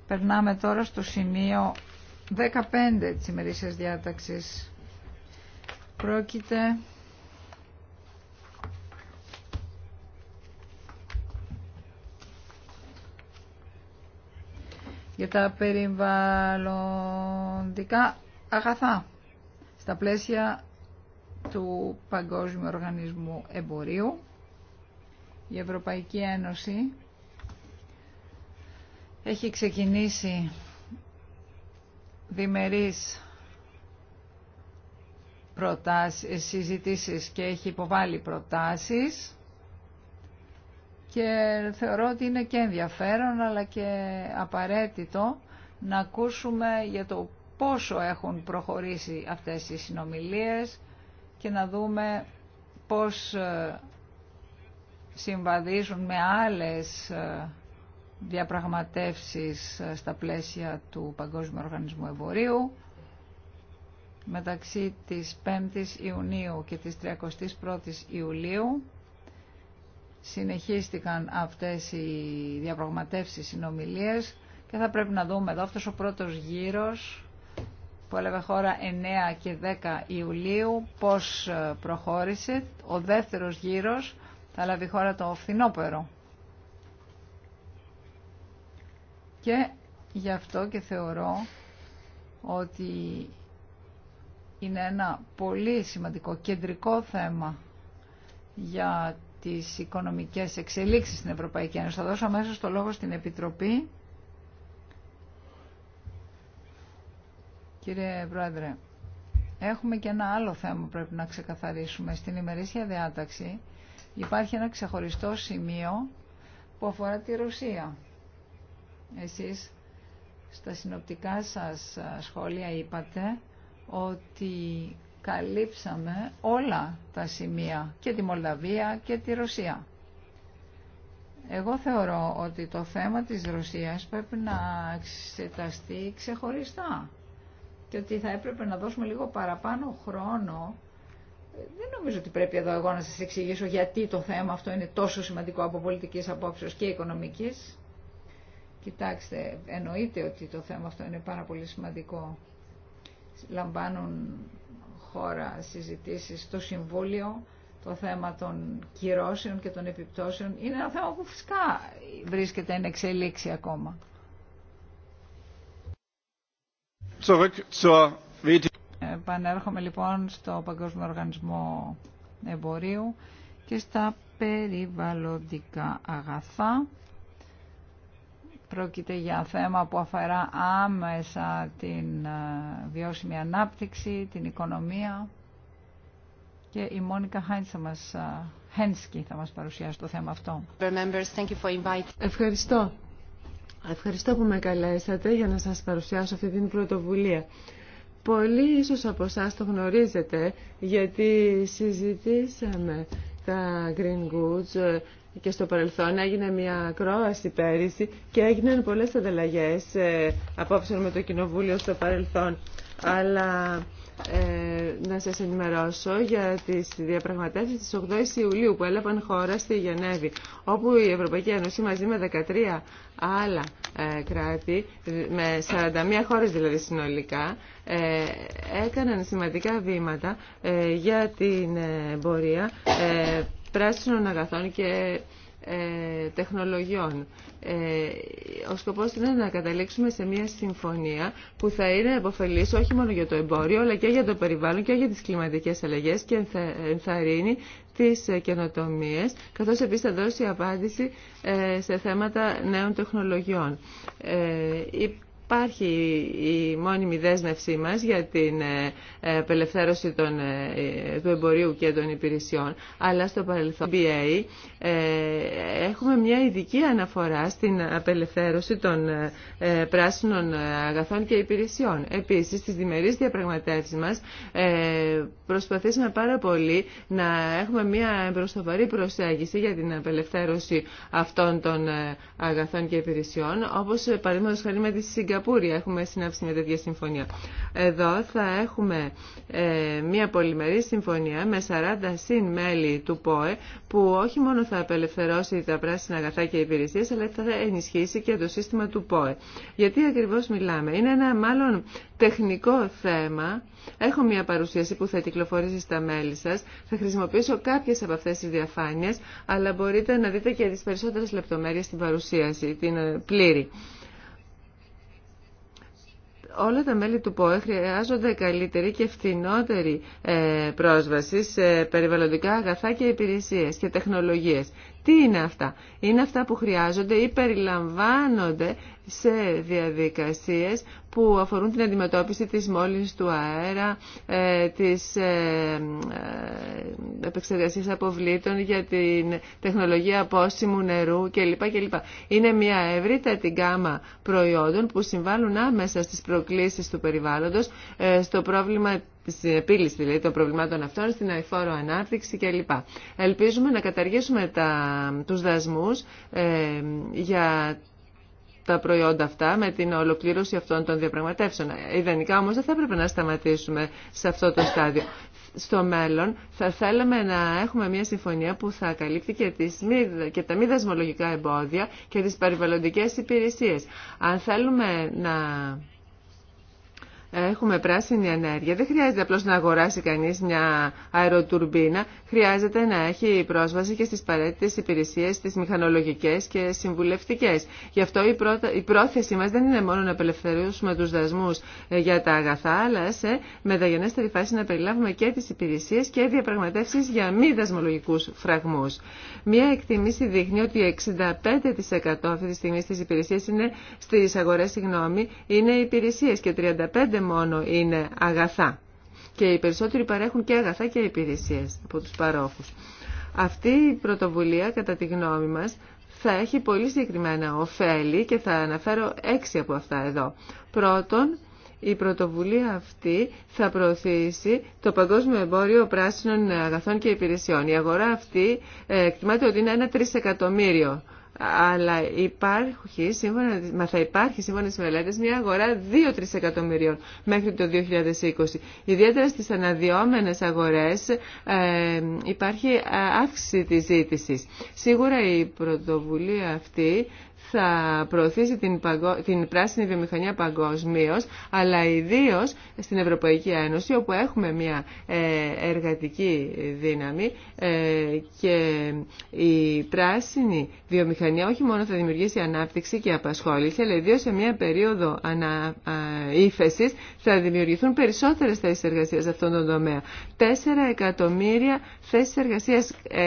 περνάμε τώρα στο σημείο 15 της ημερήσιας διάταξης. Πρόκειται τα περιβαλλοντικά αγαθά στα πλαίσια του Παγκόσμιου Οργανισμού Εμπορίου. Η Ευρωπαϊκή Ένωση έχει ξεκινήσει διμερείς προτάσεις, συζητήσεις και έχει υποβάλει προτάσεις και θεωρώ ότι είναι και ενδιαφέρον αλλά και απαραίτητο να ακούσουμε για το πόσο έχουν προχωρήσει αυτές οι συνομιλίες και να δούμε πώς ε, συμβαδίζουν με άλλες ε, διαπραγματεύσεις ε, στα πλαίσια του Παγκόσμιου Οργανισμού Εμπορίου μεταξύ της 5ης Ιουνίου και της 31ης Ιουλίου συνεχίστηκαν αυτές οι διαπραγματεύσεις, οι συνομιλίες και θα πρέπει να δούμε εδώ αυτός ο πρώτος γύρος που έλαβε χώρα 9 και 10 Ιουλίου πώς ε, προχώρησε. Ο δεύτερος γύρος θα λάβει χώρα το φθινόπερο. Και γι' αυτό και θεωρώ ότι είναι ένα πολύ σημαντικό κεντρικό θέμα για τις οικονομικές εξελίξεις στην Ευρωπαϊκή Ένωση. Θα δώσω αμέσως το λόγο στην Επιτροπή. Κύριε Πρόεδρε, έχουμε και ένα άλλο θέμα που πρέπει να ξεκαθαρίσουμε. Στην ημερήσια διάταξη υπάρχει ένα ξεχωριστό σημείο που αφορά τη Ρωσία. Εσείς στα συνοπτικά σας σχόλια είπατε ότι καλύψαμε όλα τα σημεία και τη Μολδαβία και τη Ρωσία. Εγώ θεωρώ ότι το θέμα της Ρωσίας πρέπει να εξεταστεί ξεχωριστά και ότι θα έπρεπε να δώσουμε λίγο παραπάνω χρόνο. Δεν νομίζω ότι πρέπει εδώ εγώ να σας εξηγήσω γιατί το θέμα αυτό είναι τόσο σημαντικό από πολιτικής απόψεως και οικονομικής. Κοιτάξτε, εννοείται ότι το θέμα αυτό είναι πάρα πολύ σημαντικό. Λαμβάνουν χώρα συζητήσεις στο Συμβούλιο, το θέμα των κυρώσεων και των επιπτώσεων. Είναι ένα θέμα που φυσικά βρίσκεται εν εξελίξη ακόμα. Επανέρχομαι λοιπόν στο Παγκόσμιο Οργανισμό Εμπορίου και στα περιβαλλοντικά αγαθά. Πρόκειται για θέμα που αφορά άμεσα την ε, βιώσιμη ανάπτυξη, την οικονομία και η Μόνικα μας, ε, Χένσκι θα μας παρουσιάσει το θέμα αυτό. Ευχαριστώ. Ευχαριστώ που με καλέσατε για να σας παρουσιάσω αυτή την πρωτοβουλία. Πολλοί ίσως από εσά το γνωρίζετε γιατί συζητήσαμε τα Green Goods και στο παρελθόν έγινε μια ακρόαση πέρυσι και έγιναν πολλές ανταλλαγές ε, απόψε με το Κοινοβούλιο στο παρελθόν. Αλλά ε, να σας ενημερώσω για τις διαπραγματεύσεις της 8ης Ιουλίου που έλαβαν χώρα στη Γενέβη, όπου η Ευρωπαϊκή Ένωση μαζί με 13 άλλα ε, κράτη, με 41 χώρες δηλαδή συνολικά, ε, έκαναν σημαντικά βήματα για την εμπορία πράσινων αγαθών και ε, τεχνολογιών. Ε, ο σκοπός είναι να καταλήξουμε σε μια συμφωνία που θα είναι επωφελής όχι μόνο για το εμπόριο αλλά και για το περιβάλλον και για τις κλιματικές αλλαγές και θα ενθαρρύνει τις καινοτομίες καθώς επίσης θα δώσει απάντηση ε, σε θέματα νέων τεχνολογιών υπάρχει η μόνιμη δέσμευσή μας για την ε, ε, απελευθέρωση των, ε, του εμπορίου και των υπηρεσιών, αλλά στο παρελθόν BA έχουμε μια ειδική αναφορά στην απελευθέρωση των πράσινων αγαθών και υπηρεσιών. Επίσης, στις διμερείς διαπραγματεύσεις μας προσπαθήσαμε πάρα πολύ να έχουμε μια εμπροστοβαρή προσέγγιση για την απελευθέρωση αυτών των αγαθών και υπηρεσιών, όπως παραδείγματος χάρη Σιγκαπούρη έχουμε συνάψει μια τέτοια συμφωνία. Εδώ θα έχουμε ε, μια πολυμερή συμφωνία με 40 συν μέλη του ΠΟΕ που όχι μόνο θα απελευθερώσει τα πράσινα αγαθά και υπηρεσίε αλλά θα ενισχύσει και το σύστημα του ΠΟΕ. Γιατί ακριβώ μιλάμε. Είναι ένα μάλλον τεχνικό θέμα. Έχω μια παρουσίαση που θα κυκλοφορήσει στα μέλη σα. Θα χρησιμοποιήσω κάποιε από αυτέ τι διαφάνειε αλλά μπορείτε να δείτε και τι περισσότερε λεπτομέρειε στην παρουσίαση, την ε, πλήρη όλα τα μέλη του ΠΟΕ χρειάζονται καλύτερη και φθηνότερη ε, πρόσβαση σε περιβαλλοντικά αγαθά και υπηρεσίες και τεχνολογίες. Τι είναι αυτά. Είναι αυτά που χρειάζονται ή περιλαμβάνονται σε διαδικασίες που αφορούν την αντιμετώπιση της μόλυνσης του αέρα, ε, της ε, ε, επεξεργασίας αποβλήτων για την τεχνολογία πόσιμου νερού κλπ. κλπ. Είναι μια ευρύτατη γάμα προϊόντων που συμβάλλουν άμεσα στις προκλήσεις του περιβάλλοντος, στο πρόβλημα στην επίλυση δηλαδή των προβλημάτων αυτών, στην αηφόρο ανάπτυξη κλπ. Ελπίζουμε να καταργήσουμε τα, τους δασμούς ε, για τα προϊόντα αυτά με την ολοκλήρωση αυτών των διαπραγματεύσεων. Ιδανικά όμως δεν θα έπρεπε να σταματήσουμε σε αυτό το στάδιο. Στο μέλλον θα θέλαμε να έχουμε μια συμφωνία που θα καλύπτει και, τις και τα μη δασμολογικά εμπόδια και τις περιβαλλοντικές υπηρεσίες. Αν θέλουμε να Έχουμε πράσινη ενέργεια. Δεν χρειάζεται απλώς να αγοράσει κανείς μια αεροτουρμπίνα. Χρειάζεται να έχει πρόσβαση και στις παρέτητες υπηρεσίες, στις μηχανολογικές και συμβουλευτικές. Γι' αυτό η, η πρόθεση μας δεν είναι μόνο να απελευθερώσουμε τους δασμούς ε, για τα αγαθά, αλλά σε μεταγενέστερη φάση να περιλάβουμε και τις υπηρεσίες και διαπραγματεύσεις για μη δασμολογικούς φραγμούς. Μια εκτιμήση δείχνει ότι 65% αυτή τη στιγμή στις υπηρεσίες είναι, στις αγορές, συγγνώμη, είναι υπηρεσίες και 35% μόνο είναι αγαθά. Και οι περισσότεροι παρέχουν και αγαθά και υπηρεσίες από τους παρόχους. Αυτή η πρωτοβουλία, κατά τη γνώμη μας, θα έχει πολύ συγκεκριμένα ωφέλη και θα αναφέρω έξι από αυτά εδώ. Πρώτον, η πρωτοβουλία αυτή θα προωθήσει το παγκόσμιο εμπόριο πράσινων αγαθών και υπηρεσιών. Η αγορά αυτή ε, εκτιμάται ότι είναι ένα τρισεκατομμύριο αλλά υπάρχει, σύμφωνα, μα θα υπάρχει σύμφωνα στις μελέτες μια αγορά 2-3 εκατομμυρίων μέχρι το 2020. Ιδιαίτερα στις αναδυόμενες αγορές ε, υπάρχει ε, αύξηση της ζήτησης. Σίγουρα η πρωτοβουλία αυτή θα προωθήσει την, την πράσινη βιομηχανία παγκοσμίω, αλλά ιδίω στην Ευρωπαϊκή Ένωση, όπου έχουμε μια ε, εργατική δύναμη ε, και η πράσινη βιομηχανία βιομηχανία όχι μόνο θα δημιουργήσει ανάπτυξη και απασχόληση, αλλά ιδίω σε μια περίοδο ανα... θα δημιουργηθούν περισσότερε θέσει εργασία σε αυτόν τον τομέα. 4 εκατομμύρια θέσει εργασία ε,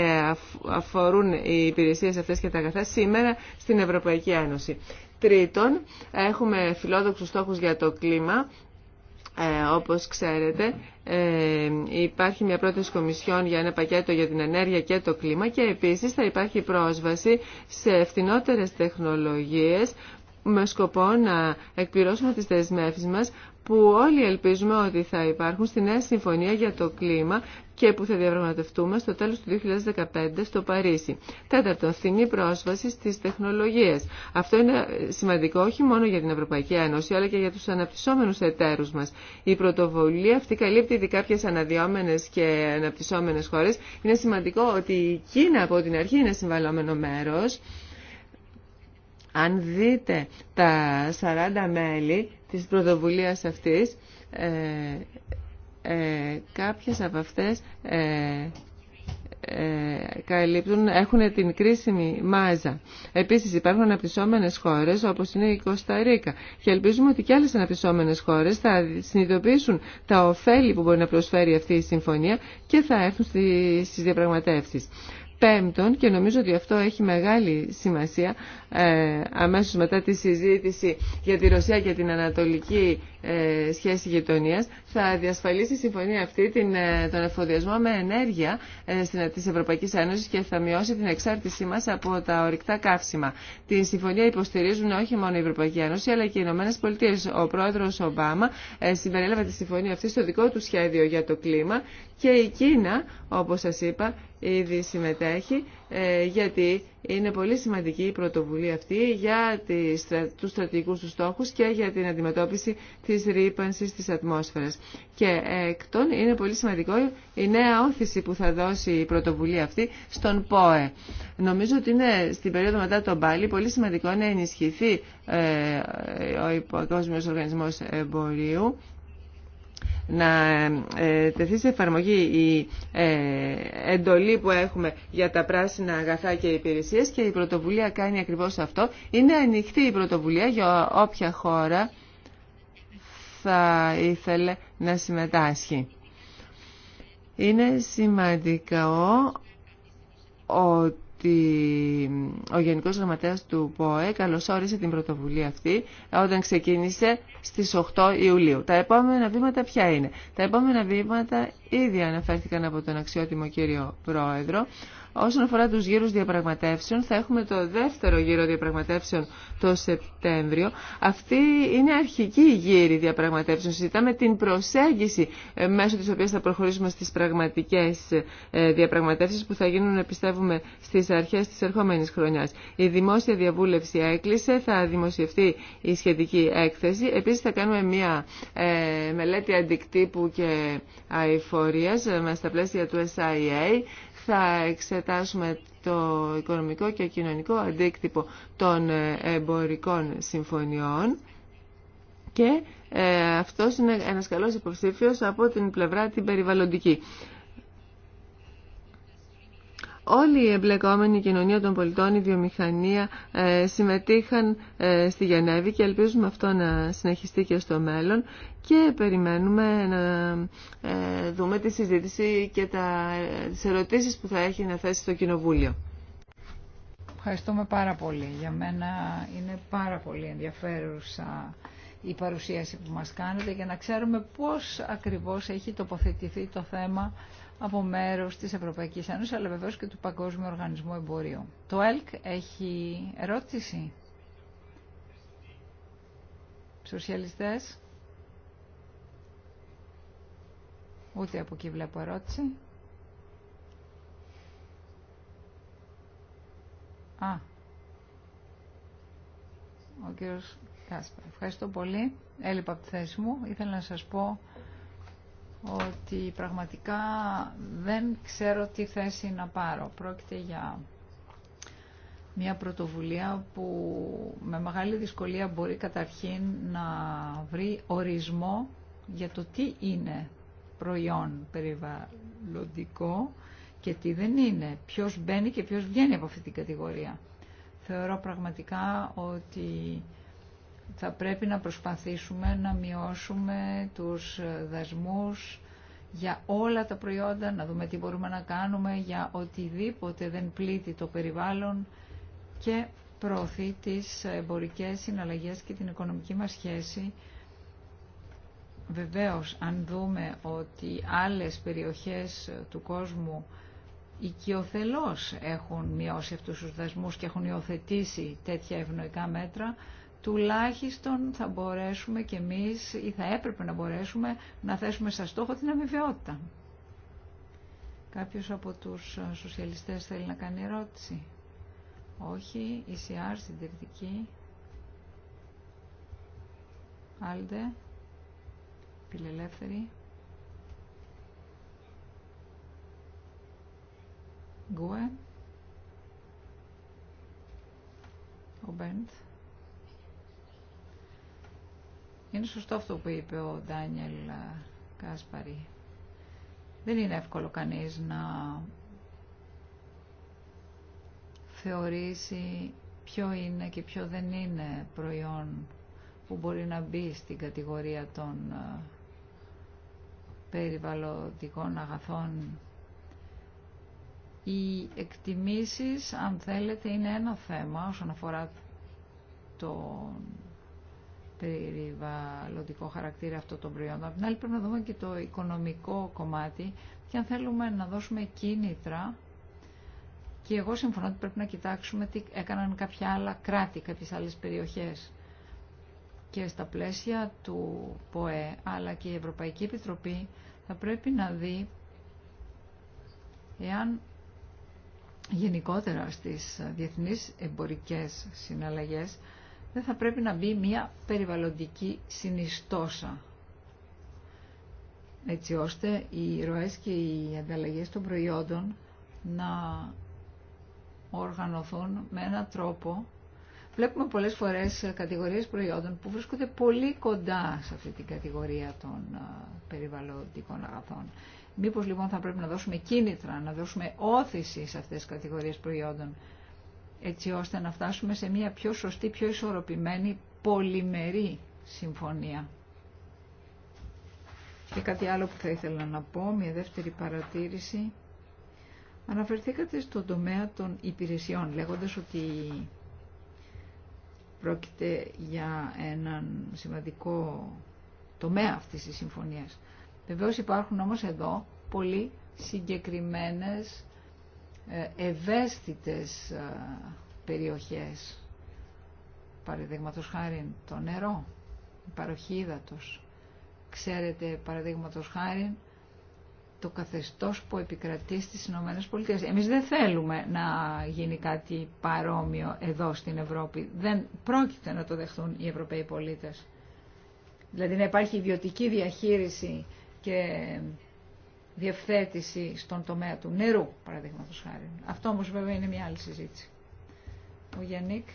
αφορούν οι υπηρεσίε αυτέ και τα αγαθά σήμερα στην Ευρωπαϊκή Ένωση. Τρίτον, έχουμε φιλόδοξους στόχους για το κλίμα ε, όπως ξέρετε, ε, υπάρχει μια πρόταση κομισιόν για ένα πακέτο για την ενέργεια και το κλίμα και επίσης θα υπάρχει πρόσβαση σε φθηνότερες τεχνολογίες με σκοπό να εκπληρώσουμε τις δεσμεύσεις μας που όλοι ελπίζουμε ότι θα υπάρχουν στη νέα συμφωνία για το κλίμα και που θα διαπραγματευτούμε στο τέλος του 2015 στο Παρίσι. Τέταρτον, φθηνή πρόσβαση στις τεχνολογίες. Αυτό είναι σημαντικό όχι μόνο για την Ευρωπαϊκή Ένωση, αλλά και για τους αναπτυσσόμενους εταίρους μας. Η πρωτοβουλία αυτή καλύπτει ήδη κάποιες αναδυόμενες και αναπτυσσόμενες χώρες. Είναι σημαντικό ότι η Κίνα από την αρχή είναι συμβαλόμενο μέρος. Αν δείτε τα 40 μέλη της πρωτοβουλίας αυτής, ε, ε, κάποιες από αυτές ε, ε, καλύπτουν, έχουν την κρίσιμη μάζα. Επίσης υπάρχουν αναπτυσσόμενες χώρες όπως είναι η Κωνσταντίνα και ελπίζουμε ότι και άλλες αναπτυσσόμενες χώρες θα συνειδητοποιήσουν τα ωφέλη που μπορεί να προσφέρει αυτή η συμφωνία και θα έρθουν στις διαπραγματεύσεις. Πέμπτον, και νομίζω ότι αυτό έχει μεγάλη σημασία, ε, αμέσως μετά τη συζήτηση για τη Ρωσία και την ανατολική ε, σχέση γειτονίας, θα διασφαλίσει η συμφωνία αυτή την, ε, τον εφοδιασμό με ενέργεια ε, της Ευρωπαϊκής Ένωσης και θα μειώσει την εξάρτησή μας από τα ορυκτά καύσιμα. Την συμφωνία υποστηρίζουν όχι μόνο η Ευρωπαϊκή Ένωση, αλλά και οι Ηνωμένες Πολιτείες. Ο πρόεδρος Ομπάμα ε, συμπεριέλαβε τη συμφωνία αυτή στο δικό του σχέδιο για το κλίμα και η Κίνα, όπως σας είπα, ήδη συμμετέχει, ε, γιατί είναι πολύ σημαντική η πρωτοβουλία αυτή για τους στρατηγικούς του στόχους και για την αντιμετώπιση της ρήπανσης της ατμόσφαιρας. Και εκτών είναι πολύ σημαντικό η νέα όθηση που θα δώσει η πρωτοβουλία αυτή στον ΠΟΕ. Νομίζω ότι είναι στην περίοδο μετά τον Πάλι πολύ σημαντικό να ενισχυθεί ε, ο Παγκόσμιος Οργανισμό Εμπορίου να ε, τεθεί σε εφαρμογή η ε, εντολή που έχουμε για τα πράσινα αγαθά και υπηρεσίες και η πρωτοβουλία κάνει ακριβώς αυτό. Είναι ανοιχτή η πρωτοβουλία για όποια χώρα θα ήθελε να συμμετάσχει. Είναι σημαντικό ότι ότι ο Γενικός Γραμματέας του ΠΟΕ καλωσόρισε την πρωτοβουλία αυτή όταν ξεκίνησε στις 8 Ιουλίου. Τα επόμενα βήματα ποια είναι. Τα επόμενα βήματα ήδη αναφέρθηκαν από τον αξιότιμο κύριο Πρόεδρο Όσον αφορά τους γύρους διαπραγματεύσεων, θα έχουμε το δεύτερο γύρο διαπραγματεύσεων το Σεπτέμβριο. Αυτή είναι αρχική γύρη διαπραγματεύσεων. Συζητάμε την προσέγγιση ε, μέσω της οποίας θα προχωρήσουμε στις πραγματικές ε, διαπραγματεύσεις που θα γίνουν, πιστεύουμε, στις αρχές της ερχόμενης χρονιάς. Η δημόσια διαβούλευση έκλεισε, θα δημοσιευτεί η σχετική έκθεση. Επίσης θα κάνουμε μια ε, μελέτη αντικτύπου και αηφορίας μέσα στα πλαίσια του SIA θα εξετάσουμε το οικονομικό και κοινωνικό αντίκτυπο των εμπορικών συμφωνιών και ε, αυτός είναι ένας καλός υποψήφιος από την πλευρά την περιβαλλοντική. Όλοι οι εμπλεκόμενοι, κοινωνία των πολιτών, η βιομηχανία ε, συμμετείχαν ε, στη Γενέβη και ελπίζουμε αυτό να συνεχιστεί και στο μέλλον και περιμένουμε να ε, δούμε τη συζήτηση και τα, τις που θα έχει να θέσει στο Κοινοβούλιο. Ευχαριστούμε πάρα πολύ. Για μένα είναι πάρα πολύ ενδιαφέρουσα η παρουσίαση που μας κάνετε για να ξέρουμε πώς ακριβώς έχει τοποθετηθεί το θέμα από μέρο τη Ευρωπαϊκή Ένωση αλλά βεβαίω και του Παγκόσμιου Οργανισμού Εμπορίου. Το ΕΛΚ έχει ερώτηση. Σοσιαλιστέ, Ούτε από εκεί βλέπω ερώτηση. Α, ο κύριος Κάσπα. Ευχαριστώ πολύ. Έλειπα από τη θέση μου. Ήθελα να σας πω ότι πραγματικά δεν ξέρω τι θέση να πάρω. Πρόκειται για μια πρωτοβουλία που με μεγάλη δυσκολία μπορεί καταρχήν να βρει ορισμό για το τι είναι προϊόν περιβαλλοντικό και τι δεν είναι, ποιος μπαίνει και ποιος βγαίνει από αυτή την κατηγορία. Θεωρώ πραγματικά ότι θα πρέπει να προσπαθήσουμε να μειώσουμε τους δασμούς για όλα τα προϊόντα, να δούμε τι μπορούμε να κάνουμε για οτιδήποτε δεν πλήττει το περιβάλλον και προωθεί τις εμπορικές συναλλαγές και την οικονομική μας σχέση. Βεβαίως, αν δούμε ότι άλλες περιοχές του κόσμου οικειοθελώς έχουν μειώσει αυτούς τους δασμούς και έχουν υιοθετήσει τέτοια ευνοϊκά μέτρα, τουλάχιστον θα μπορέσουμε κι εμείς ή θα έπρεπε να μπορέσουμε να θέσουμε σαν στόχο την αμοιβαιότητα. Κάποιος από τους ε, σοσιαλιστές θέλει να κάνει ερώτηση. Όχι, στην συντηρητική. Άλντε, πιλελεύθερη. Γκουέ. Ο Μπέντ. Είναι σωστό αυτό που είπε ο Ντάνιελ ε, Κάσπαρη. Δεν είναι εύκολο κανείς να θεωρήσει ποιο είναι και ποιο δεν είναι προϊόν που μπορεί να μπει στην κατηγορία των ε, περιβαλλοντικών αγαθών. Οι εκτιμήσεις, αν θέλετε, είναι ένα θέμα όσον αφορά το περιβαλλοντικό χαρακτήρα αυτό των προϊόντων. Απ' την άλλη πρέπει να δούμε και το οικονομικό κομμάτι και αν θέλουμε να δώσουμε κίνητρα και εγώ συμφωνώ ότι πρέπει να κοιτάξουμε τι έκαναν κάποια άλλα κράτη, κάποιες άλλες περιοχές και στα πλαίσια του ΠΟΕ αλλά και η Ευρωπαϊκή Επιτροπή θα πρέπει να δει εάν γενικότερα στις διεθνείς εμπορικές συναλλαγές δεν θα πρέπει να μπει μια περιβαλλοντική συνιστόσα έτσι ώστε οι ροές και οι ανταλλαγές των προϊόντων να οργανωθούν με έναν τρόπο. Βλέπουμε πολλές φορές ε, κατηγορίες προϊόντων που βρίσκονται πολύ κοντά σε αυτή την κατηγορία των ε, περιβαλλοντικών αγαθών. Μήπως λοιπόν θα πρέπει να δώσουμε κίνητρα, να δώσουμε όθηση σε αυτές τις κατηγορίες προϊόντων έτσι ώστε να φτάσουμε σε μια πιο σωστή, πιο ισορροπημένη πολυμερή συμφωνία. Και κάτι άλλο που θα ήθελα να πω, μια δεύτερη παρατήρηση. Αναφερθήκατε στον τομέα των υπηρεσιών, λέγοντας ότι πρόκειται για έναν σημαντικό τομέα αυτής της συμφωνίας. Βεβαίως υπάρχουν όμως εδώ πολύ συγκεκριμένες ε, ευαίσθητες ε, περιοχές παραδείγματος χάρη το νερό η παροχή ύδατος ξέρετε παραδείγματος χάρη το καθεστώς που επικρατεί στις Ηνωμένες Πολιτείες. Εμείς δεν θέλουμε να γίνει κάτι παρόμοιο εδώ στην Ευρώπη. Δεν πρόκειται να το δεχθούν οι Ευρωπαίοι πολίτες. Δηλαδή να υπάρχει ιδιωτική διαχείριση και διευθέτηση στον τομέα του νερού, παραδείγματος χάρη. Αυτό όμω βέβαια είναι μια άλλη συζήτηση. Ο Γιάννικ.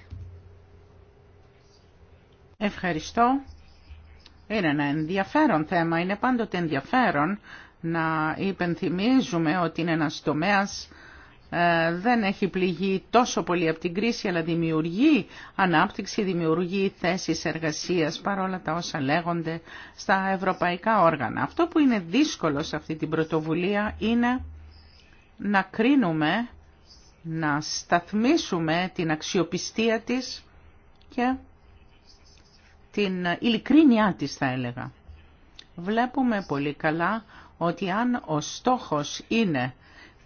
Ευχαριστώ. Είναι ένα ενδιαφέρον θέμα. Είναι πάντοτε ενδιαφέρον να υπενθυμίζουμε ότι είναι ένας τομέας ε, δεν έχει πληγεί τόσο πολύ από την κρίση, αλλά δημιουργεί ανάπτυξη, δημιουργεί θέσεις εργασίας παρόλα τα όσα λέγονται στα ευρωπαϊκά όργανα. Αυτό που είναι δύσκολο σε αυτή την πρωτοβουλία είναι να κρίνουμε, να σταθμίσουμε την αξιοπιστία της και την ειλικρίνειά της θα έλεγα. Βλέπουμε πολύ καλά ότι αν ο στόχος είναι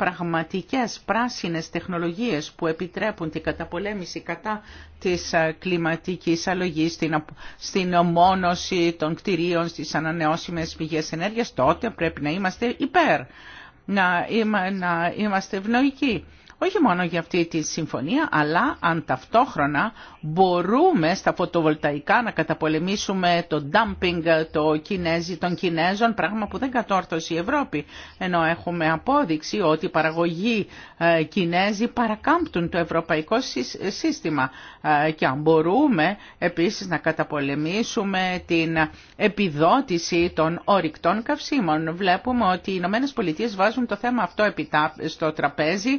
πραγματικές πράσινες τεχνολογίες που επιτρέπουν την καταπολέμηση κατά της ε, κλιματικής αλλογής, στην, στην ομόνωση των κτηρίων, στις ανανεώσιμες πηγές ενέργειας, τότε πρέπει να είμαστε υπέρ, να, είμα, να είμαστε ευνοϊκοί όχι μόνο για αυτή τη συμφωνία, αλλά αν ταυτόχρονα μπορούμε στα φωτοβολταϊκά να καταπολεμήσουμε το dumping το Κινέζι, των Κινέζων, πράγμα που δεν κατόρθωσε η Ευρώπη. Ενώ έχουμε απόδειξη ότι οι παραγωγοί ε, Κινέζοι παρακάμπτουν το ευρωπαϊκό σύστημα. Ε, και αν μπορούμε επίσης να καταπολεμήσουμε την επιδότηση των ορυκτών καυσίμων. Βλέπουμε ότι οι Ηνωμένε Πολιτείε βάζουν το θέμα αυτό στο τραπέζι,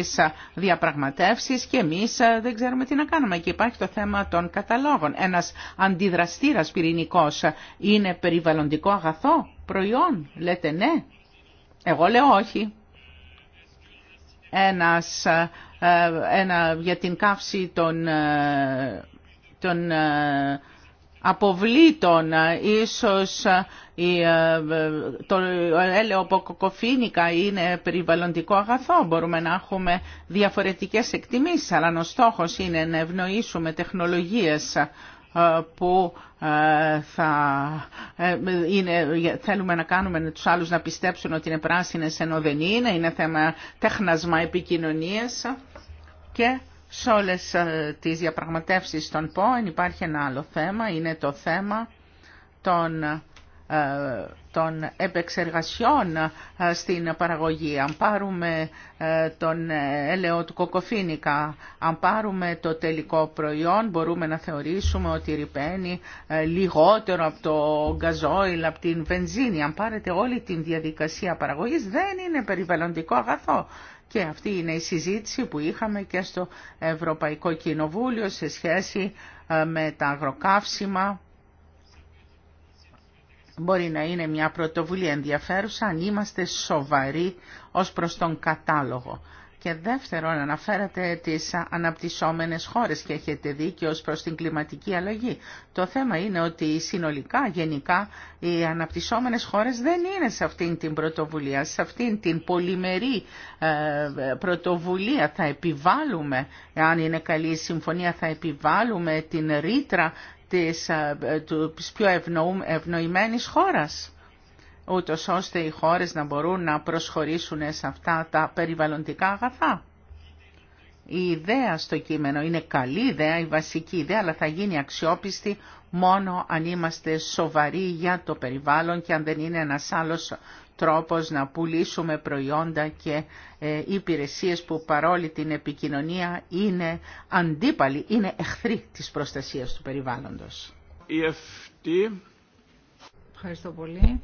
τις διαπραγματεύσεις και εμείς ε, δεν ξέρουμε τι να κάνουμε. Και υπάρχει το θέμα των καταλόγων. Ένας αντιδραστήρας πυρηνικός είναι περιβαλλοντικό αγαθό, προϊόν. Λέτε ναι. Εγώ λέω όχι. Ένας, ε, ε, ένα, για την καύση των, των αποβλήτων, ίσως η, ε, το έλαιο κοκοφίνικα είναι περιβαλλοντικό αγαθό. Μπορούμε να έχουμε διαφορετικές εκτιμήσεις, αλλά ο στόχος είναι να ευνοήσουμε τεχνολογίες ε, που ε, θα θέλουμε να κάνουμε τους άλλους να πιστέψουν ότι είναι πράσινες ενώ δεν είναι. Είναι θέμα τέχνασμα επικοινωνίας και σε όλες ε, τις διαπραγματεύσεις των ΠΟΕΝ υπάρχει ένα άλλο θέμα, είναι το θέμα των ε, των επεξεργασιών ε, στην παραγωγή. Αν πάρουμε τον έλαιο του κοκοφίνικα, αν πάρουμε το τελικό προϊόν, μπορούμε να θεωρήσουμε ότι ρηπαίνει λιγότερο από το γκαζόιλ, από την βενζίνη. Αν πάρετε όλη την διαδικασία παραγωγής, δεν είναι περιβαλλοντικό αγαθό. Και αυτή είναι η συζήτηση που είχαμε και στο Ευρωπαϊκό Κοινοβούλιο σε σχέση ε, με τα αγροκαύσιμα. Μπορεί να είναι μια πρωτοβουλία ενδιαφέρουσα αν είμαστε σοβαροί ως προς τον κατάλογο. Και δεύτερον, αναφέρατε τις αναπτυσσόμενες χώρες και έχετε δίκιο ως προς την κλιματική αλλαγή. Το θέμα είναι ότι συνολικά, γενικά, οι αναπτυσσόμενες χώρες δεν είναι σε αυτήν την πρωτοβουλία. Σε αυτήν την πολυμερή ε, πρωτοβουλία θα επιβάλλουμε, αν είναι καλή η συμφωνία, θα επιβάλλουμε την ρήτρα της, ε, ε, της πιο ευνοημένης χώρας ούτως ώστε οι χώρες να μπορούν να προσχωρήσουν σε αυτά τα περιβαλλοντικά αγαθά. Η ιδέα στο κείμενο είναι καλή ιδέα, η βασική ιδέα, αλλά θα γίνει αξιόπιστη μόνο αν είμαστε σοβαροί για το περιβάλλον και αν δεν είναι ένας άλλος τρόπος να πουλήσουμε προϊόντα και ε, υπηρεσίες που παρόλη την επικοινωνία είναι αντίπαλοι, είναι εχθροί της προστασίας του περιβάλλοντος. Ευχαριστώ πολύ.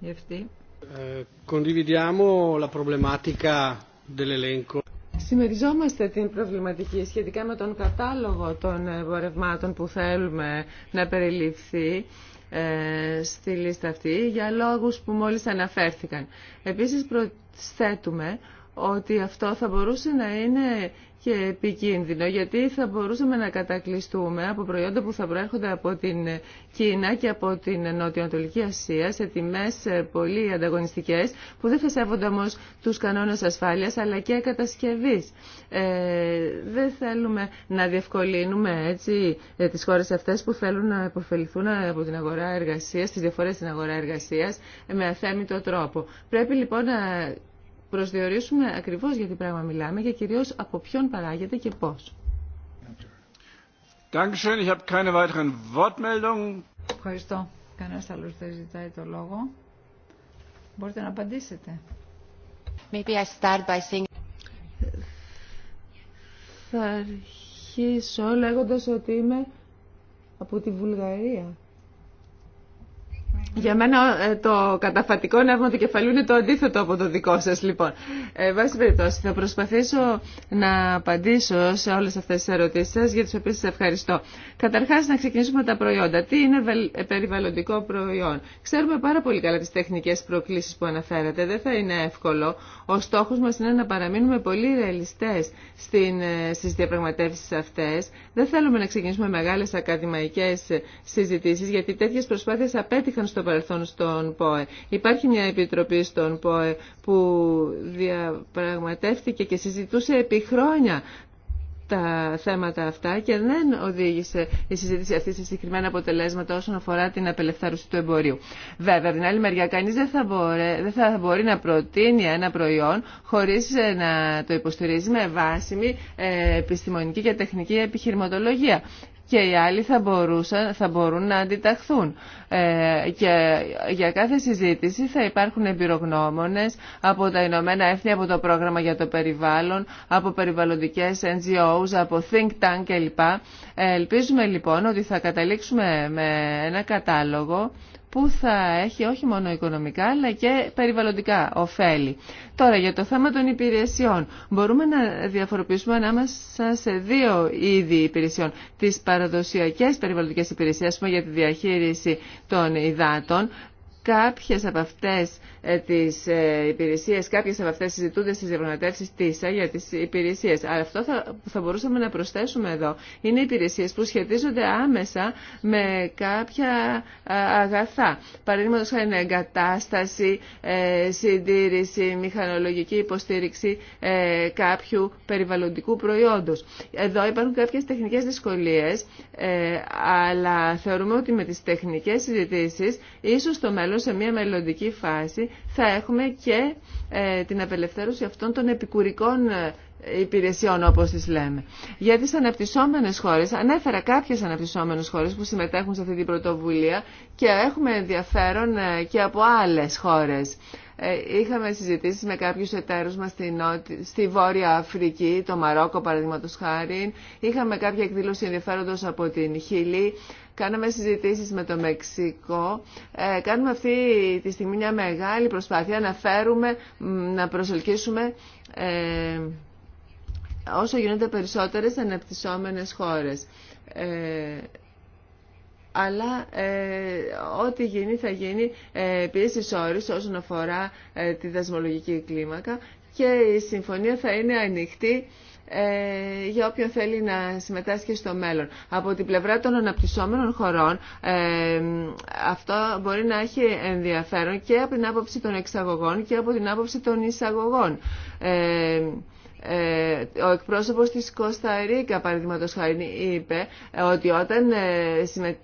Ε, Συμμεριζόμαστε την προβληματική σχετικά με τον κατάλογο των εμπορευμάτων που θέλουμε να περιληφθεί ε, στη λίστα αυτή για λόγους που μόλις αναφέρθηκαν. Επίσης προσθέτουμε ότι αυτό θα μπορούσε να είναι και επικίνδυνο, γιατί θα μπορούσαμε να κατακλειστούμε από προϊόντα που θα προέρχονται από την Κίνα και από την Νοτιοανατολική Ασία σε τιμές ε, πολύ ανταγωνιστικές, που δεν θα σέβονται όμως τους κανόνες ασφάλειας, αλλά και κατασκευής. Ε, δεν θέλουμε να διευκολύνουμε έτσι ε, τις χώρες αυτές που θέλουν να υποφεληθούν από την αγορά εργασίας, τις διαφορές στην αγορά εργασίας, ε, με αθέμητο τρόπο. Πρέπει λοιπόν να προσδιορίσουμε ακριβώς για τι πράγμα μιλάμε και κυρίως από ποιον παράγεται και πώς. Ευχαριστώ. Κανένα άλλο δεν ζητάει το λόγο. Μπορείτε να απαντήσετε. Θα αρχίσω λέγοντας ότι είμαι από τη Βουλγαρία. Για μένα ε, το καταφατικό νεύμα του κεφαλού είναι το αντίθετο από το δικό σας λοιπόν. Ε, βάση περιπτώσει θα προσπαθήσω να απαντήσω σε όλες αυτές τις ερωτήσεις σας για τις οποίες σας ευχαριστώ. Καταρχάς να ξεκινήσουμε τα προϊόντα. Τι είναι ε, περιβαλλοντικό προϊόν. Ξέρουμε πάρα πολύ καλά τις τεχνικές προκλήσεις που αναφέρατε. Δεν θα είναι εύκολο. Ο στόχος μας είναι να παραμείνουμε πολύ ρεαλιστές ε, στις διαπραγματεύσεις αυτές. Δεν θέλουμε να ξεκινήσουμε μεγάλες ακαδημαϊκές συζητήσεις γιατί τέτοιες προσπάθειες απέτυχαν στο παρελθόν στον ΠΟΕ. Υπάρχει μια επιτροπή στον ΠΟΕ που διαπραγματεύτηκε και συζητούσε επί χρόνια τα θέματα αυτά και δεν οδήγησε η συζήτηση αυτή σε συγκεκριμένα αποτελέσματα όσον αφορά την απελευθέρωση του εμπορίου. Βέβαια, την άλλη μεριά, κανεί δεν, θα μπορεί, δεν θα μπορεί να προτείνει ένα προϊόν χωρί ε, να το υποστηρίζει με βάσιμη ε, επιστημονική και τεχνική επιχειρηματολογία και οι άλλοι θα, μπορούσαν, θα μπορούν να αντιταχθούν. Ε, και για κάθε συζήτηση θα υπάρχουν εμπειρογνώμονες από τα Ηνωμένα Έθνη, από το πρόγραμμα για το περιβάλλον, από περιβαλλοντικές NGOs, από think tank κλπ. Ε, ελπίζουμε λοιπόν ότι θα καταλήξουμε με ένα κατάλογο που θα έχει όχι μόνο οικονομικά αλλά και περιβαλλοντικά ωφέλη. Τώρα για το θέμα των υπηρεσιών. Μπορούμε να διαφοροποιήσουμε ανάμεσα σε δύο είδη υπηρεσιών. Τις παραδοσιακές περιβαλλοντικές υπηρεσίες, πούμε για τη διαχείριση των υδάτων. Κάποιες από αυτές ε, τις ε, υπηρεσίε κάποιε από αυτές συζητούνται στι διαπραγματεύσει ΤΙΣΑ για τι υπηρεσίε. Αλλά αυτό θα, θα μπορούσαμε να προσθέσουμε εδώ. Είναι υπηρεσίε που σχετίζονται άμεσα με κάποια αγαθά. Παραδείγματο χάρη εγκατάσταση, ε, συντήρηση, μηχανολογική υποστήριξη κάποιου περιβαλλοντικού προϊόντο. Εδώ υπάρχουν κάποιες τεχνικές δυσκολίες, αλλά θεωρούμε ότι με τι τεχνικέ συζητήσει ίσω στο μέλλον σε μια μελλοντική φάση, θα έχουμε και ε, την απελευθέρωση αυτών των επικουρικών ε, υπηρεσιών όπως τις λέμε. Για τις αναπτυσσόμενες χώρες, ανέφερα κάποιες αναπτυσσόμενες χώρες που συμμετέχουν σε αυτή την πρωτοβουλία και έχουμε ενδιαφέρον ε, και από άλλες χώρες. Είχαμε συζητήσει με κάποιους εταίρους μας στη, στη Βόρεια Αφρική, το Μαρόκο παραδείγματος χάρη. Είχαμε κάποια εκδήλωση ενδιαφέροντος από την Χίλη κάναμε συζητήσεις με το Μεξικό. Ε, κάνουμε αυτή τη στιγμή μια μεγάλη προσπάθεια να φέρουμε, να προσελκύσουμε ε, όσο γίνονται περισσότερες αναπτυσσόμενες χώρες. Ε, αλλά ε, ό,τι γίνει θα γίνει ε, πίεση όσον αφορά ε, τη δασμολογική κλίμακα και η συμφωνία θα είναι ανοιχτή ε, για όποιον θέλει να συμμετάσχει στο μέλλον. Από την πλευρά των αναπτυσσόμενων χωρών ε, αυτό μπορεί να έχει ενδιαφέρον και από την άποψη των εξαγωγών και από την άποψη των εισαγωγών. Ε, ο εκπρόσωπος της Κώστα Ρίκα, παραδείγματος χάρη, είπε ότι όταν συμμετέχει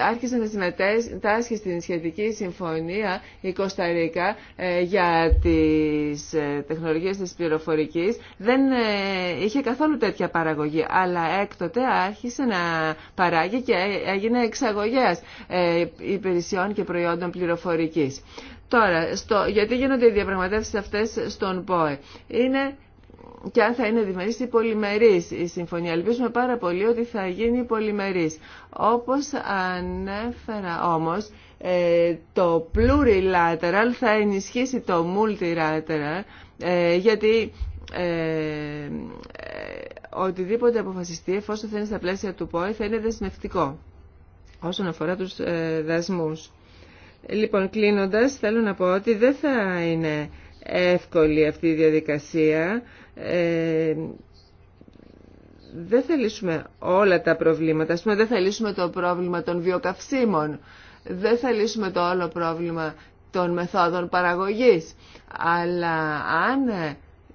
άρχισε να συμμετάσχει στην σχετική συμφωνία η Κωνσταντίνα ε, για τις ε, τεχνολογίες της πληροφορικής. Δεν ε, είχε καθόλου τέτοια παραγωγή, αλλά έκτοτε άρχισε να παράγει και έγινε εξαγωγέας υπηρεσιών και προϊόντων πληροφορικής. Τώρα, γιατί γίνονται οι διαπραγματεύσεις αυτές στον ΠΟΕ. Είναι και αν θα είναι διμερής ή πολυμερής η συμφωνία. Ελπίζουμε πάρα πολύ ότι θα γίνει πολυμερής. Όπως ανέφερα όμως, ε, το plurilateral θα ενισχύσει το multilateral, ε, γιατί ε, οτιδήποτε αποφασιστεί, εφόσον θα είναι στα πλαίσια του ΠΟΕ, θα είναι δεσμευτικό όσον αφορά τους δασμούς. Λοιπόν, κλείνοντας, θέλω να πω ότι δεν θα είναι εύκολη αυτή η διαδικασία, ε, δεν θα λύσουμε όλα τα προβλήματα. Ας πούμε δεν θα λύσουμε το πρόβλημα των βιοκαυσίμων, δεν θα λύσουμε το όλο πρόβλημα των μεθόδων παραγωγής. Αλλά αν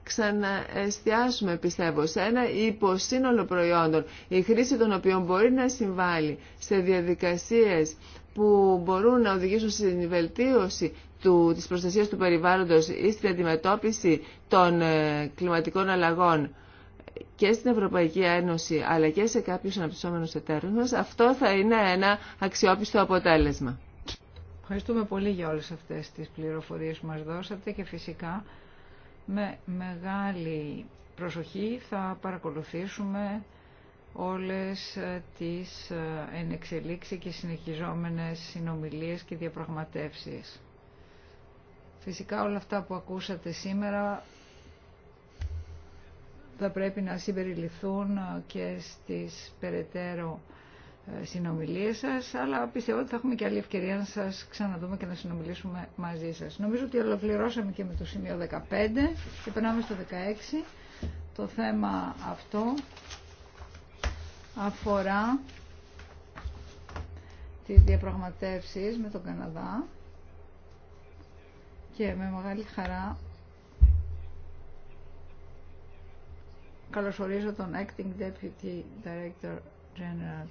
ξαναεστιάσουμε πιστεύω σε ένα υποσύνολο προϊόντων, η χρήση των οποίων μπορεί να συμβάλλει σε διαδικασίες που μπορούν να οδηγήσουν στην βελτίωση του, της προστασίας του περιβάλλοντος ή στην αντιμετώπιση των ε, κλιματικών αλλαγών και στην Ευρωπαϊκή Ένωση αλλά και σε κάποιους αναπτυσσόμενους εταίρους μας, αυτό θα είναι ένα αξιόπιστο αποτέλεσμα. Ευχαριστούμε πολύ για όλες αυτές τις πληροφορίες που μας δώσατε και φυσικά με μεγάλη προσοχή θα παρακολουθήσουμε όλες ε, τις ε, ενεξελίξεις και συνεχιζόμενες συνομιλίες και διαπραγματεύσεις. Φυσικά όλα αυτά που ακούσατε σήμερα θα πρέπει να συμπεριληφθούν ε, και στις περαιτέρω ε, συνομιλίες σας, αλλά πιστεύω ότι θα έχουμε και άλλη ευκαιρία να σας ξαναδούμε και να συνομιλήσουμε μαζί σας. Νομίζω ότι ολοκληρώσαμε και με το σημείο 15 και περνάμε στο 16. Το θέμα αυτό αφορά τις διαπραγματεύσεις με τον Καναδά και με μεγάλη χαρά καλωσορίζω τον Acting Deputy Director General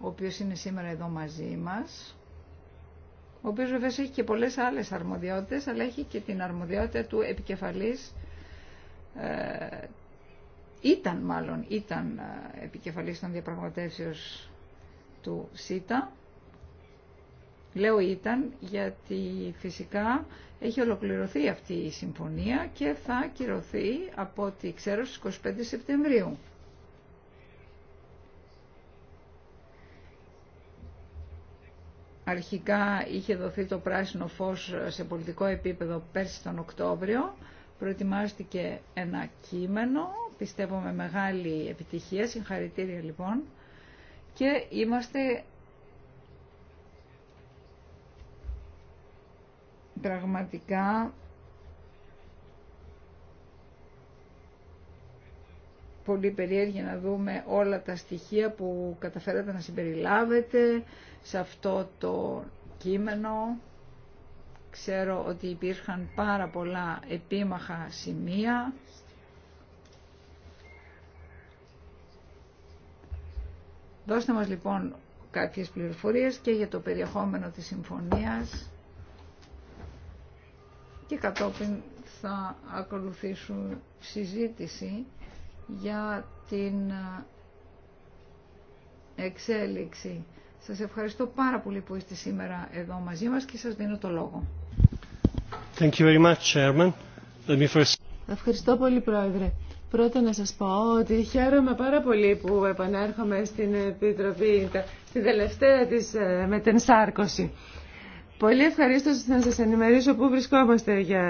ο οποίος είναι σήμερα εδώ μαζί μας ο οποίος βέβαια έχει και πολλές άλλες αρμοδιότητες αλλά έχει και την αρμοδιότητα του επικεφαλής ε, ήταν μάλλον ήταν ε, επικεφαλής των διαπραγματεύσεως του ΣΥΤΑ Λέω ήταν γιατί φυσικά έχει ολοκληρωθεί αυτή η συμφωνία και θα κυρωθεί από ό,τι ξέρω στις 25 Σεπτεμβρίου. Αρχικά είχε δοθεί το πράσινο φως σε πολιτικό επίπεδο πέρσι τον Οκτώβριο. Προετοιμάστηκε ένα κείμενο, πιστεύω με μεγάλη επιτυχία, συγχαρητήρια λοιπόν. Και είμαστε πραγματικά πολύ περίεργη να δούμε όλα τα στοιχεία που καταφέρατε να συμπεριλάβετε σε αυτό το κείμενο. Ξέρω ότι υπήρχαν πάρα πολλά επίμαχα σημεία. Δώστε μας λοιπόν κάποιες πληροφορίες και για το περιεχόμενο της συμφωνίας και κατόπιν θα ακολουθήσουν συζήτηση για την ε, εξέλιξη. Σας ευχαριστώ πάρα πολύ που είστε σήμερα εδώ μαζί μας και σας δίνω το λόγο. Thank you very much, Chairman. Ευχαριστώ πολύ, Πρόεδρε. Πρώτα να σας πω ότι χαίρομαι πάρα πολύ που επανέρχομαι στην Επιτροπή, στην τελευταία της ε, μετενσάρκωση. Πολύ ευχαρίστω να σας ενημερίσω πού βρισκόμαστε για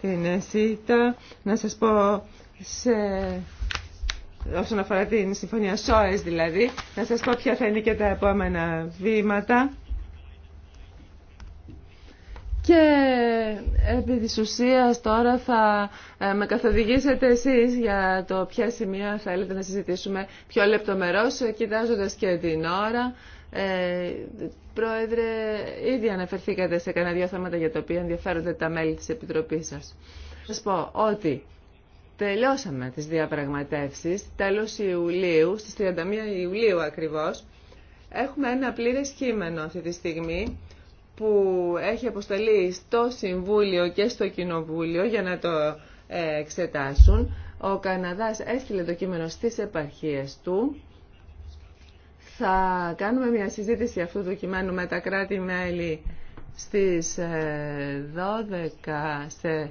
την ΣΥΤΑ. Να σας πω σε... όσον αφορά την Συμφωνία ΣΟΕΣ δηλαδή, να σας πω ποια θα είναι και τα επόμενα βήματα. Και επί τη ουσία τώρα θα ε, με καθοδηγήσετε εσείς για το ποια σημεία θέλετε να συζητήσουμε πιο λεπτομερώς, ε, κοιτάζοντας και την ώρα. Ε, πρόεδρε, ήδη αναφερθήκατε σε κανένα δύο θέματα για τα οποία ενδιαφέρονται τα μέλη της Επιτροπής σας. Σας πω ότι τελειώσαμε τις διαπραγματεύσεις τέλος Ιουλίου, στις 31 Ιουλίου ακριβώς. Έχουμε ένα πλήρες κείμενο αυτή τη στιγμή που έχει αποσταλεί στο Συμβούλιο και στο Κοινοβούλιο για να το ε, εξετάσουν. Ο Καναδάς έστειλε το κείμενο στις επαρχίες του θα κάνουμε μια συζήτηση αυτού του κειμένου με τα κράτη-μέλη στις 12 ε,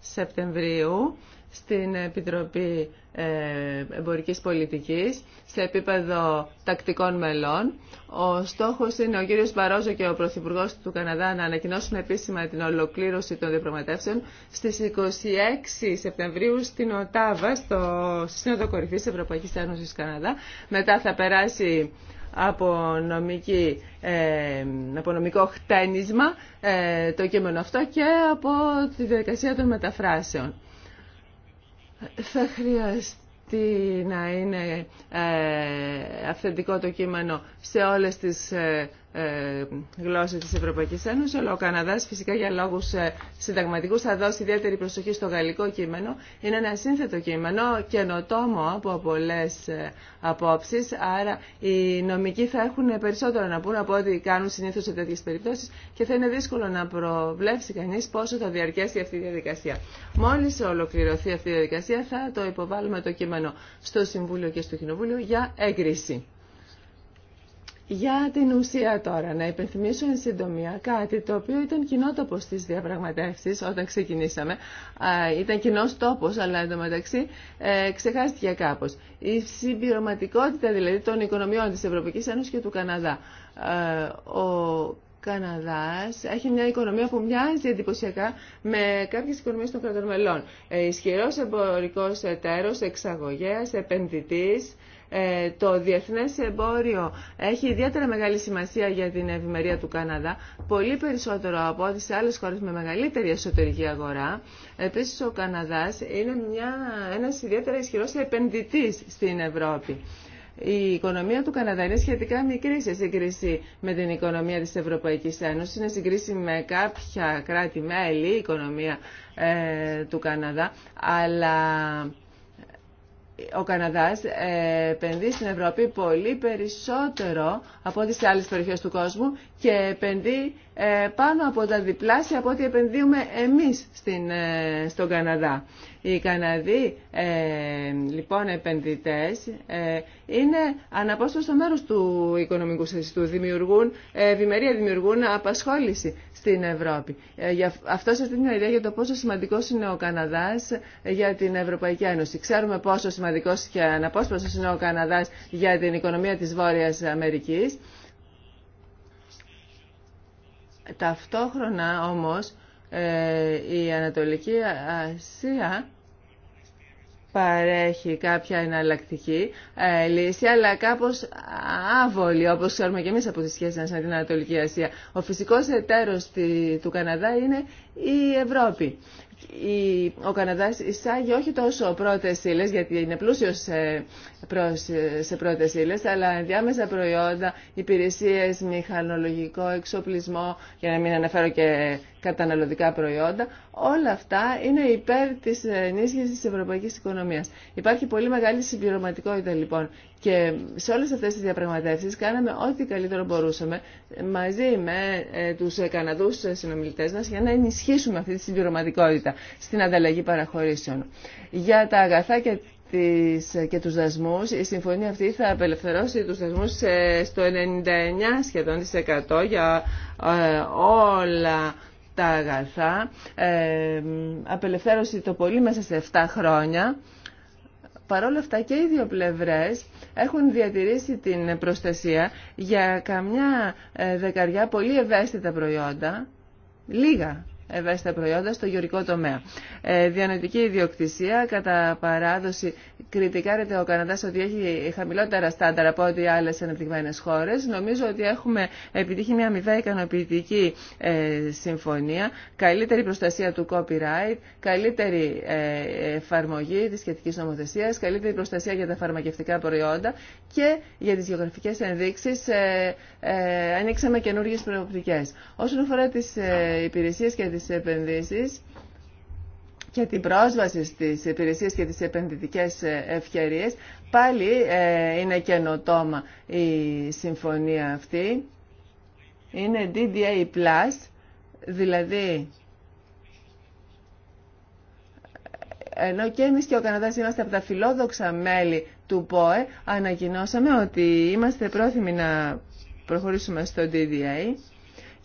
Σεπτεμβρίου στην Επιτροπή ε, εμπορικής πολιτικής σε επίπεδο τακτικών μελών. Ο στόχος είναι ο κύριος Μπαρόζο και ο Πρωθυπουργό του Καναδά να ανακοινώσουν επίσημα την ολοκλήρωση των διαπραγματεύσεων στις 26 Σεπτεμβρίου στην Οτάβα, στο Σύνοδο Κορυφής Ευρωπαϊκής Ένωσης Καναδά. Μετά θα περάσει από, νομική, ε, από νομικό χτένισμα ε, το κείμενο αυτό και από τη διαδικασία των μεταφράσεων θα χρειαστεί να είναι ε, αυθεντικό το κείμενο σε όλες τις ε, ε, γλώσσες της Ευρωπαϊκής Ένωσης, αλλά ο Καναδάς φυσικά για λόγους ε, συνταγματικού θα δώσει ιδιαίτερη προσοχή στο γαλλικό κείμενο. Είναι ένα σύνθετο κείμενο, καινοτόμο από πολλές ε, απόψεις, άρα οι νομικοί θα έχουν περισσότερο να πούν από ό,τι κάνουν συνήθως σε τέτοιες περιπτώσεις και θα είναι δύσκολο να προβλέψει κανείς πόσο θα διαρκέσει αυτή η διαδικασία. Μόλις ολοκληρωθεί αυτή η διαδικασία θα το υποβάλουμε το κείμενο στο Συμβούλιο και στο Κοινοβούλιο για έγκριση. Για την ουσία τώρα, να υπενθυμίσω εν συντομία κάτι το οποίο ήταν κοινό τόπο στι διαπραγματεύσει όταν ξεκινήσαμε. ήταν κοινό τόπο, αλλά εντωμεταξύ ε, ξεχάστηκε κάπω. Η συμπληρωματικότητα δηλαδή των οικονομιών τη Ευρωπαϊκή Ένωση και του Καναδά. Ε, ο Καναδάς έχει μια οικονομία που μοιάζει εντυπωσιακά με κάποιες οικονομίες των κρατών μελών. Ε, ισχυρός εμπορικός εταίρος, εξαγωγέας, επενδυτής. Ε, το διεθνές εμπόριο έχει ιδιαίτερα μεγάλη σημασία για την ευημερία του Καναδά, πολύ περισσότερο από ό,τι σε άλλες χώρες με μεγαλύτερη εσωτερική αγορά. Επίσης, ο Καναδάς είναι μια, ένας ιδιαίτερα ισχυρός επενδυτής στην Ευρώπη. Η οικονομία του Καναδά είναι σχετικά μικρή σε σύγκριση με την οικονομία της Ευρωπαϊκής Ένωσης. Είναι συγκρίση με κάποια κράτη-μέλη η οικονομία ε, του Καναδά, αλλά ο Καναδάς ε, επενδύει στην Ευρώπη πολύ περισσότερο από ό,τι σε άλλες περιοχές του κόσμου και επενδύει ε, πάνω από τα διπλάσια από ό,τι επενδύουμε εμείς στην, στον Καναδά. Οι Καναδοί ε, λοιπόν επενδυτές ε, είναι αναπόσπαστο μέρος του οικονομικού συστού. Δημιουργούν ε, ευημερία, δημιουργούν απασχόληση στην Ευρώπη. Αυτό σας δίνει μια ιδέα για το πόσο σημαντικός είναι ο Καναδάς για την Ευρωπαϊκή Ένωση. Ξέρουμε πόσο σημαντικός και αναπόσπαστος είναι ο Καναδάς για την οικονομία της Βόρειας Αμερικής. Ταυτόχρονα όμως ε, η Ανατολική Ασία παρέχει κάποια εναλλακτική ε, λύση, αλλά κάπως άβολη, όπως ξέρουμε και εμείς από τις σχέσεις μας με την Ανατολική Ασία. Ο φυσικός εταίρος του Καναδά είναι η Ευρώπη. ο Καναδάς εισάγει όχι τόσο πρώτες ύλες, γιατί είναι πλούσιος ε, σε πρώτε ύλε, αλλά ενδιάμεσα προϊόντα, υπηρεσίε, μηχανολογικό εξοπλισμό, για να μην αναφέρω και καταναλωτικά προϊόντα, όλα αυτά είναι υπέρ τη ενίσχυση τη Ευρωπαϊκή Οικονομία. Υπάρχει πολύ μεγάλη συμπληρωματικότητα λοιπόν και σε όλε αυτέ τις διαπραγματεύσει κάναμε ό,τι καλύτερο μπορούσαμε μαζί με ε, τους καναδού συνομιλητέ μα για να ενισχύσουμε αυτή τη συμπληρωματικότητα στην ανταλλαγή παραχωρήσεων. Για τα αγαθά και και τους δασμούς. Η συμφωνία αυτή θα απελευθερώσει τους δασμούς ε, στο 99% σχεδόν για ε, όλα τα αγαθά. Ε, απελευθέρωση το πολύ μέσα σε 7 χρόνια. Παρ' όλα αυτά και οι δύο πλευρές έχουν διατηρήσει την προστασία για καμιά δεκαριά πολύ ευαίσθητα προϊόντα. Λίγα ευαίσθητα προϊόντα στο γεωρικό τομέα. Ε, διανοητική ιδιοκτησία, κατά παράδοση, κριτικάρεται ο Καναδά ότι έχει χαμηλότερα στάνταρα από ό,τι άλλε αναπτυγμένε χώρε. Νομίζω ότι έχουμε επιτύχει μια αμοιβαία ικανοποιητική ε, συμφωνία, καλύτερη προστασία του copyright, καλύτερη ε, εφαρμογή τη σχετική νομοθεσία, καλύτερη προστασία για τα φαρμακευτικά προϊόντα και για τι γεωγραφικέ ενδείξει ε, ανοίξαμε καινούργιε προοπτικέ. Όσον αφορά τι υπηρεσίε και τι τις επενδύσεις και την πρόσβαση στις υπηρεσίες και τις επενδυτικές ευκαιρίες. Πάλι ε, είναι καινοτόμα η συμφωνία αυτή. Είναι DDA+, δηλαδή ενώ και εμείς και ο Καναδάς είμαστε από τα φιλόδοξα μέλη του ΠΟΕ, ανακοινώσαμε ότι είμαστε πρόθυμοι να προχωρήσουμε στο DDA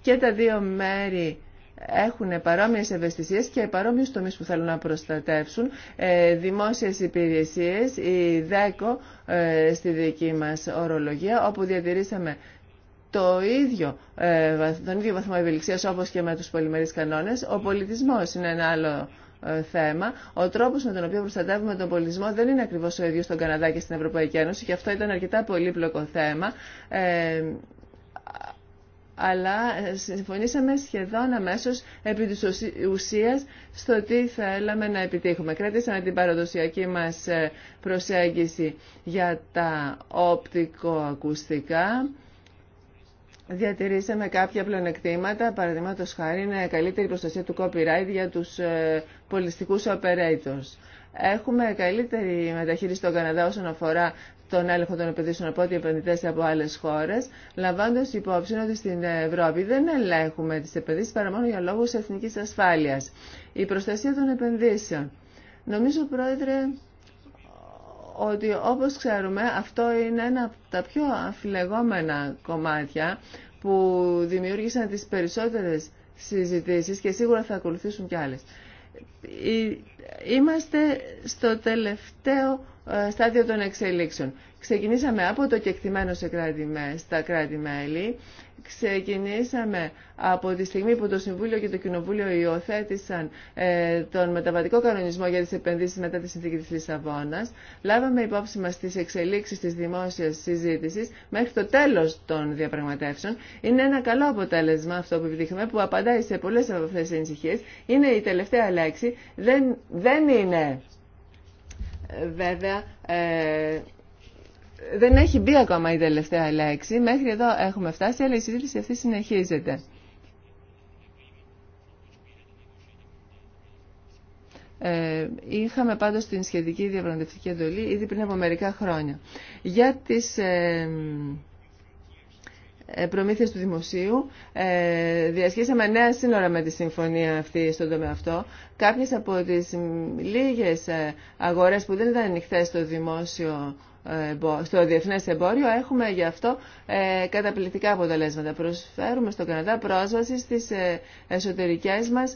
και τα δύο μέρη έχουν παρόμοιες ευαισθησίες και παρόμοιου τομείς που θέλουν να προστατεύσουν ε, δημόσιες υπηρεσίες, η ΔΕΚΟ ε, στη δική μας ορολογία, όπου διατηρήσαμε το ίδιο, ε, τον ίδιο βαθμό ευελιξίας όπως και με τους πολυμερείς κανόνες. Ο πολιτισμός είναι ένα άλλο θέμα. Ο τρόπος με τον οποίο προστατεύουμε τον πολιτισμό δεν είναι ακριβώς ο ίδιο στον Καναδά και στην Ευρωπαϊκή Ένωση και αυτό ήταν αρκετά πολύπλοκο θέμα αλλά συμφωνήσαμε σχεδόν αμέσως επί της ουσίας στο τι θέλαμε να επιτύχουμε. Κρατήσαμε την παραδοσιακή μας ε, προσέγγιση για τα οπτικοακουστικά. Διατηρήσαμε κάποια πλεονεκτήματα, παραδείγματο χάρη είναι καλύτερη προστασία του copyright για τους ε, πολιστικούς operators. Έχουμε καλύτερη μεταχείριση στον Καναδά όσον αφορά τον έλεγχο των επενδύσεων από ότι επενδυτέ από άλλε χώρε, λαμβάνοντα υπόψη ότι στην Ευρώπη δεν ελέγχουμε τι επενδύσει παρά μόνο για λόγου εθνική ασφάλεια. Η προστασία των επενδύσεων. Νομίζω, Πρόεδρε, ότι όπως ξέρουμε αυτό είναι ένα από τα πιο αφιλεγόμενα κομμάτια που δημιούργησαν τις περισσότερες συζητήσεις και σίγουρα θα ακολουθήσουν κι άλλες. Ε, ε, είμαστε στο τελευταίο ε, στάδιο των εξελίξεων. Ξεκινήσαμε από το κεκτημένο σε κράτη, στα κράτη-μέλη. Ξεκινήσαμε από τη στιγμή που το Συμβούλιο και το Κοινοβούλιο υιοθέτησαν ε, τον μεταβατικό κανονισμό για τις επενδύσεις μετά τη συνθήκη της Λισαβόνας. Λάβαμε υπόψη μας τις εξελίξεις της δημόσιας συζήτησης μέχρι το τέλος των διαπραγματεύσεων. Είναι ένα καλό αποτέλεσμα αυτό που επιτύχαμε που απαντάει σε πολλές από αυτές τις ανησυχίες. Είναι η τελευταία λέξη. Δεν, δεν είναι ε, βέβαια... Ε, δεν έχει μπει ακόμα η τελευταία λέξη. Μέχρι εδώ έχουμε φτάσει, αλλά η συζήτηση αυτή συνεχίζεται. Ε, είχαμε πάντως την σχετική διαπραγματευτική εντολή ήδη πριν από μερικά χρόνια. Για τις ε, ε, προμήθειες του δημοσίου. Ε, διασχίσαμε νέα σύνορα με τη συμφωνία αυτή στον τομέα αυτό. Κάποιες από τις λίγες ε, αγορές που δεν ήταν ανοιχτέ στο δημόσιο στο διεθνές εμπόριο έχουμε γι' αυτό καταπληκτικά αποτελέσματα. Προσφέρουμε στον Καναδά πρόσβαση στις εσωτερικές μας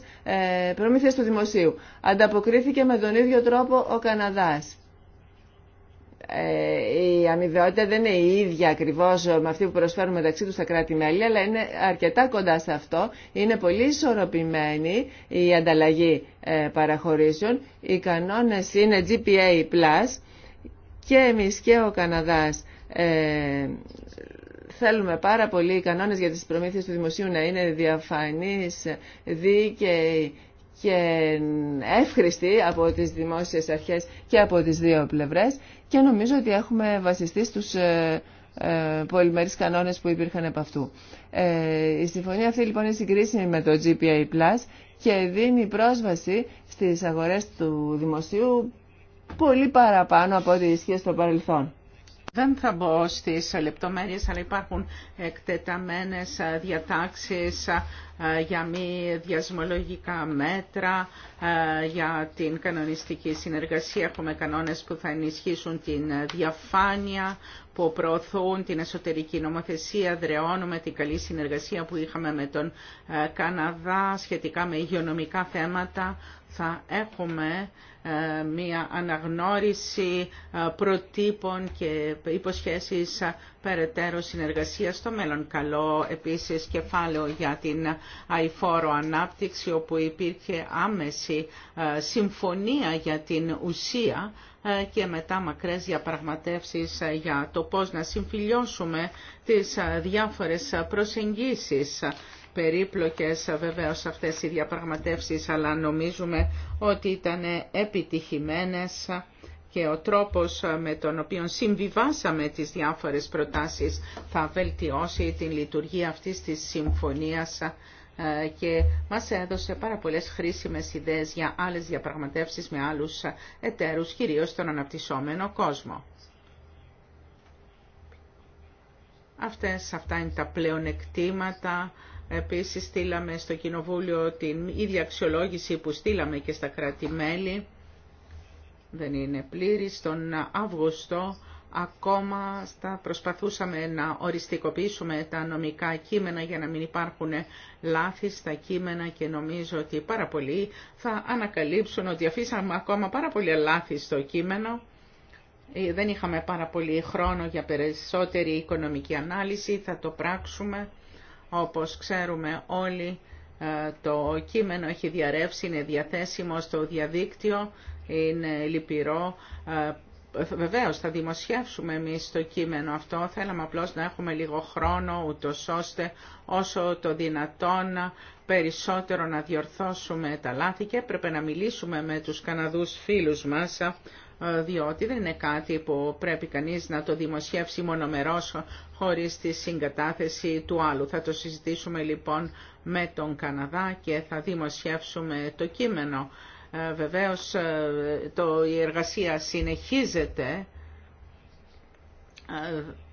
προμήθειες του δημοσίου. Ανταποκρίθηκε με τον ίδιο τρόπο ο Καναδάς. Ε, η αμοιβαιότητα δεν είναι η ίδια ακριβώς με αυτή που προσφέρουν μεταξύ τους τα κράτη-μέλη, αλλά είναι αρκετά κοντά σε αυτό. Είναι πολύ ισορροπημένη η ανταλλαγή ε, παραχωρήσεων. Οι κανόνες είναι GPA+, και εμείς και ο Καναδάς ε, θέλουμε πάρα πολύ οι κανόνες για τις προμήθειες του δημοσίου να είναι διαφανείς, δίκαιοι και εύχριστοι από τις δημόσιες αρχές και από τις δύο πλευρές και νομίζω ότι έχουμε βασιστεί στους ε, ε, πολυμερείς κανόνες που υπήρχαν από αυτού. Ε, η συμφωνία αυτή λοιπόν είναι συγκρίσιμη με το GPA Plus και δίνει πρόσβαση στις αγορές του δημοσίου πολύ παραπάνω από ό,τι ισχύει στο παρελθόν. Δεν θα μπω στις λεπτομέρειες, αλλά υπάρχουν εκτεταμένες διατάξεις ε, για μη διασμολογικά μέτρα, ε, για την κανονιστική συνεργασία. Έχουμε κανόνες που θα ενισχύσουν την διαφάνεια, που προωθούν την εσωτερική νομοθεσία. Δρεώνουμε την καλή συνεργασία που είχαμε με τον ε, Καναδά σχετικά με υγειονομικά θέματα. Θα έχουμε ε, μια αναγνώριση ε, προτύπων και υποσχέσεις ε, περαιτέρω συνεργασία στο μέλλον. Καλό επίσης κεφάλαιο για την αηφόρο ανάπτυξη όπου υπήρχε άμεση συμφωνία για την ουσία και μετά μακρές διαπραγματεύσεις για το πώς να συμφιλιώσουμε τις διάφορες προσεγγίσεις περίπλοκες ε, βεβαίως αυτές οι διαπραγματεύσεις, αλλά νομίζουμε ότι ήταν επιτυχημένες και ο τρόπος ε, με τον οποίο συμβιβάσαμε τις διάφορες προτάσεις θα βελτιώσει την λειτουργία αυτής της συμφωνίας ε, και μας έδωσε πάρα πολλές χρήσιμες ιδέες για άλλες διαπραγματεύσεις με άλλους εταίρους, κυρίως στον αναπτυσσόμενο κόσμο. Αυτές, αυτά είναι τα πλεονεκτήματα Επίσης στείλαμε στο Κοινοβούλιο την ίδια αξιολόγηση που στείλαμε και στα κράτη-μέλη. Δεν είναι πλήρη. Στον Αύγουστο ακόμα στα προσπαθούσαμε να οριστικοποιήσουμε τα νομικά κείμενα για να μην υπάρχουν λάθη στα κείμενα και νομίζω ότι πάρα πολλοί θα ανακαλύψουν ότι αφήσαμε ακόμα πάρα πολύ λάθη στο κείμενο. Ε, δεν είχαμε πάρα πολύ χρόνο για περισσότερη οικονομική ανάλυση, θα το πράξουμε όπως ξέρουμε όλοι, ε, το κείμενο έχει διαρρεύσει, είναι διαθέσιμο στο διαδίκτυο, είναι λυπηρό. Ε, βεβαίως θα δημοσιεύσουμε εμείς το κείμενο αυτό, θέλαμε απλώς να έχουμε λίγο χρόνο ούτως ώστε όσο το δυνατόν περισσότερο να διορθώσουμε τα λάθη και έπρεπε να μιλήσουμε με τους Καναδούς φίλους μας ε, διότι δεν είναι κάτι που πρέπει κανείς να το δημοσιεύσει μονομερός χωρίς τη συγκατάθεση του άλλου. Θα το συζητήσουμε λοιπόν με τον Καναδά και θα δημοσιεύσουμε το κείμενο. Ε, βεβαίως ε, το, η εργασία συνεχίζεται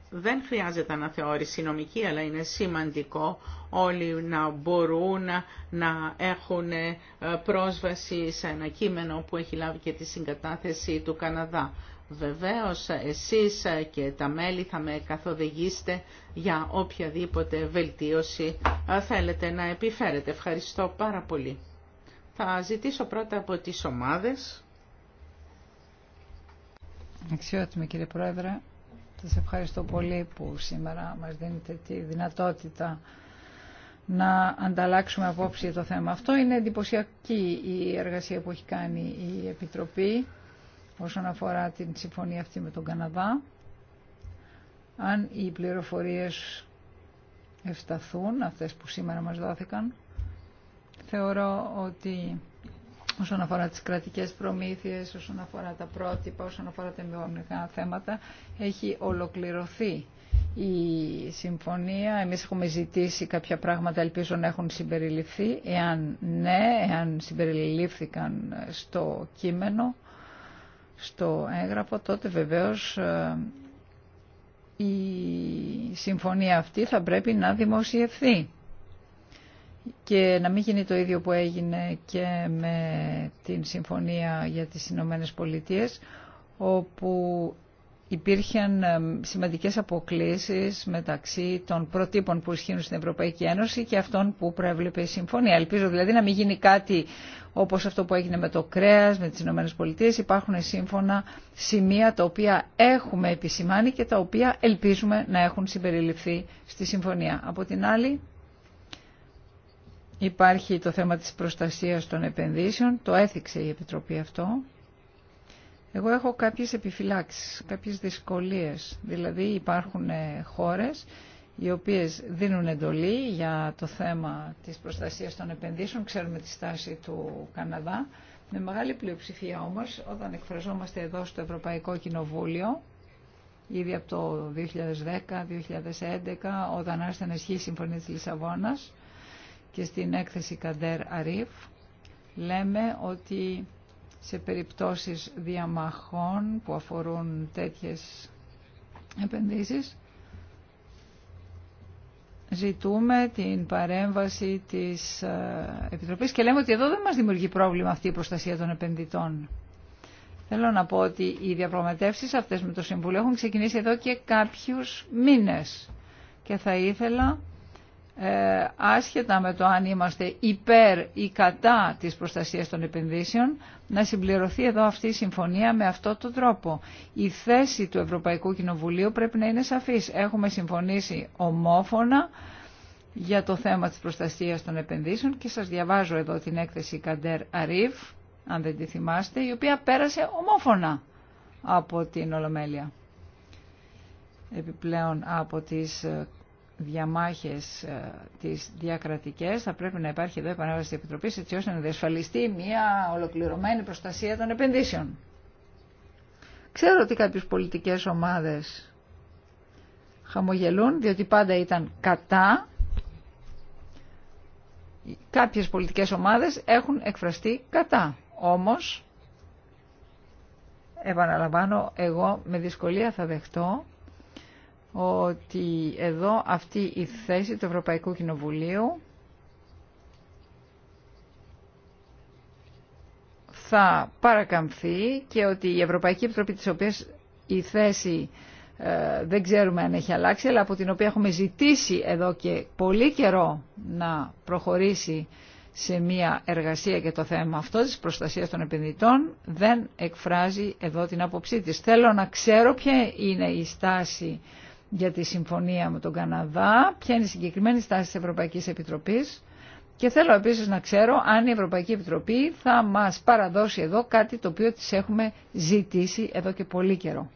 δεν χρειάζεται αναθεώρηση νομική, αλλά είναι σημαντικό όλοι να μπορούν να έχουν ε, πρόσβαση σε ένα κείμενο που έχει λάβει και τη συγκατάθεση του Καναδά. Βεβαίως εσείς και τα μέλη θα με καθοδηγήσετε για οποιαδήποτε βελτίωση ε, θέλετε να επιφέρετε. Ευχαριστώ πάρα πολύ. Θα ζητήσω πρώτα από τις ομάδες. Αξιότιμη κύριε Πρόεδρε, σας ευχαριστώ πολύ που σήμερα μας δίνετε τη δυνατότητα να ανταλλάξουμε απόψη για το θέμα αυτό. Είναι εντυπωσιακή η εργασία που έχει κάνει η Επιτροπή όσον αφορά την συμφωνία αυτή με τον Καναδά. Αν οι πληροφορίες ευσταθούν, αυτές που σήμερα μας δόθηκαν, θεωρώ ότι όσον αφορά τις κρατικές προμήθειες, όσον αφορά τα πρότυπα, όσον αφορά τα μειονικά θέματα, έχει ολοκληρωθεί η συμφωνία. Εμείς έχουμε ζητήσει κάποια πράγματα, ελπίζω να έχουν συμπεριληφθεί. Εάν ναι, εάν συμπεριλήφθηκαν στο κείμενο, στο έγγραφο, τότε βεβαίως ε, η συμφωνία αυτή θα πρέπει να δημοσιευθεί και να μην γίνει το ίδιο που έγινε και με την συμφωνία για τις Ηνωμένε Πολιτείε, όπου υπήρχαν ε, σημαντικές αποκλήσεις μεταξύ των προτύπων που ισχύουν στην Ευρωπαϊκή Ένωση και αυτών που προέβλεπε η συμφωνία. Ελπίζω δηλαδή να μην γίνει κάτι όπως αυτό που έγινε με το κρέας, με τις Ηνωμένες Πολιτείες. Υπάρχουν σύμφωνα σημεία τα οποία έχουμε επισημάνει και τα οποία ελπίζουμε να έχουν συμπεριληφθεί στη συμφωνία. Από την άλλη, Υπάρχει το θέμα της προστασίας των επενδύσεων, το έθιξε η Επιτροπή αυτό. Εγώ έχω κάποιες επιφυλάξεις, κάποιες δυσκολίες. Δηλαδή υπάρχουν ε, χώρες οι οποίες δίνουν εντολή για το θέμα της προστασίας των επενδύσεων. Ξέρουμε τη στάση του Καναδά. Με μεγάλη πλειοψηφία όμως, όταν εκφραζόμαστε εδώ στο Ευρωπαϊκό Κοινοβούλιο, ήδη από το 2010-2011, όταν άρχισε να ισχύει η Συμφωνία της Λισαβόνας, και στην έκθεση Καντέρ Αρίφ λέμε ότι σε περιπτώσεις διαμαχών που αφορούν τέτοιες επενδύσεις ζητούμε την παρέμβαση της ε, Επιτροπής και λέμε ότι εδώ δεν μας δημιουργεί πρόβλημα αυτή η προστασία των επενδυτών. Θέλω να πω ότι οι διαπραγματεύσεις αυτές με το Συμβούλιο έχουν ξεκινήσει εδώ και κάποιους μήνες και θα ήθελα ε, άσχετα με το αν είμαστε υπέρ ή κατά της προστασίας των επενδύσεων, να συμπληρωθεί εδώ αυτή η συμφωνία με αυτό τον τρόπο. Η θέση του Ευρωπαϊκού Κοινοβουλίου πρέπει να είναι σαφής. Έχουμε συμφωνήσει ομόφωνα για το θέμα της προστασίας των επενδύσεων και σας διαβάζω εδώ την έκθεση Καντέρ Αρίφ, αν δεν τη θυμάστε, η οποία πέρασε ομόφωνα από την Ολομέλεια επιπλέον από τις διαμάχες ε, τις διακρατικές θα πρέπει να υπάρχει εδώ επανάβαση της Επιτροπής έτσι ώστε να διασφαλιστεί μια ολοκληρωμένη προστασία των επενδύσεων. Ξέρω ότι κάποιες πολιτικές ομάδες χαμογελούν διότι πάντα ήταν κατά κάποιες πολιτικές ομάδες έχουν εκφραστεί κατά. Όμως, επαναλαμβάνω, εγώ με δυσκολία θα δεχτώ ότι εδώ αυτή η θέση του Ευρωπαϊκού Κοινοβουλίου θα παρακαμφθεί και ότι η Ευρωπαϊκή Επιτροπή της οποίας η θέση ε, δεν ξέρουμε αν έχει αλλάξει, αλλά από την οποία έχουμε ζητήσει εδώ και πολύ καιρό να προχωρήσει σε μια εργασία για το θέμα αυτό της προστασίας των επενδυτών δεν εκφράζει εδώ την άποψή της. Θέλω να ξέρω ποια είναι η στάση για τη συμφωνία με τον Καναδά, ποια είναι η συγκεκριμένη στάση της Ευρωπαϊκής Επιτροπής και θέλω επίσης να ξέρω αν η Ευρωπαϊκή Επιτροπή θα μας παραδώσει εδώ κάτι το οποίο της έχουμε ζητήσει εδώ και πολύ καιρό.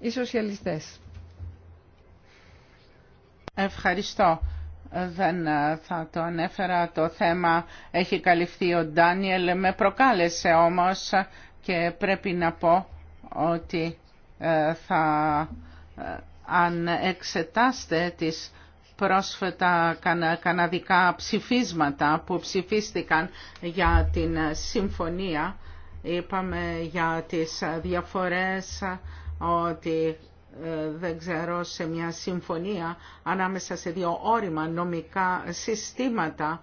Οι σοσιαλιστές. Ευχαριστώ. Δεν ε, θα το ανέφερα το θέμα. Έχει καλυφθεί ο Ντάνιελ. Με προκάλεσε όμως και πρέπει να πω ότι ε, θα, ε, αν εξετάστε τις πρόσφατα καναδικά ψηφίσματα που ψηφίστηκαν για την συμφωνία, είπαμε για τις διαφορές ότι ε, δεν ξέρω, σε μια συμφωνία ανάμεσα σε δύο όρημα νομικά συστήματα,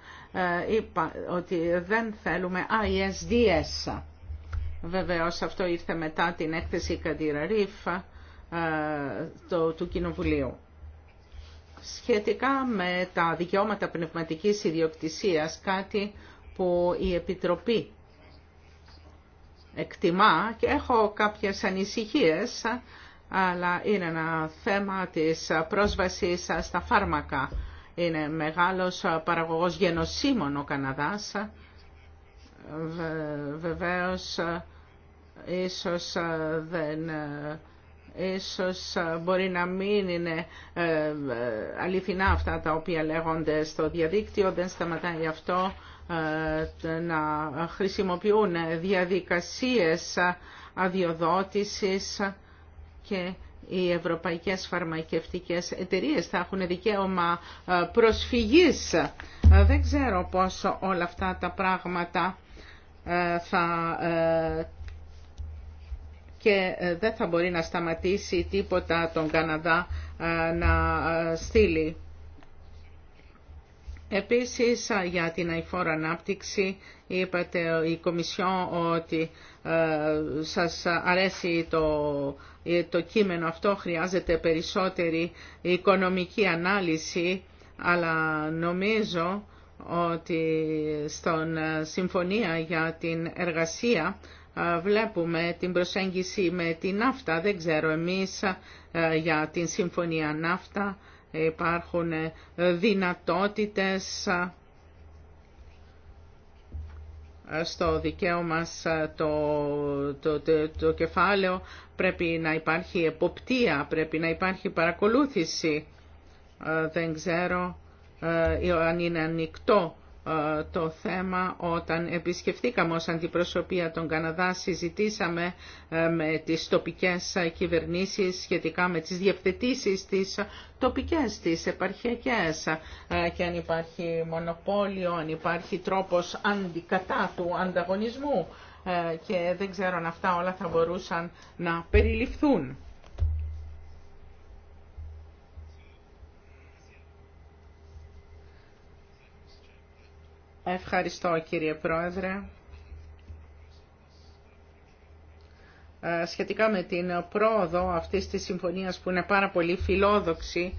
είπα ότι δεν θέλουμε ISDS. Βεβαίως αυτό ήρθε μετά την έκθεση Καντήρα ε, το, του Κοινοβουλίου. Σχετικά με τα δικαιώματα πνευματικής ιδιοκτησίας, κάτι που η Επιτροπή εκτιμά και έχω κάποιες ανησυχίες, αλλά είναι ένα θέμα της πρόσβασης στα φάρμακα. Είναι μεγάλος παραγωγός γενοσύμων ο Καναδάς. Βεβαίως ίσως ε, δεν ε, ε, μπορεί να μην είναι αληθινά αυτά τα οποία λέγονται στο διαδίκτυο, δεν σταματάει αυτό να χρησιμοποιούν διαδικασίες αδειοδότησης και οι ευρωπαϊκές φαρμακευτικές εταιρείες θα έχουν δικαίωμα προσφυγής. Δεν ξέρω πώς όλα αυτά τα πράγματα θα και ε, δεν θα μπορεί να σταματήσει τίποτα τον Καναδά ε, να ε, στείλει. Επίσης για την αηφόρα ανάπτυξη είπατε η Κομισιόν ότι ε, σας αρέσει το, το κείμενο αυτό, χρειάζεται περισσότερη οικονομική ανάλυση, αλλά νομίζω ότι στον Συμφωνία για την Εργασία βλέπουμε την προσέγγιση με την ναύτα. Δεν ξέρω εμείς για την Συμφωνία Ναύτα υπάρχουν ε, δυνατότητες ε, στο δικαίωμα το, το, το κεφάλαιο πρέπει να υπάρχει εποπτεία, πρέπει να υπάρχει παρακολούθηση. Δεν ξέρω ε, αν είναι ανοιχτό ε, το θέμα όταν επισκεφθήκαμε ως αντιπροσωπεία τον Καναδά συζητήσαμε ε, με τις τοπικές κυβερνήσεις σχετικά με τις διευθετήσεις τις τοπικές, τις επαρχιακές ε, και αν υπάρχει μονοπόλιο, αν υπάρχει τρόπος αντικατά του ανταγωνισμού και δεν ξέρω αν αυτά όλα θα μπορούσαν να περιληφθούν. Ευχαριστώ κύριε Πρόεδρε. Ε, σχετικά με την πρόοδο αυτής της συμφωνίας που είναι πάρα πολύ φιλόδοξη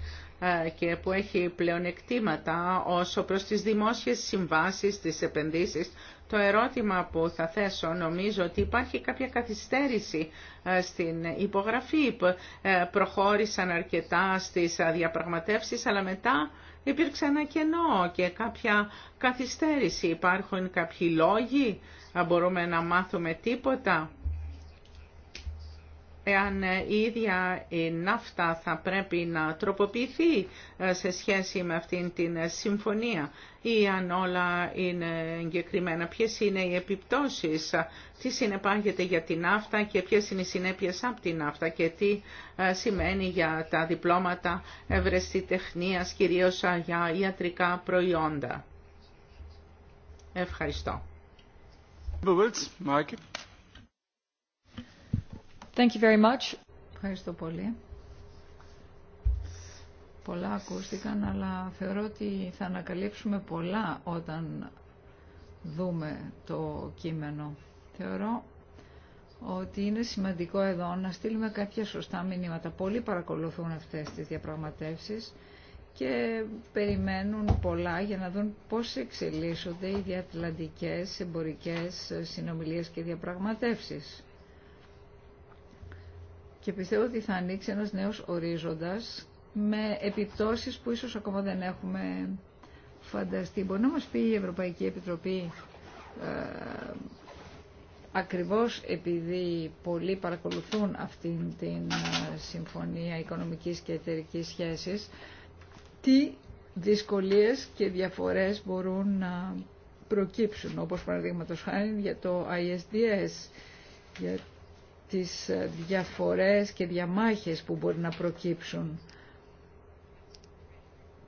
ε, και που έχει πλεονεκτήματα όσο προς τις δημόσιες συμβάσεις, τις επενδύσεις, το ερώτημα που θα θέσω νομίζω ότι υπάρχει κάποια καθυστέρηση ε, στην υπογραφή. Προχώρησαν αρκετά στις διαπραγματεύσεις, αλλά μετά υπήρξε ένα κενό και κάποια καθυστέρηση. Υπάρχουν κάποιοι λόγοι, μπορούμε να μάθουμε τίποτα εάν η ίδια η ναύτα θα πρέπει να τροποποιηθεί ε, σε σχέση με αυτήν την συμφωνία ή αν όλα είναι εγκεκριμένα. Ποιες είναι οι επιπτώσεις, ε, τι συνεπάγεται για την ναύτα και ποιες είναι οι συνέπειες από την ναύτα και τι ε, σημαίνει για τα διπλώματα ευρεσιτεχνίας, κυρίως για ιατρικά προϊόντα. Ευχαριστώ. Thank you very Ευχαριστώ πολύ. Πολλά ακούστηκαν, αλλά θεωρώ ότι θα ανακαλύψουμε πολλά όταν δούμε το κείμενο. Θεωρώ ότι είναι σημαντικό εδώ να στείλουμε κάποια σωστά μηνύματα. Πολλοί παρακολουθούν αυτές τις διαπραγματεύσεις και περιμένουν πολλά για να δουν πώς εξελίσσονται οι διατλαντικές εμπορικές συνομιλίες και διαπραγματεύσεις και πιστεύω ότι θα ανοίξει ένας νέος ορίζοντας με επιπτώσεις που ίσως ακόμα δεν έχουμε φανταστεί. Μπορεί να μας πει η Ευρωπαϊκή Επιτροπή ε, ακριβώς επειδή πολλοί παρακολουθούν αυτήν την ε, συμφωνία οικονομικής και εταιρικής σχέσης τι δυσκολίες και διαφορές μπορούν να προκύψουν όπως παραδείγματος χάρη για το ISDS τις διαφορές και διαμάχες που μπορεί να προκύψουν.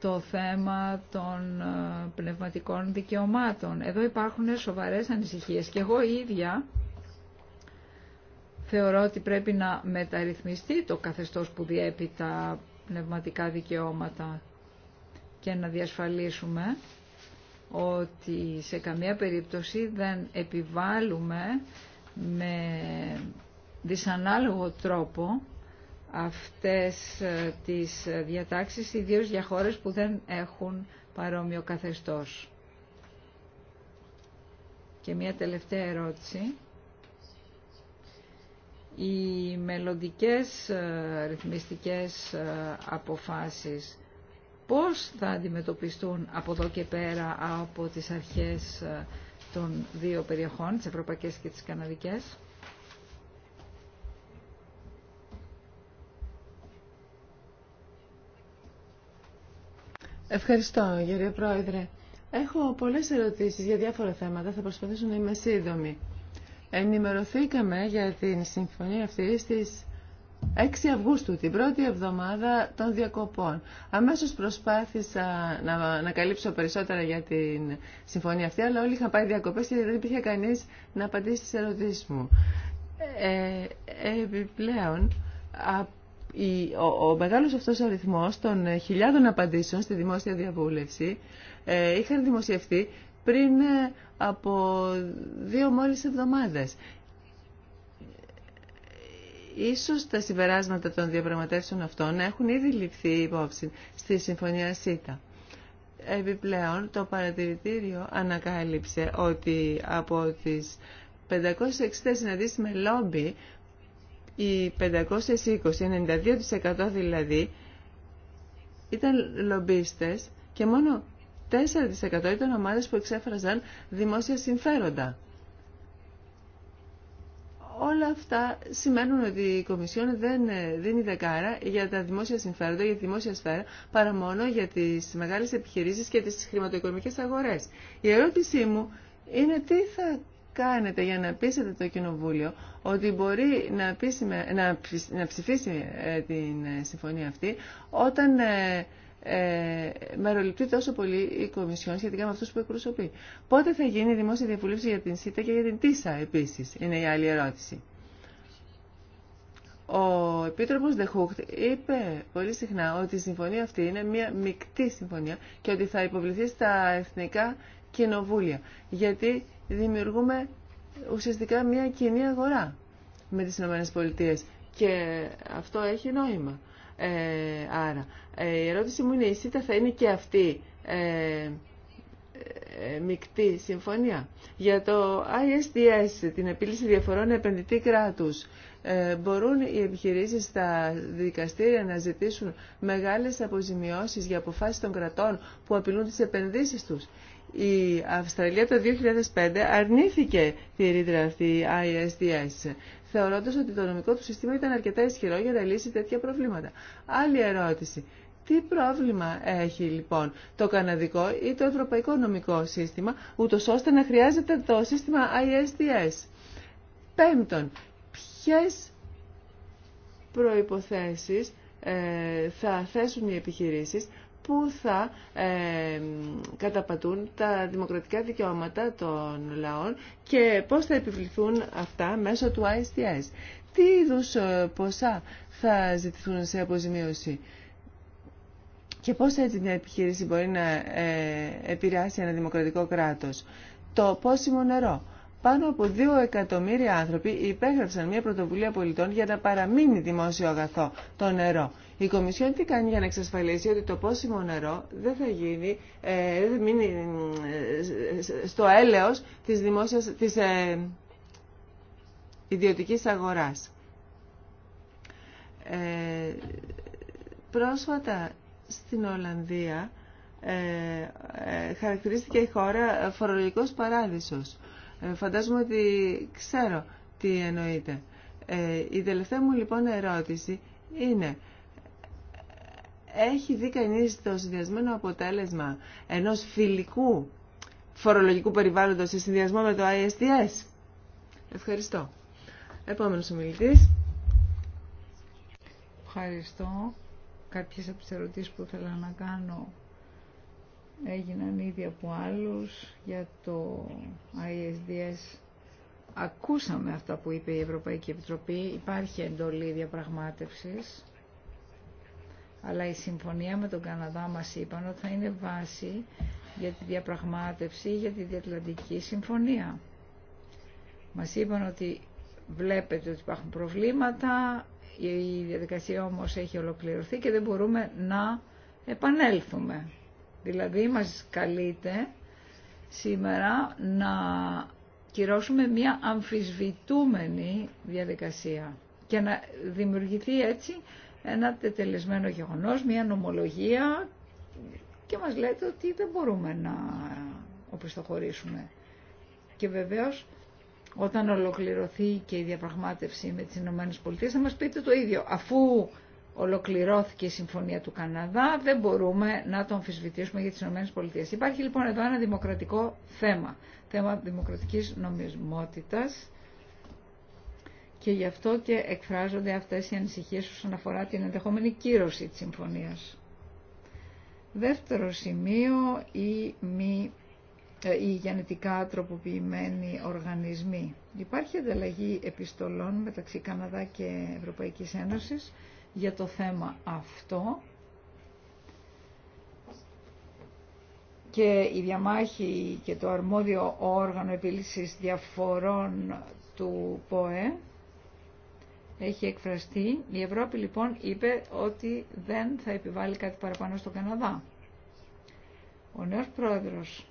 Το θέμα των ε, πνευματικών δικαιωμάτων. Εδώ υπάρχουν σοβαρές ανησυχίες και εγώ ίδια θεωρώ ότι πρέπει να μεταρρυθμιστεί το καθεστώς που διέπει τα πνευματικά δικαιώματα και να διασφαλίσουμε ότι σε καμία περίπτωση δεν επιβάλλουμε με δυσανάλογο τρόπο αυτές ε, τις ε, διατάξεις, ιδίως για χώρες που δεν έχουν παρόμοιο καθεστώς. Και μια τελευταία ερώτηση. Οι μελλοντικές ε, ρυθμιστικές αποφάσεις πώς θα αντιμετωπιστούν από εδώ και πέρα από τις αρχές των δύο περιοχών, τις ευρωπαϊκές και τις καναδικές. Ευχαριστώ, κύριε Πρόεδρε. Έχω πολλές ερωτήσεις για διάφορα θέματα. Θα προσπαθήσω να είμαι σύντομη. Ενημερωθήκαμε για την συμφωνία αυτή στις 6 Αυγούστου, την πρώτη εβδομάδα των διακοπών. Αμέσως προσπάθησα να, να καλύψω περισσότερα για την συμφωνία αυτή, αλλά όλοι είχαν πάει διακοπές και δεν υπήρχε κανείς να απαντήσει στις ερωτήσεις μου. Ε, επιπλέον, ο, ο μεγάλος αυτός αριθμός των ε, χιλιάδων απαντήσεων στη δημόσια διαβούλευση ε, είχαν δημοσιευτεί πριν ε, από δύο μόλις εβδομάδες. Ίσως τα συμπεράσματα των διαπραγματεύσεων αυτών έχουν ήδη ληφθεί υπόψη στη Συμφωνία ΣΥΤΑ. Επιπλέον, το παρατηρητήριο ανακάλυψε ότι από τις 560 συναντήσεις με λόμπι οι 520, 92% δηλαδή, ήταν λομπίστες και μόνο 4% ήταν ομάδες που εξέφραζαν δημόσια συμφέροντα. Όλα αυτά σημαίνουν ότι η Κομισιόν δεν ε, δίνει δεκάρα για τα δημόσια συμφέροντα, για τη δημόσια σφαίρα, παρά μόνο για τις μεγάλες επιχειρήσεις και τις χρηματοοικονομικές αγορές. Η ερώτησή μου είναι τι θα κάνετε για να πείσετε το Κοινοβούλιο ότι μπορεί να, να, ψηφίσει ε, την ε, συμφωνία αυτή όταν ε, ε, μεροληπτεί τόσο πολύ η Κομισιόν σχετικά με αυτούς που εκπροσωπεί. Πότε θα γίνει η δημόσια διαβούλευση για την ΣΥΤΑ και για την ΤΙΣΑ επίσης, είναι η άλλη ερώτηση. Ο Επίτροπος Δεχούχτ είπε πολύ συχνά ότι η συμφωνία αυτή είναι μια μεικτή συμφωνία και ότι θα υποβληθεί στα εθνικά κοινοβούλια, γιατί δημιουργούμε ουσιαστικά μια κοινή αγορά με τις Ηνωμένες Πολιτείες και αυτό έχει νόημα. Ε, άρα, ε, η ερώτηση μου είναι η ΣΥΤΑ θα είναι και αυτή ε, ε μεικτή συμφωνία. Για το ISDS, την επίλυση διαφορών επενδυτή κράτους, μπορούν οι επιχειρήσεις στα δικαστήρια να ζητήσουν μεγάλες αποζημιώσεις για αποφάσεις των κρατών που απειλούν τις επενδύσεις τους η Αυστραλία το 2005 αρνήθηκε τη ρήτρα αυτή ISDS, θεωρώντας ότι το νομικό του σύστημα ήταν αρκετά ισχυρό για να λύσει τέτοια προβλήματα. Άλλη ερώτηση. Τι πρόβλημα έχει λοιπόν το καναδικό ή το ευρωπαϊκό νομικό σύστημα, ούτω ώστε να χρειάζεται το σύστημα ISDS. Πέμπτον, ποιες προϋποθέσεις ε, θα θέσουν οι επιχειρήσεις που θα ε, καταπατούν τα δημοκρατικά δικαιώματα των λαών και πώς θα επιβληθούν αυτά μέσω του ISDS. Τι είδου ε, ποσά θα ζητηθούν σε αποζημίωση και πώς έτσι μια επιχείρηση μπορεί να ε, επηρεάσει ένα δημοκρατικό κράτος. Το πόσιμο νερό. Πάνω από 2 εκατομμύρια άνθρωποι υπέγραψαν μια πρωτοβουλία πολιτών για να παραμείνει δημόσιο αγαθό το νερό. Η Κομισιόν τι κάνει για να εξασφαλίσει ότι το πόσιμο νερό δεν θα γίνει ε, μείνει, ε, στο έλεος της, δημόσιας, της ε, ιδιωτικής αγοράς. Ε, πρόσφατα στην Ολλανδία χαρακτηρίστηκε η χώρα φορολογικός παράδεισος. Φαντάζομαι ότι ξέρω τι εννοείται. Η τελευταία μου λοιπόν ερώτηση είναι έχει δει κανεί το συνδυασμένο αποτέλεσμα ενός φιλικού φορολογικού περιβάλλοντος σε συνδυασμό με το ISDS. Ευχαριστώ. Επόμενος ομιλητής. Ευχαριστώ. Κάποιες από τις ερωτήσεις που ήθελα να κάνω έγιναν ήδη από άλλους για το ISDS. Ακούσαμε αυτά που είπε η Ευρωπαϊκή Επιτροπή. Υπάρχει εντολή διαπραγμάτευσης αλλά η συμφωνία με τον Καναδά μας είπαν ότι θα είναι βάση για τη διαπραγμάτευση για τη Διατλαντική Συμφωνία. Μας είπαν ότι βλέπετε ότι υπάρχουν προβλήματα, η διαδικασία όμως έχει ολοκληρωθεί και δεν μπορούμε να επανέλθουμε. Δηλαδή μας καλείται σήμερα να κυρώσουμε μια αμφισβητούμενη διαδικασία και να δημιουργηθεί έτσι ένα τετελεσμένο γεγονός, μια νομολογία και μας λέτε ότι δεν μπορούμε να οπισθοχωρήσουμε. Και βεβαίως όταν ολοκληρωθεί και η διαπραγμάτευση με τις Ηνωμένες Πολιτείες θα μας πείτε το ίδιο. Αφού ολοκληρώθηκε η Συμφωνία του Καναδά δεν μπορούμε να το αμφισβητήσουμε για τις Ηνωμένες Πολιτείες. Υπάρχει λοιπόν εδώ ένα δημοκρατικό θέμα, θέμα δημοκρατικής νομισμότητας και γι' αυτό και εκφράζονται αυτές οι ανησυχίες όσον αφορά την ενδεχόμενη κύρωση της συμφωνίας. Δεύτερο σημείο, οι, μη, ε, οι γενετικά τροποποιημένοι οργανισμοί. Υπάρχει ανταλλαγή επιστολών μεταξύ Καναδά και Ευρωπαϊκής Ένωσης για το θέμα αυτό και η διαμάχη και το αρμόδιο όργανο επίλυσης διαφορών του ΠΟΕ έχει εκφραστεί. Η Ευρώπη λοιπόν είπε ότι δεν θα επιβάλλει κάτι παραπάνω στον Καναδά. Ο νέος πρόεδρος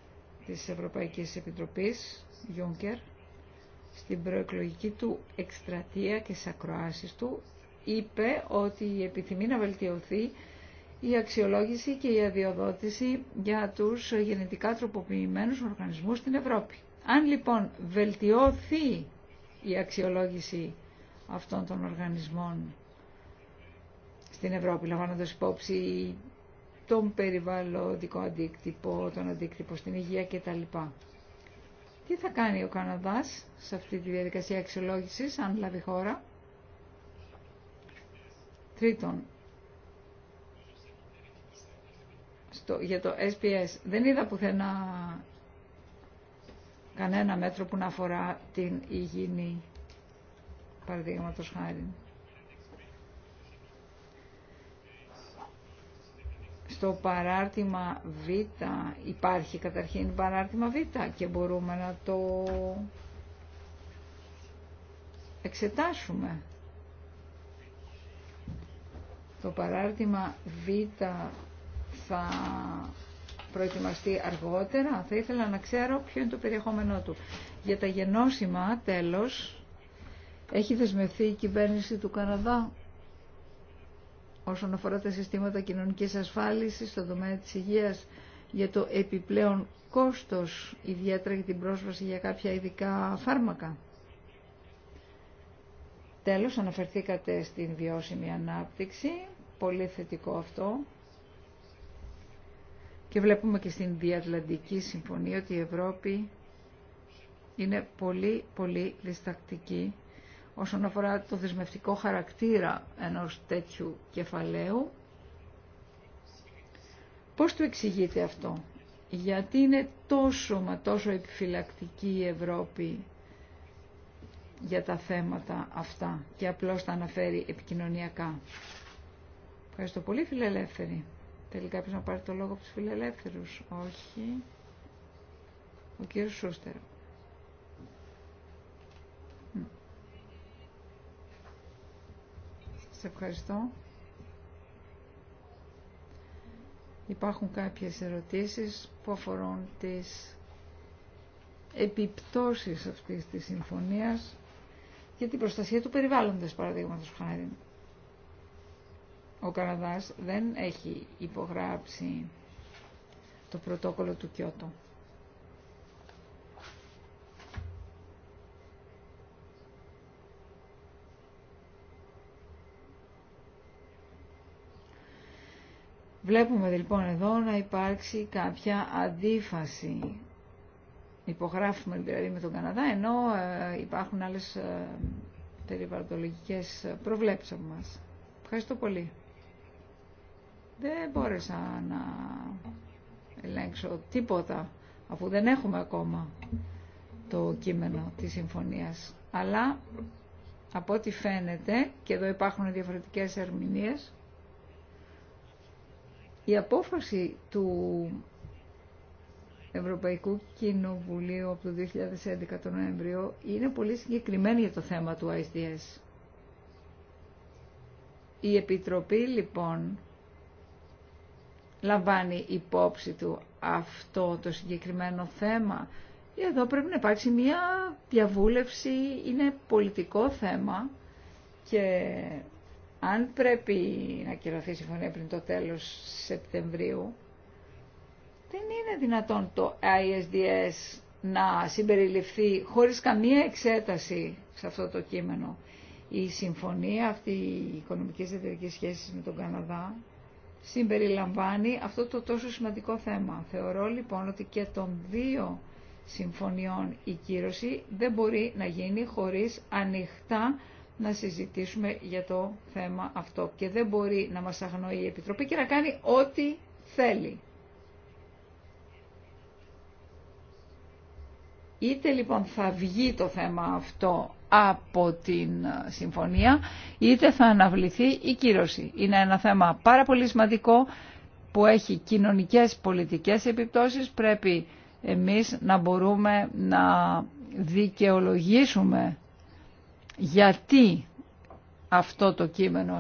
της Ευρωπαϊκής Επιτροπής, Γιούνκερ, στην προεκλογική του εκστρατεία και στις ακροάσεις του, είπε ότι επιθυμεί να βελτιωθεί η αξιολόγηση και η αδειοδότηση για τους γενετικά τροποποιημένους οργανισμούς στην Ευρώπη. Αν λοιπόν βελτιωθεί η αξιολόγηση αυτών των οργανισμών στην Ευρώπη, λαμβάνοντας υπόψη τον περιβαλλοντικό αντίκτυπο, τον αντίκτυπο στην υγεία κτλ. Τι θα κάνει ο Καναδάς σε αυτή τη διαδικασία αξιολόγησης, αν λάβει χώρα. Τρίτον, στο, για το SPS δεν είδα πουθενά κανένα μέτρο που να αφορά την υγιεινή Παραδείγματο χάρη. Στο παράρτημα Β υπάρχει καταρχήν παράρτημα Β και μπορούμε να το εξετάσουμε. Το παράρτημα Β θα προετοιμαστεί αργότερα. Θα ήθελα να ξέρω ποιο είναι το περιεχόμενό του. Για τα γενώσιμα, τέλος, έχει δεσμευθεί η κυβέρνηση του Καναδά όσον αφορά τα συστήματα κοινωνικής ασφάλισης στο τομέα της υγείας για το επιπλέον κόστος, ιδιαίτερα για την πρόσβαση για κάποια ειδικά φάρμακα. Τέλος, αναφερθήκατε στην βιώσιμη ανάπτυξη, πολύ θετικό αυτό. Και βλέπουμε και στην Διατλαντική Συμφωνία ότι η Ευρώπη είναι πολύ πολύ διστακτική όσον αφορά το δεσμευτικό χαρακτήρα ενός τέτοιου κεφαλαίου. Πώς του εξηγείται αυτό, γιατί είναι τόσο μα τόσο επιφυλακτική η Ευρώπη για τα θέματα αυτά και απλώς τα αναφέρει επικοινωνιακά. Ευχαριστώ πολύ φιλελεύθερη. Τελικά κάποιος να πάρει το λόγο από τους φιλελεύθερους. Όχι. Ο κύριος Σούστερ. ευχαριστώ. Υπάρχουν κάποιες ερωτήσεις που αφορούν τις επιπτώσεις αυτής της συμφωνίας για την προστασία του περιβάλλοντος, παραδείγματος χάρη. Ο Καναδάς δεν έχει υπογράψει το πρωτόκολλο του Κιώτο. Βλέπουμε λοιπόν εδώ να υπάρξει κάποια αντίφαση. Υπογράφουμε δηλαδή με τον Καναδά, ενώ ε, υπάρχουν άλλες ε, περιβαλλοντολογικές προβλέψεις από μας. Ευχαριστώ πολύ. Δεν μπόρεσα να ελέγξω τίποτα, αφού δεν έχουμε ακόμα το κείμενο της συμφωνίας. Αλλά, από ό,τι φαίνεται, και εδώ υπάρχουν διαφορετικές ερμηνείες, η απόφαση του Ευρωπαϊκού Κοινοβουλίου από το 2011 τον Νοέμβριο είναι πολύ συγκεκριμένη για το θέμα του ISDS. Η Επιτροπή λοιπόν λαμβάνει υπόψη του αυτό το συγκεκριμένο θέμα. Εδώ πρέπει να υπάρξει μια διαβούλευση, είναι πολιτικό θέμα και αν πρέπει να κυρωθεί η συμφωνία πριν το τέλος Σεπτεμβρίου, δεν είναι δυνατόν το ISDS να συμπεριληφθεί χωρίς καμία εξέταση σε αυτό το κείμενο. Η συμφωνία αυτή η οικονομική εταιρική σχέση με τον Καναδά συμπεριλαμβάνει αυτό το τόσο σημαντικό θέμα. Θεωρώ λοιπόν ότι και των δύο συμφωνιών η κύρωση δεν μπορεί να γίνει χωρίς ανοιχτά να συζητήσουμε για το θέμα αυτό. Και δεν μπορεί να μας αγνοεί η Επιτροπή και να κάνει ό,τι θέλει. Είτε λοιπόν θα βγει το θέμα αυτό από την συμφωνία, είτε θα αναβληθεί η κύρωση. Είναι ένα θέμα πάρα πολύ σημαντικό που έχει κοινωνικές πολιτικές επιπτώσεις. Πρέπει εμείς να μπορούμε να δικαιολογήσουμε γιατί αυτό το κείμενο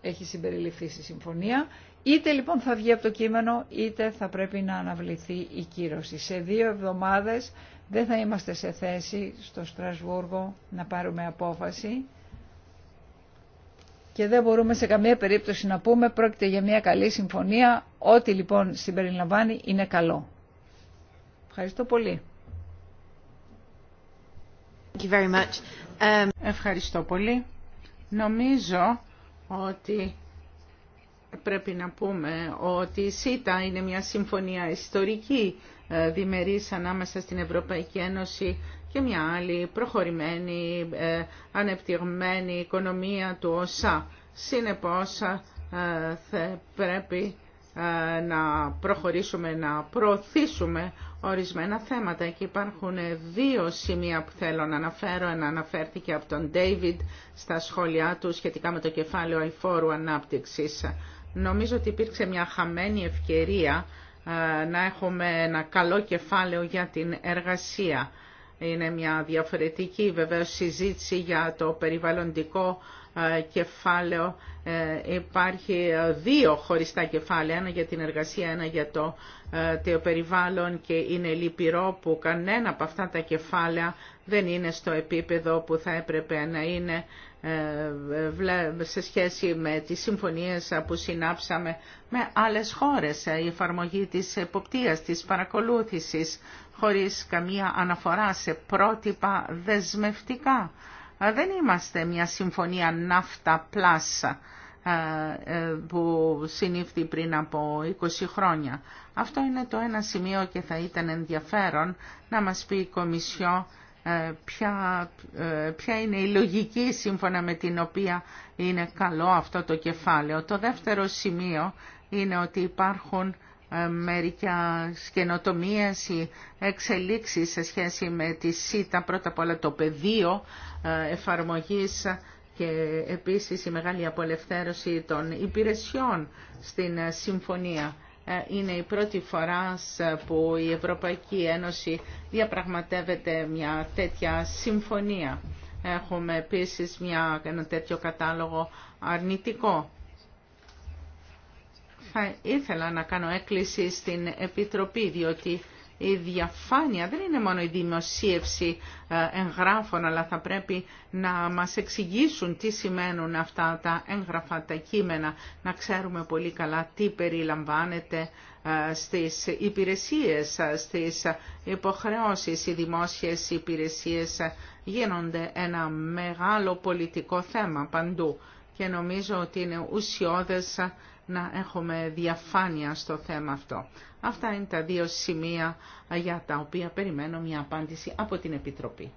έχει συμπεριληφθεί στη συμφωνία. Είτε λοιπόν θα βγει από το κείμενο, είτε θα πρέπει να αναβληθεί η κύρωση. Σε δύο εβδομάδες δεν θα είμαστε σε θέση στο Στρασβούργο να πάρουμε απόφαση και δεν μπορούμε σε καμία περίπτωση να πούμε πρόκειται για μια καλή συμφωνία. Ό,τι λοιπόν συμπεριλαμβάνει είναι καλό. Ευχαριστώ πολύ. Um, Ευχαριστώ πολύ. Νομίζω ότι πρέπει να πούμε ότι η ΣΥΤΑ είναι μια συμφωνία ιστορική ε, διμερής ανάμεσα στην Ευρωπαϊκή Ένωση και μια άλλη προχωρημένη, ε, ανεπτυγμένη οικονομία του ΩΣΑ. Συνεπώς ε, πρέπει ε, να προχωρήσουμε, να προωθήσουμε ορισμένα θέματα. Και υπάρχουν δύο σημεία που θέλω να αναφέρω. Ένα αναφέρθηκε από τον David στα σχόλιά του σχετικά με το κεφάλαιο αηφόρου ανάπτυξης. Νομίζω ότι υπήρξε μια χαμένη ευκαιρία ε, να έχουμε ένα καλό κεφάλαιο για την εργασία. Είναι μια διαφορετική βεβαίως συζήτηση για το περιβαλλοντικό ε, κεφάλαιο ε, υπάρχει ε, δύο χωριστά κεφάλαια, ένα για την εργασία, ένα για το, το περιβάλλον και είναι λυπηρό που κανένα από αυτά τα κεφάλαια δεν είναι στο επίπεδο που θα έπρεπε να είναι σε σχέση με τις συμφωνίες που συνάψαμε με άλλες χώρες, η εφαρμογή της εποπτείας, της παρακολούθησης, χωρίς καμία αναφορά σε πρότυπα δεσμευτικά ε, δεν είμαστε μια συμφωνία ναύτα πλάσα ε, ε, που συνήφθη πριν από 20 χρόνια. Αυτό είναι το ένα σημείο και θα ήταν ενδιαφέρον να μας πει η Κομισιό ποια, ποια είναι η λογική σύμφωνα με την οποία είναι καλό αυτό το κεφάλαιο. Το δεύτερο σημείο είναι ότι υπάρχουν ε, μερικά καινοτομίε ή εξελίξεις σε σχέση με τη ΣΥΤΑ, πρώτα απ' όλα το πεδίο ε, εφαρμογής και επίση η μεγάλη απολευθέρωση των υπηρεσιών στην ε, συμφωνία. Είναι η πρώτη φορά που η Ευρωπαϊκή Ένωση διαπραγματεύεται μια τέτοια συμφωνία. Έχουμε επίσης μια, ένα τέτοιο κατάλογο αρνητικό θα ήθελα να κάνω έκκληση στην Επιτροπή, διότι η διαφάνεια δεν είναι μόνο η δημοσίευση ε, εγγράφων, αλλά θα πρέπει να μας εξηγήσουν τι σημαίνουν αυτά τα έγγραφα, τα κείμενα, να ξέρουμε πολύ καλά τι περιλαμβάνεται ε, στις υπηρεσίες, ε, στις υποχρεώσεις. Οι δημόσιες υπηρεσίες γίνονται ένα μεγάλο πολιτικό θέμα παντού και νομίζω ότι είναι ουσιώδες να έχουμε διαφάνεια στο θέμα αυτό. Αυτά είναι τα δύο σημεία για τα οποία περιμένω μια απάντηση από την Επιτροπή.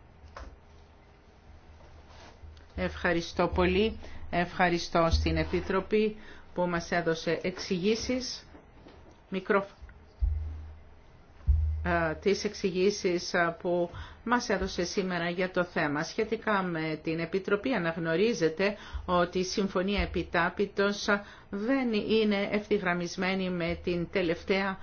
Ευχαριστώ πολύ. Ευχαριστώ στην Επιτροπή που μας έδωσε εξηγήσεις. Μικρόφωνο ε, τις εξηγήσει ε, που μας έδωσε σήμερα για το θέμα. Σχετικά με την Επιτροπή αναγνωρίζεται ότι η Συμφωνία Επιτάπητος δεν είναι ευθυγραμμισμένη με την τελευταία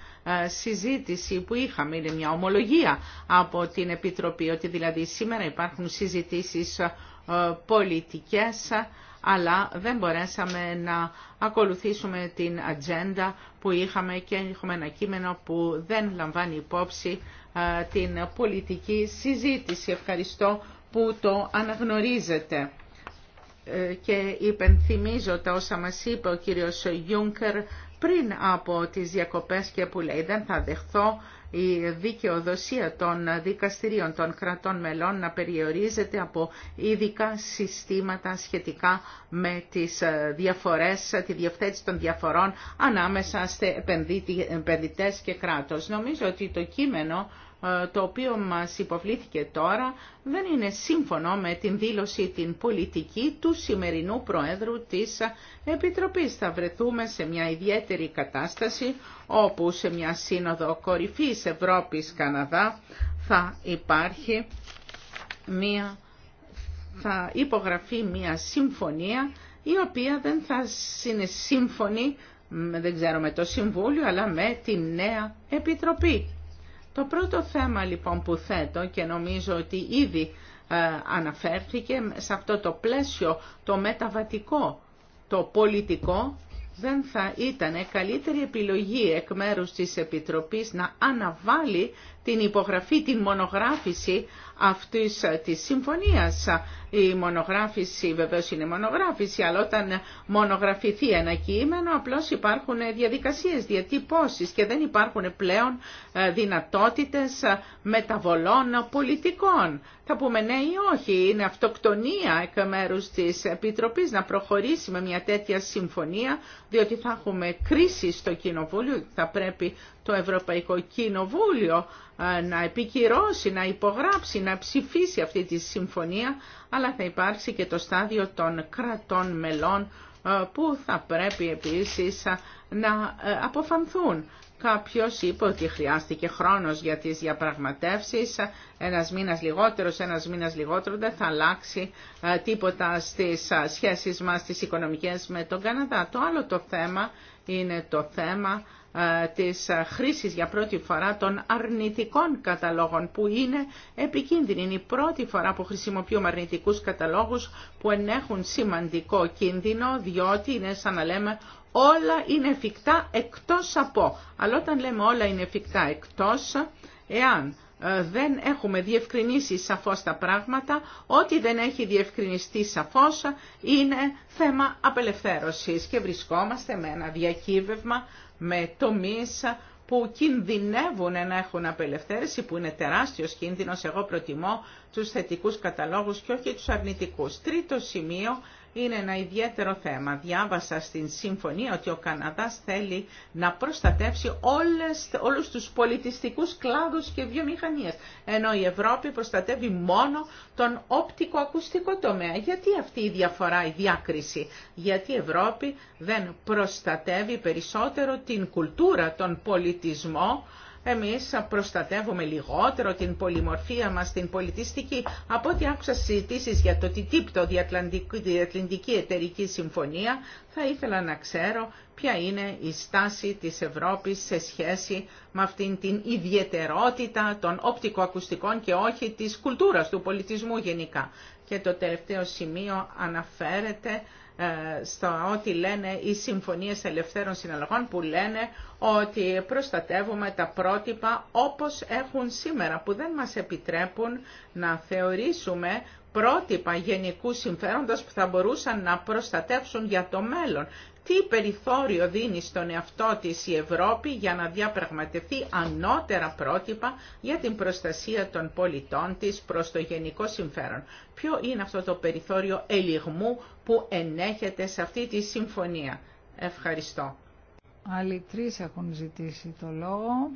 συζήτηση που είχαμε. Είναι μια ομολογία από την Επιτροπή ότι δηλαδή σήμερα υπάρχουν συζητήσεις πολιτικές αλλά δεν μπορέσαμε να ακολουθήσουμε την ατζέντα που είχαμε και έχουμε ένα κείμενο που δεν λαμβάνει υπόψη την πολιτική συζήτηση. Ευχαριστώ που το αναγνωρίζετε ε, και υπενθυμίζω τα όσα μας είπε ο κύριος Γιούνκερ πριν από τις διακοπές και που λέει δεν θα δεχθώ η δικαιοδοσία των δικαστηρίων των κρατών μελών να περιορίζεται από ειδικά συστήματα σχετικά με τις ε, διαφορές, τη διευθέτηση των διαφορών ανάμεσα σε επενδυτές και κράτος. Νομίζω ότι το κείμενο ε, το οποίο μας υποβλήθηκε τώρα δεν είναι σύμφωνο με την δήλωση την πολιτική του σημερινού Προέδρου της Επιτροπής. Θα βρεθούμε σε μια ιδιαίτερη κατάσταση όπου σε μια σύνοδο κορυφής Ευρώπης-Καναδά θα υπάρχει μια, θα υπογραφεί μια συμφωνία η οποία δεν θα είναι σύμφωνη δεν ξέρω με το Συμβούλιο, αλλά με την νέα Επιτροπή το πρώτο θέμα λοιπόν που θέτω και νομίζω ότι ήδη ε, αναφέρθηκε σε αυτό το πλαίσιο το μεταβατικό, το πολιτικό, δεν θα ήταν καλύτερη επιλογή εκ μέρους της Επιτροπής να αναβάλει την υπογραφή, την μονογράφηση αυτής της συμφωνίας. Η μονογράφηση βεβαίως είναι μονογράφηση, αλλά όταν μονογραφηθεί ένα κείμενο απλώς υπάρχουν διαδικασίες, διατυπώσεις και δεν υπάρχουν πλέον ε, δυνατότητες ε, μεταβολών πολιτικών. Θα πούμε ναι ή όχι, είναι αυτοκτονία εκ μέρου της Επιτροπής να προχωρήσει με μια τέτοια συμφωνία, διότι θα έχουμε κρίση στο Κοινοβούλιο, θα πρέπει το Ευρωπαϊκό Κοινοβούλιο ε, να επικυρώσει, να υπογράψει, να ψηφίσει αυτή τη συμφωνία, αλλά θα υπάρξει και το στάδιο των κρατών μελών ε, που θα πρέπει επίσης ε, να αποφανθούν. Κάποιος είπε ότι χρειάστηκε χρόνος για τις διαπραγματεύσεις, ένας μήνας λιγότερος, ένας μήνας λιγότερο, δεν θα αλλάξει τίποτα στις σχέσεις μας, τις οικονομικές με τον Καναδά. Το άλλο το θέμα είναι το θέμα ε, της ε, χρήσης για πρώτη φορά των αρνητικών καταλόγων που είναι επικίνδυνοι. Είναι η πρώτη φορά που χρησιμοποιούμε αρνητικούς καταλόγους που ενέχουν σημαντικό κίνδυνο διότι είναι σαν να λέμε όλα είναι εφικτά εκτός από. Αλλά όταν λέμε όλα είναι εφικτά εκτός, εάν ε, δεν έχουμε διευκρινίσει σαφώς τα πράγματα, ό,τι δεν έχει διευκρινιστεί σαφώς είναι θέμα απελευθέρωσης και βρισκόμαστε με ένα διακύβευμα με μίσα που κινδυνεύουν να έχουν απελευθέρωση, που είναι τεράστιος κίνδυνος. Εγώ προτιμώ τους θετικούς καταλόγους και όχι τους αρνητικούς. Τρίτο σημείο, είναι ένα ιδιαίτερο θέμα. Διάβασα στην συμφωνία ότι ο Καναδάς θέλει να προστατεύσει όλες, όλους τους πολιτιστικούς κλάδους και βιομηχανίες, ενώ η Ευρώπη προστατεύει μόνο τον οπτικο-ακουστικό τομέα. Γιατί αυτή η διαφορά, η διάκριση, γιατί η Ευρώπη δεν προστατεύει περισσότερο την κουλτούρα, τον πολιτισμό, εμείς προστατεύουμε λιγότερο την πολυμορφία μας, την πολιτιστική. Από ό,τι άκουσα συζητήσει για το TTIP, το Διατλαντική Εταιρική Συμφωνία, θα ήθελα να ξέρω ποια είναι η στάση της Ευρώπης σε σχέση με αυτήν την ιδιαιτερότητα των οπτικοακουστικών και όχι της κουλτούρας, του πολιτισμού γενικά. Και το τελευταίο σημείο αναφέρεται ε, στο ό,τι λένε οι συμφωνίες ελευθέρων συναλλαγών που λένε ότι προστατεύουμε τα πρότυπα όπως έχουν σήμερα που δεν μας επιτρέπουν να θεωρήσουμε πρότυπα γενικού συμφέροντος που θα μπορούσαν να προστατεύσουν για το μέλλον. Τι περιθώριο δίνει στον εαυτό της η Ευρώπη για να διαπραγματευτεί ανώτερα πρότυπα για την προστασία των πολιτών της προς το γενικό συμφέρον. Ποιο είναι αυτό το περιθώριο ελιγμού που ενέχεται σε αυτή τη συμφωνία. Ευχαριστώ. Άλλοι τρει έχουν ζητήσει το λόγο.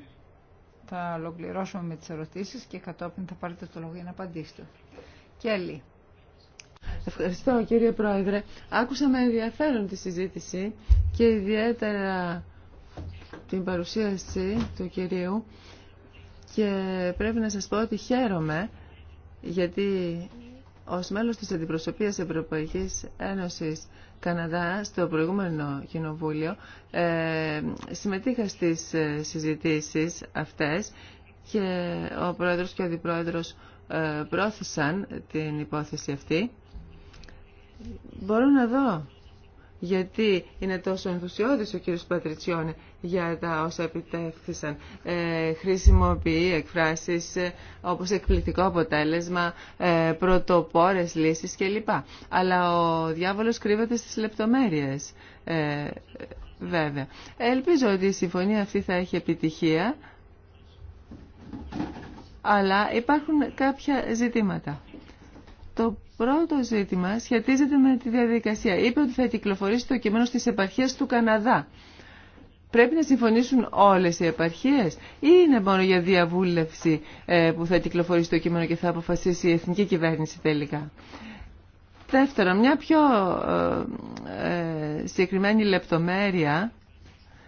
Θα ολοκληρώσουμε με τι ερωτήσει και κατόπιν θα πάρετε το λόγο για να απαντήσετε. Κέλλη. Ευχαριστώ κύριε Πρόεδρε. Άκουσα με ενδιαφέρον τη συζήτηση και ιδιαίτερα την παρουσίαση του κυρίου και πρέπει να σας πω ότι χαίρομαι γιατί ως μέλος της Αντιπροσωπείας Ευρωπαϊκής Ένωσης Καναδά στο προηγούμενο κοινοβούλιο ε, συμμετείχα στις ε, συζητήσεις αυτές και ο Πρόεδρος και ο αντιπρόεδρος ε, πρόθεσαν την υπόθεση αυτή. Μπορώ να δω γιατί είναι τόσο ενθουσιώδης ο κύριος Πατριτσιών για τα όσα επιτεύχθησαν. Ε, χρησιμοποιεί εκφράσεις ε, όπως εκπληκτικό αποτέλεσμα, ε, πρωτοπόρες λύσεις κλπ. Αλλά ο διάβολος κρύβεται στις λεπτομέρειες. Ε, βέβαια. Ελπίζω ότι η συμφωνία αυτή θα έχει επιτυχία, αλλά υπάρχουν κάποια ζητήματα. Το πρώτο ζήτημα σχετίζεται με τη διαδικασία. Είπε ότι θα κυκλοφορήσει το κείμενο στις επαρχίες του Καναδά. Πρέπει να συμφωνήσουν όλες οι επαρχίες ή είναι μόνο για διαβούλευση ε, που θα κυκλοφορήσει το κείμενο και θα αποφασίσει η εθνική κυβέρνηση τελικά. Δεύτερον, μια πιο ε, ε, συγκεκριμένη λεπτομέρεια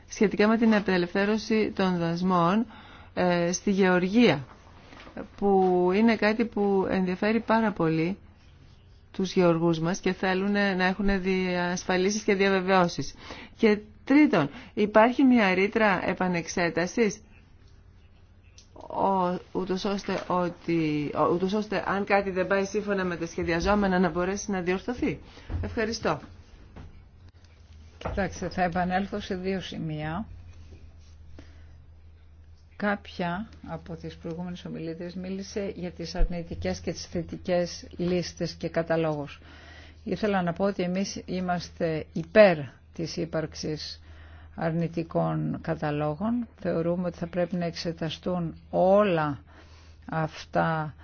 σχετικά με την απελευθέρωση των δασμών στη Γεωργία που είναι κάτι που ενδιαφέρει πάρα πολύ τους γεωργούς μας και θέλουν να έχουν διασφαλίσεις και διαβεβαιώσεις. Και τρίτον, υπάρχει μια ρήτρα επανεξέτασης ούτως ώστε, ότι, ούτως ώστε αν κάτι δεν πάει σύμφωνα με τα σχεδιαζόμενα να μπορέσει να διορθωθεί. Ευχαριστώ. Κοιτάξτε, θα επανέλθω σε δύο σημεία Κάποια από τις προηγούμενες ομιλήτρες μίλησε για τις αρνητικές και τις θετικές λίστες και καταλόγους. Ήθελα να πω ότι εμείς είμαστε υπέρ της ύπαρξης αρνητικών καταλόγων. Θεωρούμε ότι θα πρέπει να εξεταστούν όλα αυτά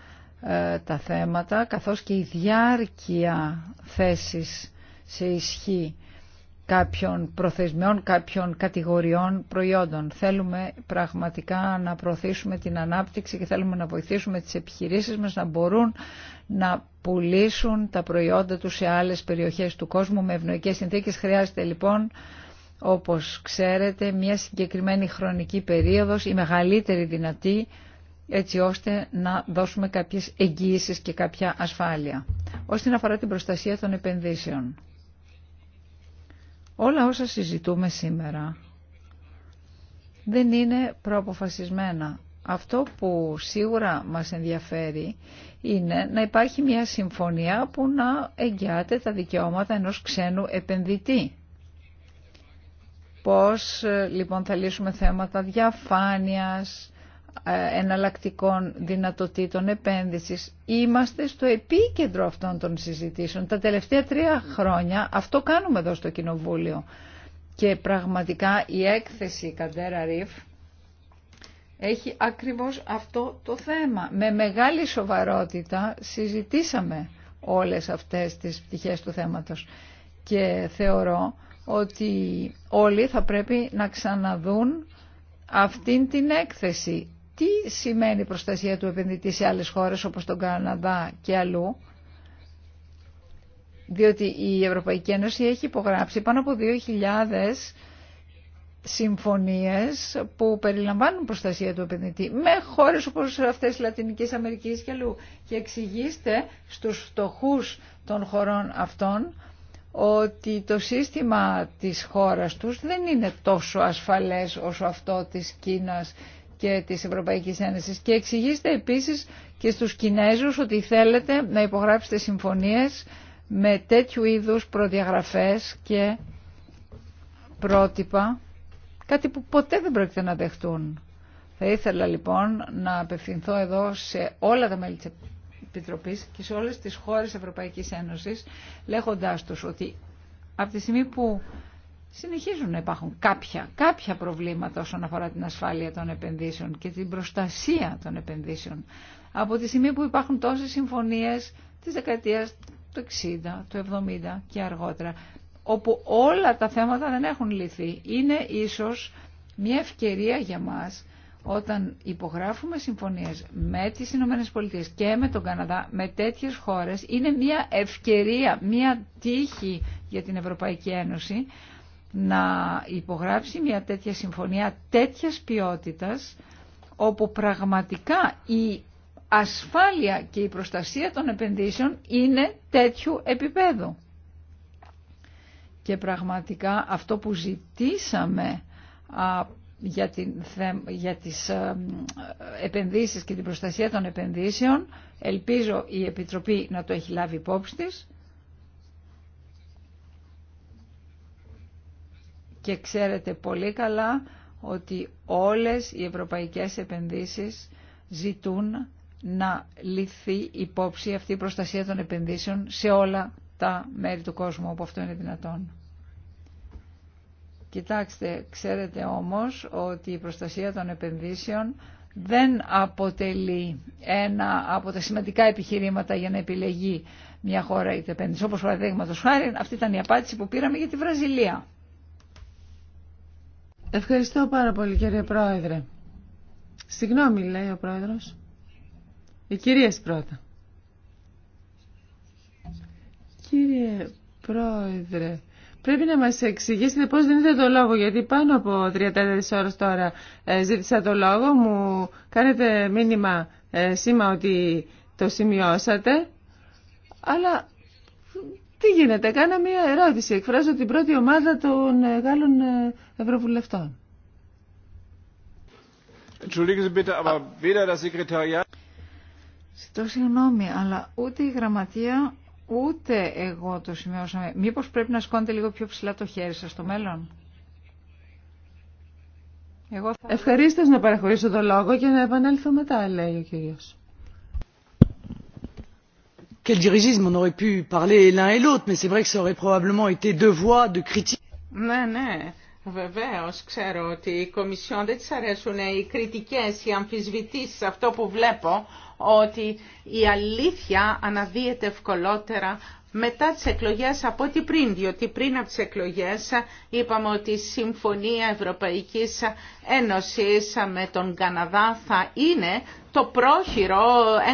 ε, τα θέματα, καθώς και η διάρκεια θέσης σε ισχύ κάποιων προθεσμιών, κάποιων κατηγοριών προϊόντων. Θέλουμε πραγματικά να προωθήσουμε την ανάπτυξη και θέλουμε να βοηθήσουμε τις επιχειρήσεις μας να μπορούν να πουλήσουν τα προϊόντα τους σε άλλες περιοχές του κόσμου με ευνοϊκές συνθήκες. Χρειάζεται λοιπόν, όπως ξέρετε, μια συγκεκριμένη χρονική περίοδος, η μεγαλύτερη δυνατή, έτσι ώστε να δώσουμε κάποιες εγγύησεις και κάποια ασφάλεια. Όσον αφορά την προστασία των επενδύσεων. Όλα όσα συζητούμε σήμερα δεν είναι προαποφασισμένα. Αυτό που σίγουρα μας ενδιαφέρει είναι να υπάρχει μια συμφωνία που να εγγυάται τα δικαιώματα ενός ξένου επενδυτή. Πώς ε, λοιπόν θα λύσουμε θέματα διαφάνειας, ε, εναλλακτικών δυνατοτήτων επένδυσης. Είμαστε στο επίκεντρο αυτών των συζητήσεων. Τα τελευταία τρία χρόνια αυτό κάνουμε εδώ στο Κοινοβούλιο. Και πραγματικά η έκθεση Καντέρα Ρίφ έχει ακριβώς αυτό το θέμα. Με μεγάλη σοβαρότητα συζητήσαμε όλες αυτές τις πτυχές του θέματος. Και θεωρώ ότι όλοι θα πρέπει να ξαναδούν αυτήν την έκθεση τι σημαίνει προστασία του επενδυτή σε άλλες χώρες όπως τον Καναδά και αλλού. Διότι η Ευρωπαϊκή Ένωση έχει υπογράψει πάνω από 2.000 συμφωνίες που περιλαμβάνουν προστασία του επενδυτή με χώρες όπως αυτές της Λατινικής Αμερικής και αλλού. Και εξηγήστε στους φτωχούς των χωρών αυτών ότι το σύστημα της χώρας τους δεν είναι τόσο ασφαλές όσο αυτό της Κίνας και της Ευρωπαϊκής Ένωσης και εξηγήστε επίσης και στους Κινέζους ότι θέλετε να υπογράψετε συμφωνίες με τέτοιου είδους προδιαγραφές και πρότυπα, κάτι που ποτέ δεν πρόκειται να δεχτούν. Θα ήθελα λοιπόν να απευθυνθώ εδώ σε όλα τα μέλη της Επιτροπής και σε όλες τις χώρες Ευρωπαϊκής Ένωσης, λέγοντάς τους ότι από τη στιγμή που συνεχίζουν να υπάρχουν κάποια, κάποια προβλήματα όσον αφορά την ασφάλεια των επενδύσεων και την προστασία των επενδύσεων. Από τη στιγμή που υπάρχουν τόσες συμφωνίες της δεκαετίας του 60, του 70 και αργότερα, όπου όλα τα θέματα δεν έχουν λυθεί. Είναι ίσως μια ευκαιρία για μας όταν υπογράφουμε συμφωνίες με τις Ηνωμένες Πολιτείες και με τον Καναδά, με τέτοιες χώρες, είναι μια ευκαιρία, μια τύχη για την Ευρωπαϊκή Ένωση, να υπογράψει μια τέτοια συμφωνία τέτοιας ποιότητας όπου πραγματικά η ασφάλεια και η προστασία των επενδύσεων είναι τέτοιου επίπεδου. Και πραγματικά αυτό που ζητήσαμε για, την, για τις ε, επενδύσεις και την προστασία των επενδύσεων ελπίζω η Επιτροπή να το έχει λάβει υπόψη της και ξέρετε πολύ καλά ότι όλες οι ευρωπαϊκές επενδύσεις ζητούν να ληφθεί υπόψη αυτή η προστασία των επενδύσεων σε όλα τα μέρη του κόσμου όπου αυτό είναι δυνατόν. Κοιτάξτε, ξέρετε όμως ότι η προστασία των επενδύσεων δεν αποτελεί ένα από τα σημαντικά επιχειρήματα για να επιλεγεί μια χώρα είτε επένδυση. Όπως παραδείγματο χάρη, αυτή ήταν η απάντηση που πήραμε για τη Βραζιλία. Ευχαριστώ πάρα πολύ κύριε Πρόεδρε. Συγγνώμη λέει ο Πρόεδρος. Οι κυρίες πρώτα. Κύριε Πρόεδρε, πρέπει να μας εξηγήσετε πώς δίνετε το λόγο, γιατί πάνω από 34 ώρες τώρα ε, ζήτησα το λόγο, μου κάνετε μήνυμα ε, σήμα ότι το σημειώσατε, αλλά τι γίνεται, κάνα μία ερώτηση. Εκφράζω την πρώτη ομάδα των ε, Γάλλων ε, Ευρωβουλευτών. Ζητώ συγγνώμη, αλλά ούτε η γραμματεία, ούτε εγώ το σημειώσαμε. Μήπως πρέπει να σκόνετε λίγο πιο ψηλά το χέρι σας στο μέλλον. Εγώ θα... Ευχαρίστως να παραχωρήσω το λόγο και να επανέλθω μετά, λέει ο κύριος quel dirigisme on aurait pu parler l'un et l'autre mais c'est vrai que ça aurait probablement été deux voix de critique. Ναι, ναι, βεβαίως ξέρω ότι η Κομισιόν δεν της αρέσουν οι κριτικές, οι αμφισβητήσεις, αυτό που βλέπω ότι η αλήθεια αναδύεται ευκολότερα μετά τις εκλογές από ό,τι πριν, διότι πριν από τις εκλογές είπαμε ότι η Συμφωνία Ευρωπαϊκής Ένωσης με τον Καναδά θα είναι το πρόχειρο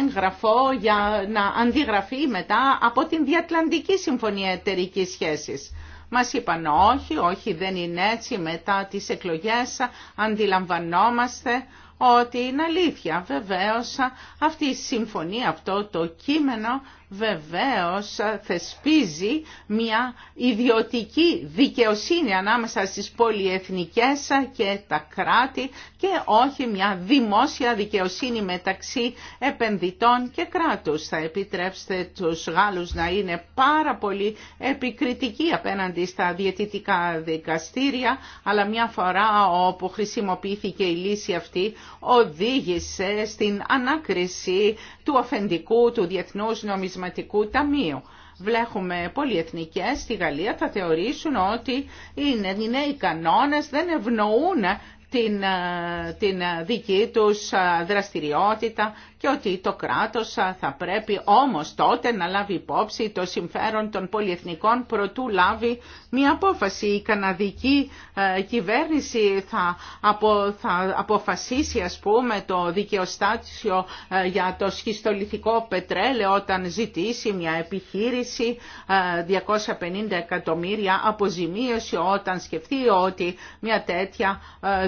έγγραφο για να αντιγραφεί μετά από την Διατλαντική Συμφωνία εταιρική Σχέσης. Μας είπαν όχι, όχι δεν είναι έτσι μετά τις εκλογές, αντιλαμβανόμαστε ότι είναι αλήθεια. Βεβαίως αυτή η συμφωνία, αυτό το κείμενο βεβαίως θεσπίζει μια ιδιωτική δικαιοσύνη ανάμεσα στις πολυεθνικές και τα κράτη και όχι μια δημόσια δικαιοσύνη μεταξύ επενδυτών και κράτους. Θα επιτρέψετε τους Γάλλους να είναι πάρα πολύ επικριτικοί απέναντι στα διαιτητικά δικαστήρια, αλλά μια φορά όπου χρησιμοποιήθηκε η λύση αυτή οδήγησε στην ανάκριση του αφεντικού του Διεθνούς νομισματικού ταμείου. Βλέπουμε πολυεθνικές στη Γαλλία θα θεωρήσουν ότι είναι, είναι οι κανόνες, δεν ευνοούν την, ε, ε, δική τους ε, δραστηριότητα και ότι το κράτος θα πρέπει όμως τότε να λάβει υπόψη το συμφέρον των πολυεθνικών προτού λάβει μια απόφαση. Η καναδική κυβέρνηση θα, απο, θα αποφασίσει ας πούμε το δικαιοστάσιο για το σχιστολιθικό πετρέλαιο όταν ζητήσει μια επιχείρηση 250 εκατομμύρια αποζημίωση όταν σκεφτεί ότι μια τέτοια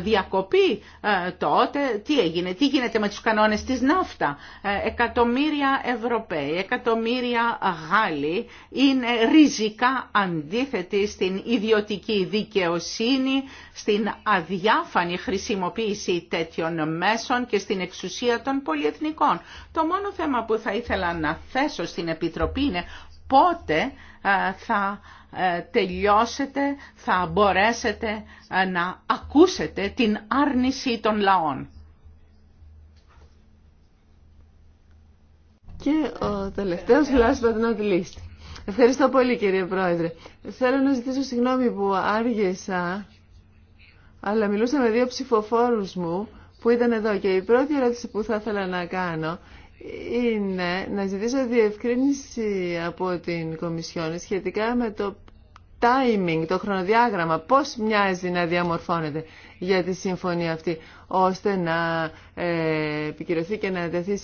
διακοπή, ε, τότε τι έγινε, τι γίνεται με τους κανόνες της ναύτα. Ε, εκατομμύρια Ευρωπαίοι, εκατομμύρια Γάλλοι είναι ριζικά αντίθετοι στην ιδιωτική δικαιοσύνη, στην αδιάφανη χρησιμοποίηση τέτοιων μέσων και στην εξουσία των πολυεθνικών. Το μόνο θέμα που θα ήθελα να θέσω στην Επιτροπή είναι πότε ε, θα ε, τελειώσετε, θα μπορέσετε ε, να ακούσετε την άρνηση των λαών. Και ο τελευταίος last but not least. Ευχαριστώ πολύ κύριε Πρόεδρε. Θέλω να ζητήσω συγγνώμη που άργησα, αλλά μιλούσα με δύο ψηφοφόρους μου που ήταν εδώ και η πρώτη ερώτηση που θα ήθελα να κάνω είναι να ζητήσω διευκρίνηση από την Κομισιόν σχετικά με το timing, το χρονοδιάγραμμα, πώς μοιάζει να διαμορφώνεται για τη συμφωνία αυτή, ώστε να ε, επικυρωθεί και να τεθεί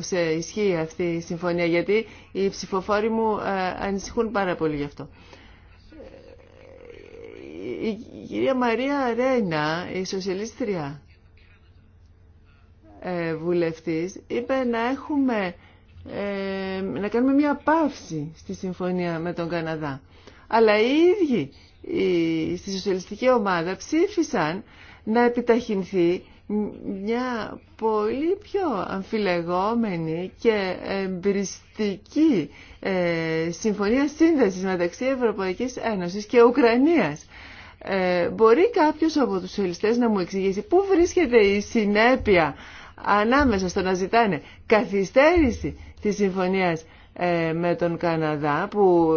σε, ισχύ αυτή η συμφωνία, γιατί οι ψηφοφόροι μου ε, ανησυχούν πάρα πολύ γι' αυτό. Ε, η κυρία Μαρία Ρένα, η σοσιαλίστρια ε, βουλευτής, είπε να έχουμε... Ε, να κάνουμε μια παύση στη συμφωνία με τον Καναδά αλλά οι ίδιοι στη σοσιαλιστική ομάδα ψήφισαν να επιταχυνθεί μια πολύ πιο αμφιλεγόμενη και εμπριστική ε, συμφωνία σύνδεσης μεταξύ Ευρωπαϊκής Ένωσης και Ουκρανίας. Ε, μπορεί κάποιος από τους σοσιαλιστές να μου εξηγήσει πού βρίσκεται η συνέπεια ανάμεσα στο να ζητάνε καθυστέρηση της συμφωνίας ε, με τον Καναδά που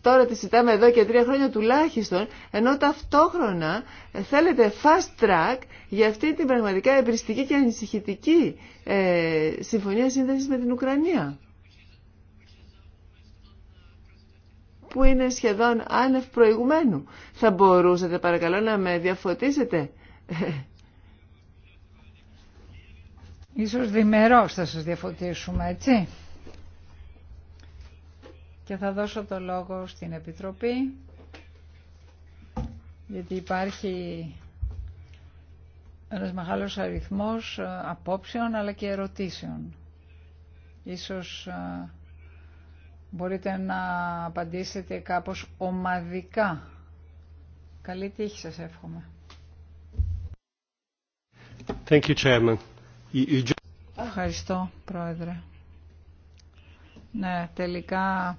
τώρα τη συζητάμε εδώ και τρία χρόνια τουλάχιστον ενώ ταυτόχρονα θέλετε fast track για αυτή την πραγματικά εμπριστική και ανησυχητική ε, συμφωνία σύνδεσης με την Ουκρανία που είναι σχεδόν άνευ προηγουμένου. Θα μπορούσατε παρακαλώ να με διαφωτίσετε. Ίσως διμερώς θα σας διαφωτίσουμε, έτσι και θα δώσω το λόγο στην Επιτροπή γιατί υπάρχει ένας μεγάλος αριθμός ε, απόψεων αλλά και ερωτήσεων. Ίσως ε, μπορείτε να απαντήσετε κάπως ομαδικά. Καλή τύχη σας εύχομαι. Thank you, Chairman. Ευχαριστώ, Πρόεδρε. Ναι, τελικά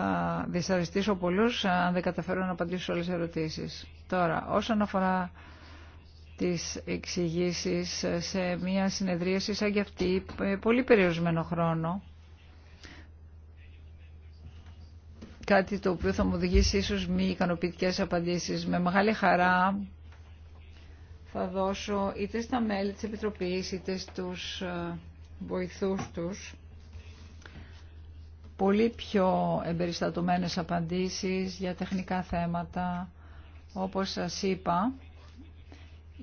θα δυσαρεστήσω πολλούς αν δεν καταφέρω να απαντήσω όλες τις ερωτήσεις. Τώρα, όσον αφορά τις εξηγήσει σε μια συνεδρίαση σαν και αυτή, πολύ περιορισμένο χρόνο, κάτι το οποίο θα μου οδηγήσει ίσως μη ικανοποιητικές απαντήσεις. Με μεγάλη χαρά θα δώσω είτε στα μέλη της Επιτροπής είτε στους ε, βοηθούς τους πολύ πιο εμπεριστατωμένες απαντήσεις για τεχνικά θέματα. Όπως σας είπα,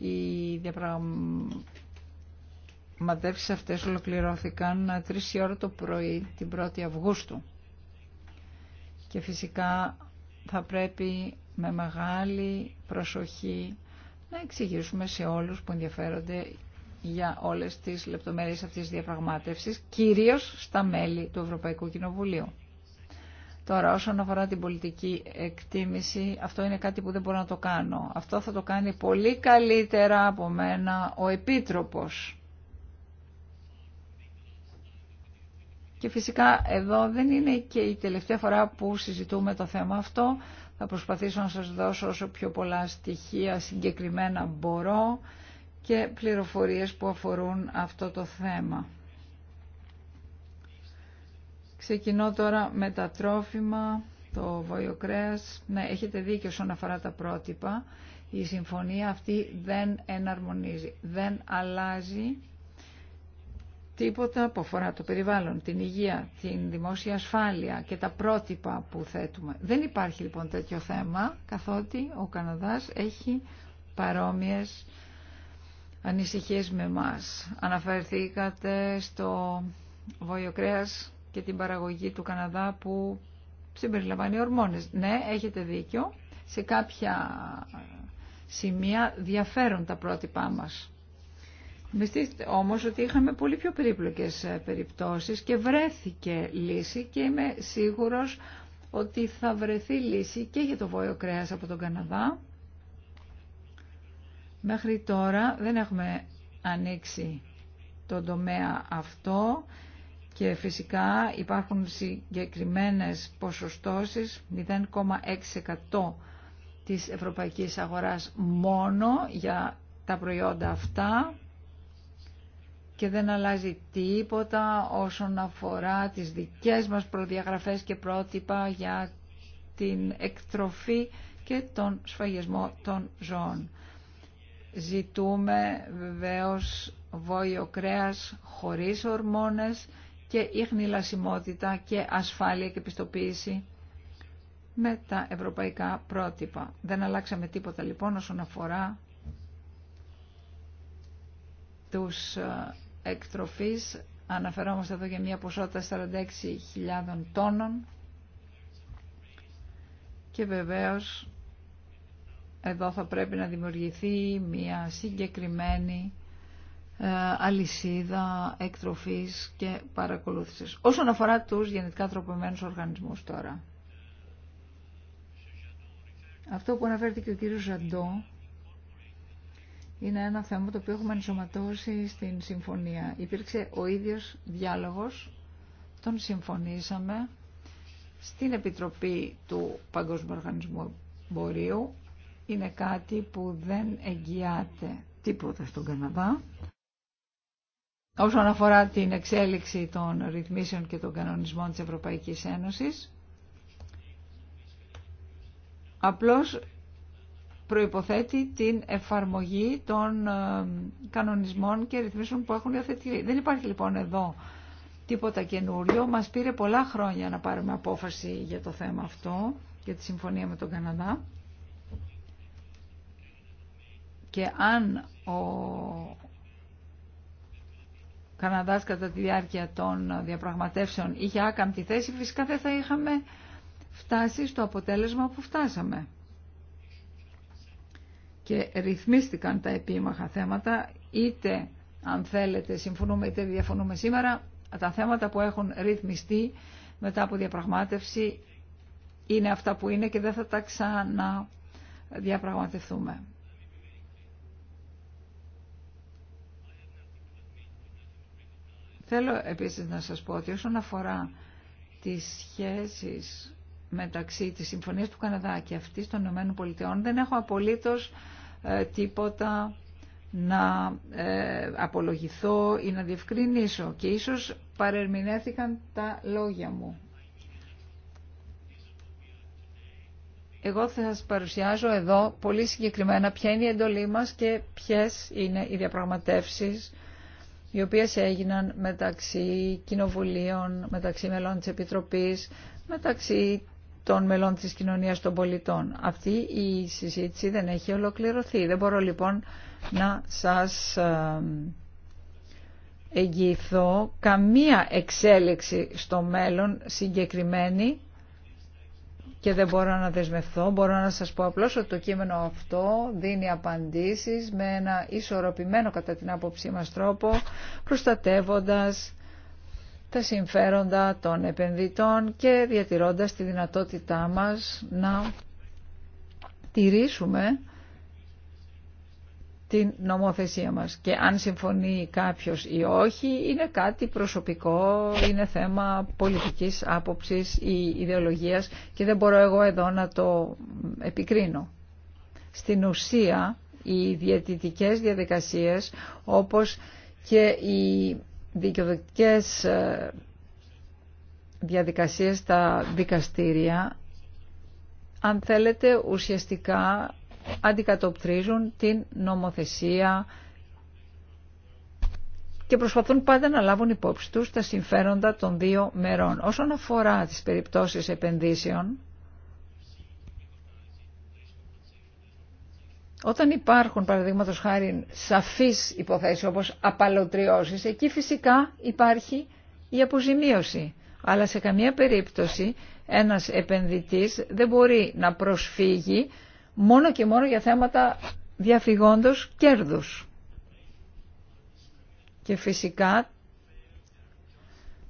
οι διαπραγματεύσεις αυτές ολοκληρώθηκαν 3 η ώρα το πρωί την 1η Αυγούστου. Και φυσικά θα πρέπει με μεγάλη προσοχή να εξηγήσουμε σε όλους που ενδιαφέρονται για όλες τις λεπτομέρειες αυτής της διαπραγμάτευσης, κυρίως στα μέλη του Ευρωπαϊκού Κοινοβουλίου. Τώρα, όσον αφορά την πολιτική εκτίμηση, αυτό είναι κάτι που δεν μπορώ να το κάνω. Αυτό θα το κάνει πολύ καλύτερα από μένα ο Επίτροπος. Και φυσικά εδώ δεν είναι και η τελευταία φορά που συζητούμε το θέμα αυτό. Θα προσπαθήσω να σας δώσω όσο πιο πολλά στοιχεία συγκεκριμένα μπορώ και πληροφορίες που αφορούν αυτό το θέμα. Ξεκινώ τώρα με τα τρόφιμα, το βοιοκρέας. Ναι, έχετε δίκιο όσον αφορά τα πρότυπα. Η συμφωνία αυτή δεν εναρμονίζει, δεν αλλάζει τίποτα που αφορά το περιβάλλον, την υγεία, την δημόσια ασφάλεια και τα πρότυπα που θέτουμε. Δεν υπάρχει λοιπόν τέτοιο θέμα, καθότι ο Καναδάς έχει παρόμοιες ανησυχίες με μας. Αναφερθήκατε στο βόλιο κρέας και την παραγωγή του Καναδά που συμπεριλαμβάνει ορμόνες. Ναι, έχετε δίκιο. Σε κάποια σημεία διαφέρουν τα πρότυπά μας. Μυστήστε όμως ότι είχαμε πολύ πιο περίπλοκες ε, περιπτώσεις και βρέθηκε λύση και είμαι σίγουρος ότι θα βρεθεί λύση και για το βόλιο κρέας από τον Καναδά Μέχρι τώρα δεν έχουμε ανοίξει τον τομέα αυτό και φυσικά υπάρχουν συγκεκριμένες ποσοστώσεις 0,6% της ευρωπαϊκής αγοράς μόνο για τα προϊόντα αυτά και δεν αλλάζει τίποτα όσον αφορά τις δικές μας προδιαγραφές και πρότυπα για την εκτροφή και τον σφαγισμό των ζώων. Ζητούμε βεβαίως βόλιο κρέας χωρίς ορμόνες και ίχνη λασιμότητα και ασφάλεια και πιστοποίηση με τα ευρωπαϊκά πρότυπα. Δεν αλλάξαμε τίποτα λοιπόν όσον αφορά τους ε, εκτροφείς. Αναφερόμαστε εδώ για μια ποσότητα 46.000 τόνων και βεβαίως εδώ θα πρέπει να δημιουργηθεί μια συγκεκριμένη ε, αλυσίδα εκτροφής και παρακολούθησης. Όσον αφορά τους γενετικά τροποποιημένους οργανισμούς τώρα. Αυτό που αναφέρθηκε και ο κύριος Ζαντό είναι ένα θέμα το οποίο έχουμε ενσωματώσει στην συμφωνία. Υπήρξε ο ίδιος διάλογος, τον συμφωνήσαμε στην Επιτροπή του Παγκόσμιου Οργανισμού Μπορείου είναι κάτι που δεν εγγυάται τίποτα στον Καναδά. Όσον αφορά την εξέλιξη των ρυθμίσεων και των κανονισμών της Ευρωπαϊκής Ένωσης, απλώς προϋποθέτει την εφαρμογή των ε, κανονισμών και ρυθμίσεων που έχουν υιοθετηθεί. Δεν υπάρχει λοιπόν εδώ τίποτα καινούριο. Μας πήρε πολλά χρόνια να πάρουμε απόφαση για το θέμα αυτό, για τη συμφωνία με τον Καναδά και αν ο Καναδάς κατά τη διάρκεια των διαπραγματεύσεων είχε άκαμπτη θέση, φυσικά δεν θα είχαμε φτάσει στο αποτέλεσμα που φτάσαμε. Και ρυθμίστηκαν τα επίμαχα θέματα, είτε αν θέλετε συμφωνούμε είτε διαφωνούμε σήμερα, τα θέματα που έχουν ρυθμιστεί μετά από διαπραγμάτευση είναι αυτά που είναι και δεν θα τα ξαναδιαπραγματευτούμε. Θέλω επίσης να σας πω ότι όσον αφορά τις σχέσεις μεταξύ της Συμφωνίας του Καναδά και αυτής των Ηνωμένων Πολιτειών δεν έχω απολύτως ε, τίποτα να ε, απολογηθώ ή να διευκρινίσω και ίσως παρερμηνέθηκαν τα λόγια μου. Εγώ θα σας παρουσιάζω εδώ πολύ συγκεκριμένα ποια είναι η εντολή μας και ποιες είναι οι διαπραγματεύσεις οι οποίες έγιναν μεταξύ κοινοβουλίων, μεταξύ μελών της Επιτροπής, μεταξύ των μελών της κοινωνίας των πολιτών. Αυτή η συζήτηση δεν έχει ολοκληρωθεί. Δεν μπορώ λοιπόν να σας εγγυηθώ καμία εξέλιξη στο μέλλον συγκεκριμένη και δεν μπορώ να δεσμευθώ. Μπορώ να σας πω απλώς ότι το κείμενο αυτό δίνει απαντήσεις με ένα ισορροπημένο κατά την άποψή μας τρόπο, προστατεύοντας τα συμφέροντα των επενδυτών και διατηρώντας τη δυνατότητά μας να τηρήσουμε την νομοθεσία μας. Και αν συμφωνεί κάποιος ή όχι, είναι κάτι προσωπικό, είναι θέμα πολιτικής άποψης ή ιδεολογίας και δεν μπορώ εγώ εδώ να το επικρίνω. Στην ουσία, οι διαιτητικές διαδικασίες, όπως και οι δικαιοδοτικές ε, διαδικασίες στα δικαστήρια, αν θέλετε, ουσιαστικά αντικατοπτρίζουν την νομοθεσία και προσπαθούν πάντα να λάβουν υπόψη τους τα συμφέροντα των δύο μερών. Όσον αφορά τις περιπτώσεις επενδύσεων, Όταν υπάρχουν παραδείγματο χάρη σαφείς υποθέσεις όπως απαλωτριώσεις, εκεί φυσικά υπάρχει η αποζημίωση. Αλλά σε καμία περίπτωση ένας επενδυτής δεν μπορεί να προσφύγει μόνο και μόνο για θέματα διαφυγόντος κέρδους. Και φυσικά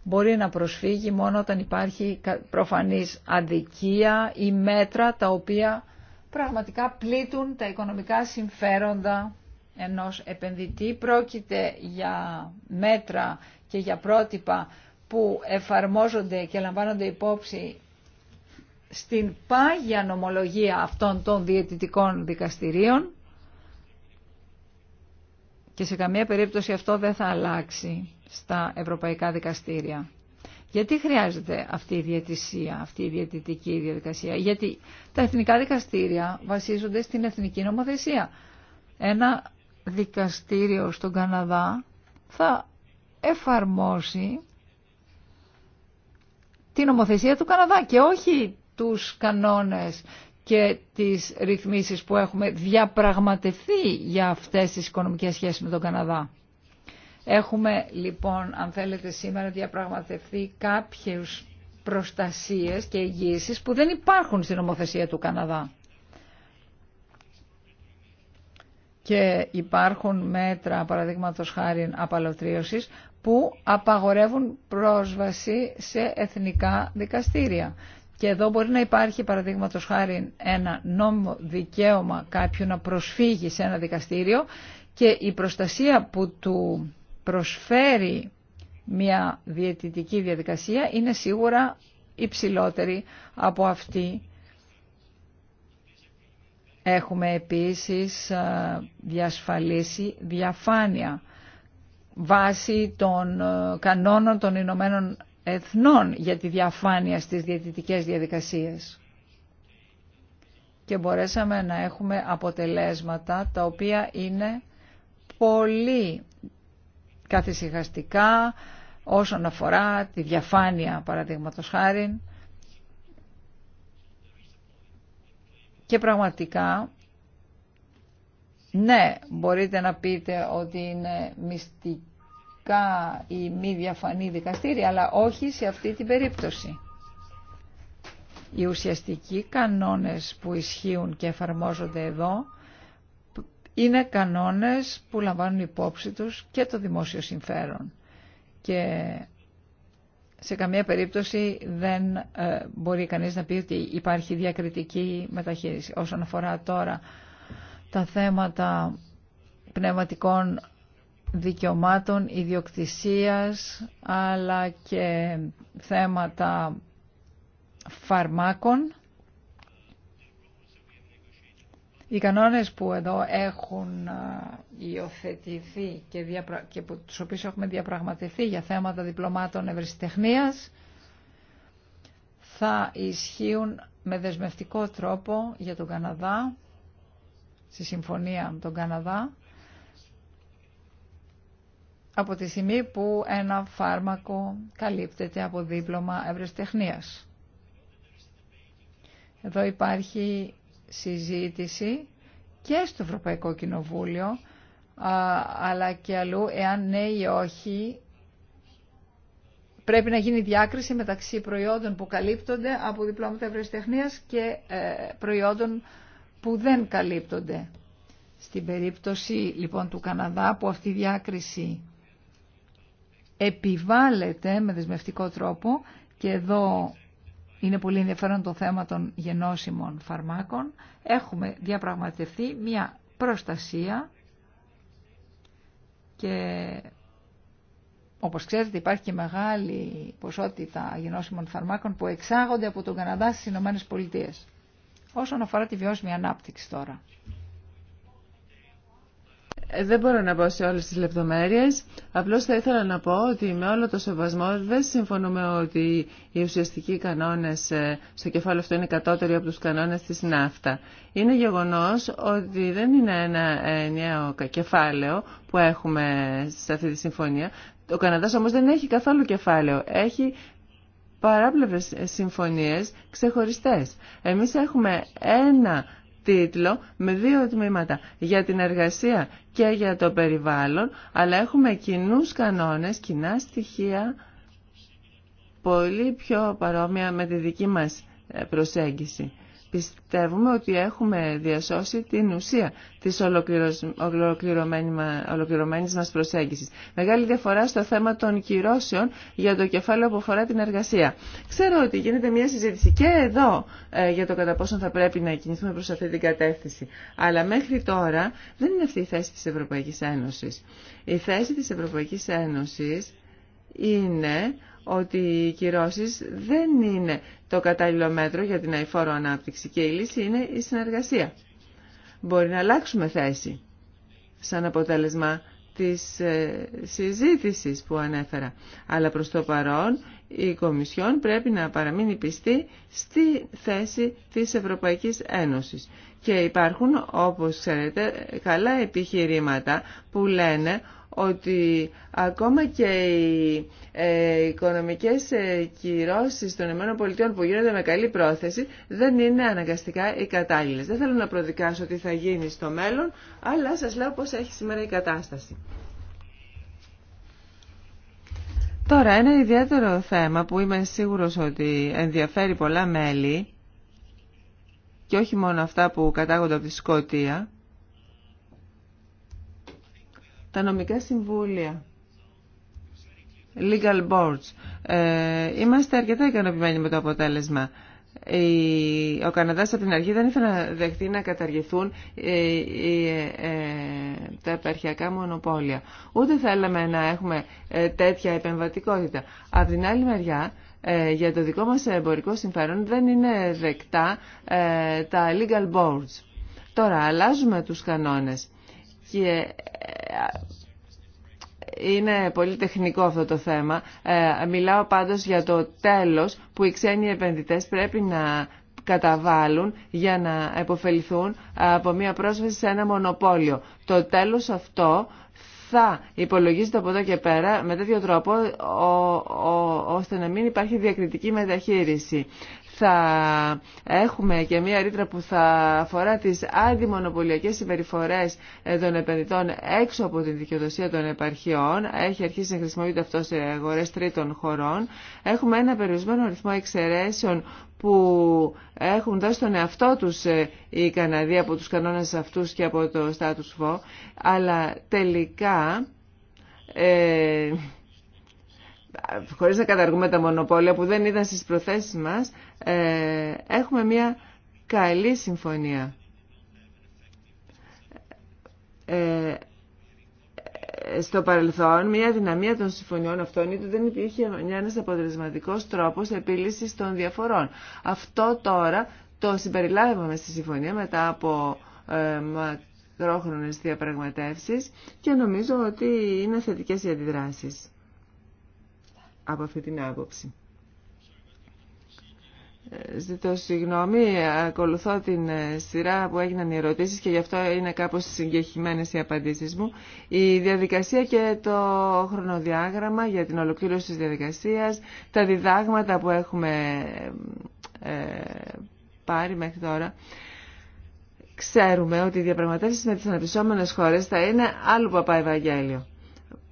μπορεί να προσφύγει μόνο όταν υπάρχει προφανής αδικία ή μέτρα τα οποία πραγματικά πλήττουν τα οικονομικά συμφέροντα ενός επενδυτή. Πρόκειται για μέτρα και για πρότυπα που εφαρμόζονται και λαμβάνονται υπόψη στην πάγια νομολογία αυτών των διαιτητικών δικαστηρίων και σε καμία περίπτωση αυτό δεν θα αλλάξει στα ευρωπαϊκά δικαστήρια. Γιατί χρειάζεται αυτή η διαιτησία, αυτή η διαιτητική διαδικασία. Γιατί τα εθνικά δικαστήρια βασίζονται στην εθνική νομοθεσία. Ένα δικαστήριο στον Καναδά θα εφαρμόσει την νομοθεσία του Καναδά και όχι τους κανόνες και τις ρυθμίσεις που έχουμε διαπραγματευτεί για αυτές τις οικονομικές σχέσεις με τον Καναδά. Έχουμε λοιπόν, αν θέλετε σήμερα, διαπραγματευτεί κάποιες προστασίες και εγγύησεις που δεν υπάρχουν στην νομοθεσία του Καναδά. Και υπάρχουν μέτρα, παραδείγματο χάρη απαλωτρίωσης, που απαγορεύουν πρόσβαση σε εθνικά δικαστήρια. Και εδώ μπορεί να υπάρχει παραδείγματο χάρη ένα νόμιμο δικαίωμα κάποιου να προσφύγει σε ένα δικαστήριο και η προστασία που του προσφέρει μια διαιτητική διαδικασία είναι σίγουρα υψηλότερη από αυτή. Έχουμε επίσης ε, διασφαλίσει διαφάνεια βάσει των ε, κανόνων των Ηνωμένων Εθνών για τη διαφάνεια στις διαιτητικές διαδικασίες. Και μπορέσαμε να έχουμε αποτελέσματα τα οποία είναι πολύ καθησυχαστικά όσον αφορά τη διαφάνεια παραδείγματο χάρη και πραγματικά ναι μπορείτε να πείτε ότι είναι μυστική ειδικά ή μη διαφανή δικαστήρια, αλλά όχι σε αυτή την περίπτωση. Οι ουσιαστικοί κανόνες που ισχύουν και εφαρμόζονται εδώ είναι κανόνες που λαμβάνουν υπόψη τους και το δημόσιο συμφέρον. Και σε καμία περίπτωση δεν ε, μπορεί κανείς να πει ότι υπάρχει διακριτική μεταχείριση. Όσον αφορά τώρα τα θέματα πνευματικών δικαιωμάτων ιδιοκτησίας αλλά και θέματα φαρμάκων. Οι κανόνες που εδώ έχουν υιοθετηθεί και, διαπρα... και που... τους οποίους έχουμε διαπραγματευτεί για θέματα διπλωμάτων ευρεσιτεχνίας θα ισχύουν με δεσμευτικό τρόπο για τον Καναδά, στη συμφωνία με τον Καναδά, από τη στιγμή που ένα φάρμακο καλύπτεται από δίπλωμα ευρεσιτεχνίας. Εδώ υπάρχει συζήτηση και στο Ευρωπαϊκό Κοινοβούλιο, αλλά και αλλού, εάν ναι ή όχι, πρέπει να γίνει διάκριση μεταξύ προϊόντων που καλύπτονται από διπλώματα ευρεσιτεχνίας και ε, προϊόντων που δεν καλύπτονται. Στην περίπτωση λοιπόν του Καναδά που αυτή η διάκριση επιβάλλεται με δεσμευτικό τρόπο και εδώ είναι πολύ ενδιαφέρον το θέμα των γενώσιμων φαρμάκων. Έχουμε διαπραγματευτεί μια προστασία και όπως ξέρετε υπάρχει και μεγάλη ποσότητα γενώσιμων φαρμάκων που εξάγονται από τον Καναδά στις Ηνωμένες Πολιτείες. Όσον αφορά τη βιώσιμη ανάπτυξη τώρα. Ε, δεν μπορώ να πω σε όλες τις λεπτομέρειες. Απλώς θα ήθελα να πω ότι με όλο το σεβασμό δεν συμφωνούμε ότι οι ουσιαστικοί κανόνες ε, στο κεφάλαιο αυτό είναι κατώτεροι από τους κανόνες της ναύτα. Είναι γεγονός ότι δεν είναι ένα ε, ενιαίο κεφάλαιο που έχουμε σε αυτή τη συμφωνία. Ο Καναδάς όμως δεν έχει καθόλου κεφάλαιο. Έχει παράπλευρες συμφωνίες ξεχωριστές. Εμείς έχουμε ένα τίτλο με δύο τμήματα για την εργασία και για το περιβάλλον, αλλά έχουμε κοινού κανόνες, κοινά στοιχεία πολύ πιο παρόμοια με τη δική μας ε, προσέγγιση πιστεύουμε ότι έχουμε διασώσει την ουσία της ολοκληρωμένης μας προσέγγισης. Μεγάλη διαφορά στο θέμα των κυρώσεων για το κεφάλαιο που αφορά την εργασία. Ξέρω ότι γίνεται μια συζήτηση και εδώ ε, για το κατά πόσο θα πρέπει να κινηθούμε προς αυτή την κατεύθυνση. Αλλά μέχρι τώρα δεν είναι αυτή η θέση της Ευρωπαϊκής Ένωσης. Η θέση της Ευρωπαϊκής Ένωσης είναι ότι οι κυρώσεις δεν είναι το κατάλληλο μέτρο για την αηφόρο ανάπτυξη και η λύση είναι η συνεργασία. Μπορεί να αλλάξουμε θέση σαν αποτέλεσμα της ε, συζήτησης που ανέφερα. Αλλά προς το παρόν η Κομισιόν πρέπει να παραμείνει πιστή στη θέση της Ευρωπαϊκής Ένωσης. Και υπάρχουν, όπως ξέρετε, καλά επιχειρήματα που λένε ότι ακόμα και οι ε, οικονομικές ε, κυρώσεις των ΗΠΑ που γίνονται με καλή πρόθεση δεν είναι αναγκαστικά οι κατάλληλες. Δεν θέλω να προδικάσω τι θα γίνει στο μέλλον, αλλά σας λέω πώς έχει σήμερα η κατάσταση. Τώρα, ένα ιδιαίτερο θέμα που είμαι σίγουρος ότι ενδιαφέρει πολλά μέλη και όχι μόνο αυτά που κατάγονται από τη Σκοτία τα νομικά συμβούλια. Legal boards. Ε, είμαστε αρκετά ικανοποιημένοι με το αποτέλεσμα. Ο Καναδάς από την αρχή δεν ήθελε να δεχτεί να καταργηθούν ε, ε, τα επαρχιακά μονοπόλια. Ούτε θέλαμε να έχουμε ε, τέτοια επεμβατικότητα. Από την άλλη μεριά, για το δικό μας εμπορικό συμφέρον δεν είναι δεκτά τα legal boards. Τώρα αλλάζουμε τους κανόνες και είναι πολύ τεχνικό αυτό το θέμα. Ε, μιλάω πάντως για το τέλος που οι ξένοι επενδυτές πρέπει να καταβάλουν για να επωφεληθούν από μια πρόσβαση σε ένα μονοπόλιο. Το τέλος αυτό θα υπολογίζεται από εδώ και πέρα με τέτοιο τρόπο ώστε να μην υπάρχει διακριτική μεταχείριση θα έχουμε και μια ρήτρα που θα αφορά τις αντιμονοπολιακές συμπεριφορές ε, των επενδυτών έξω από την δικαιοδοσία των επαρχιών. Έχει αρχίσει να χρησιμοποιείται αυτό σε αγορές τρίτων χωρών. Έχουμε ένα περιορισμένο αριθμό εξαιρέσεων που έχουν δώσει τον εαυτό τους ε, οι Καναδοί από τους κανόνες αυτούς και από το status quo. Αλλά τελικά... Ε, χωρίς να καταργούμε τα μονοπόλια που δεν ήταν στις προθέσεις μας, ε, έχουμε μια καλή συμφωνία. Ε, στο παρελθόν, μια δυναμία των συμφωνιών αυτών ήταν δεν υπήρχε ένα αποτελεσματικό τρόπο επίλυση των διαφορών. Αυτό τώρα το συμπεριλάβαμε στη συμφωνία μετά από ε, μακρόχρονες διαπραγματεύσεις και νομίζω ότι είναι θετικές οι αντιδράσεις από αυτή την άποψη. Ε, ζητώ συγγνώμη, ακολουθώ την ε, σειρά που έγιναν οι ερωτήσεις και γι' αυτό είναι κάπως συγκεχημένες οι απαντήσεις μου. Η διαδικασία και το χρονοδιάγραμμα για την ολοκλήρωση της διαδικασίας, τα διδάγματα που έχουμε ε, πάρει μέχρι τώρα. Ξέρουμε ότι οι διαπραγματεύσεις με τις αναπτυσσόμενες χώρες θα είναι άλλο παπά Ευαγγέλιο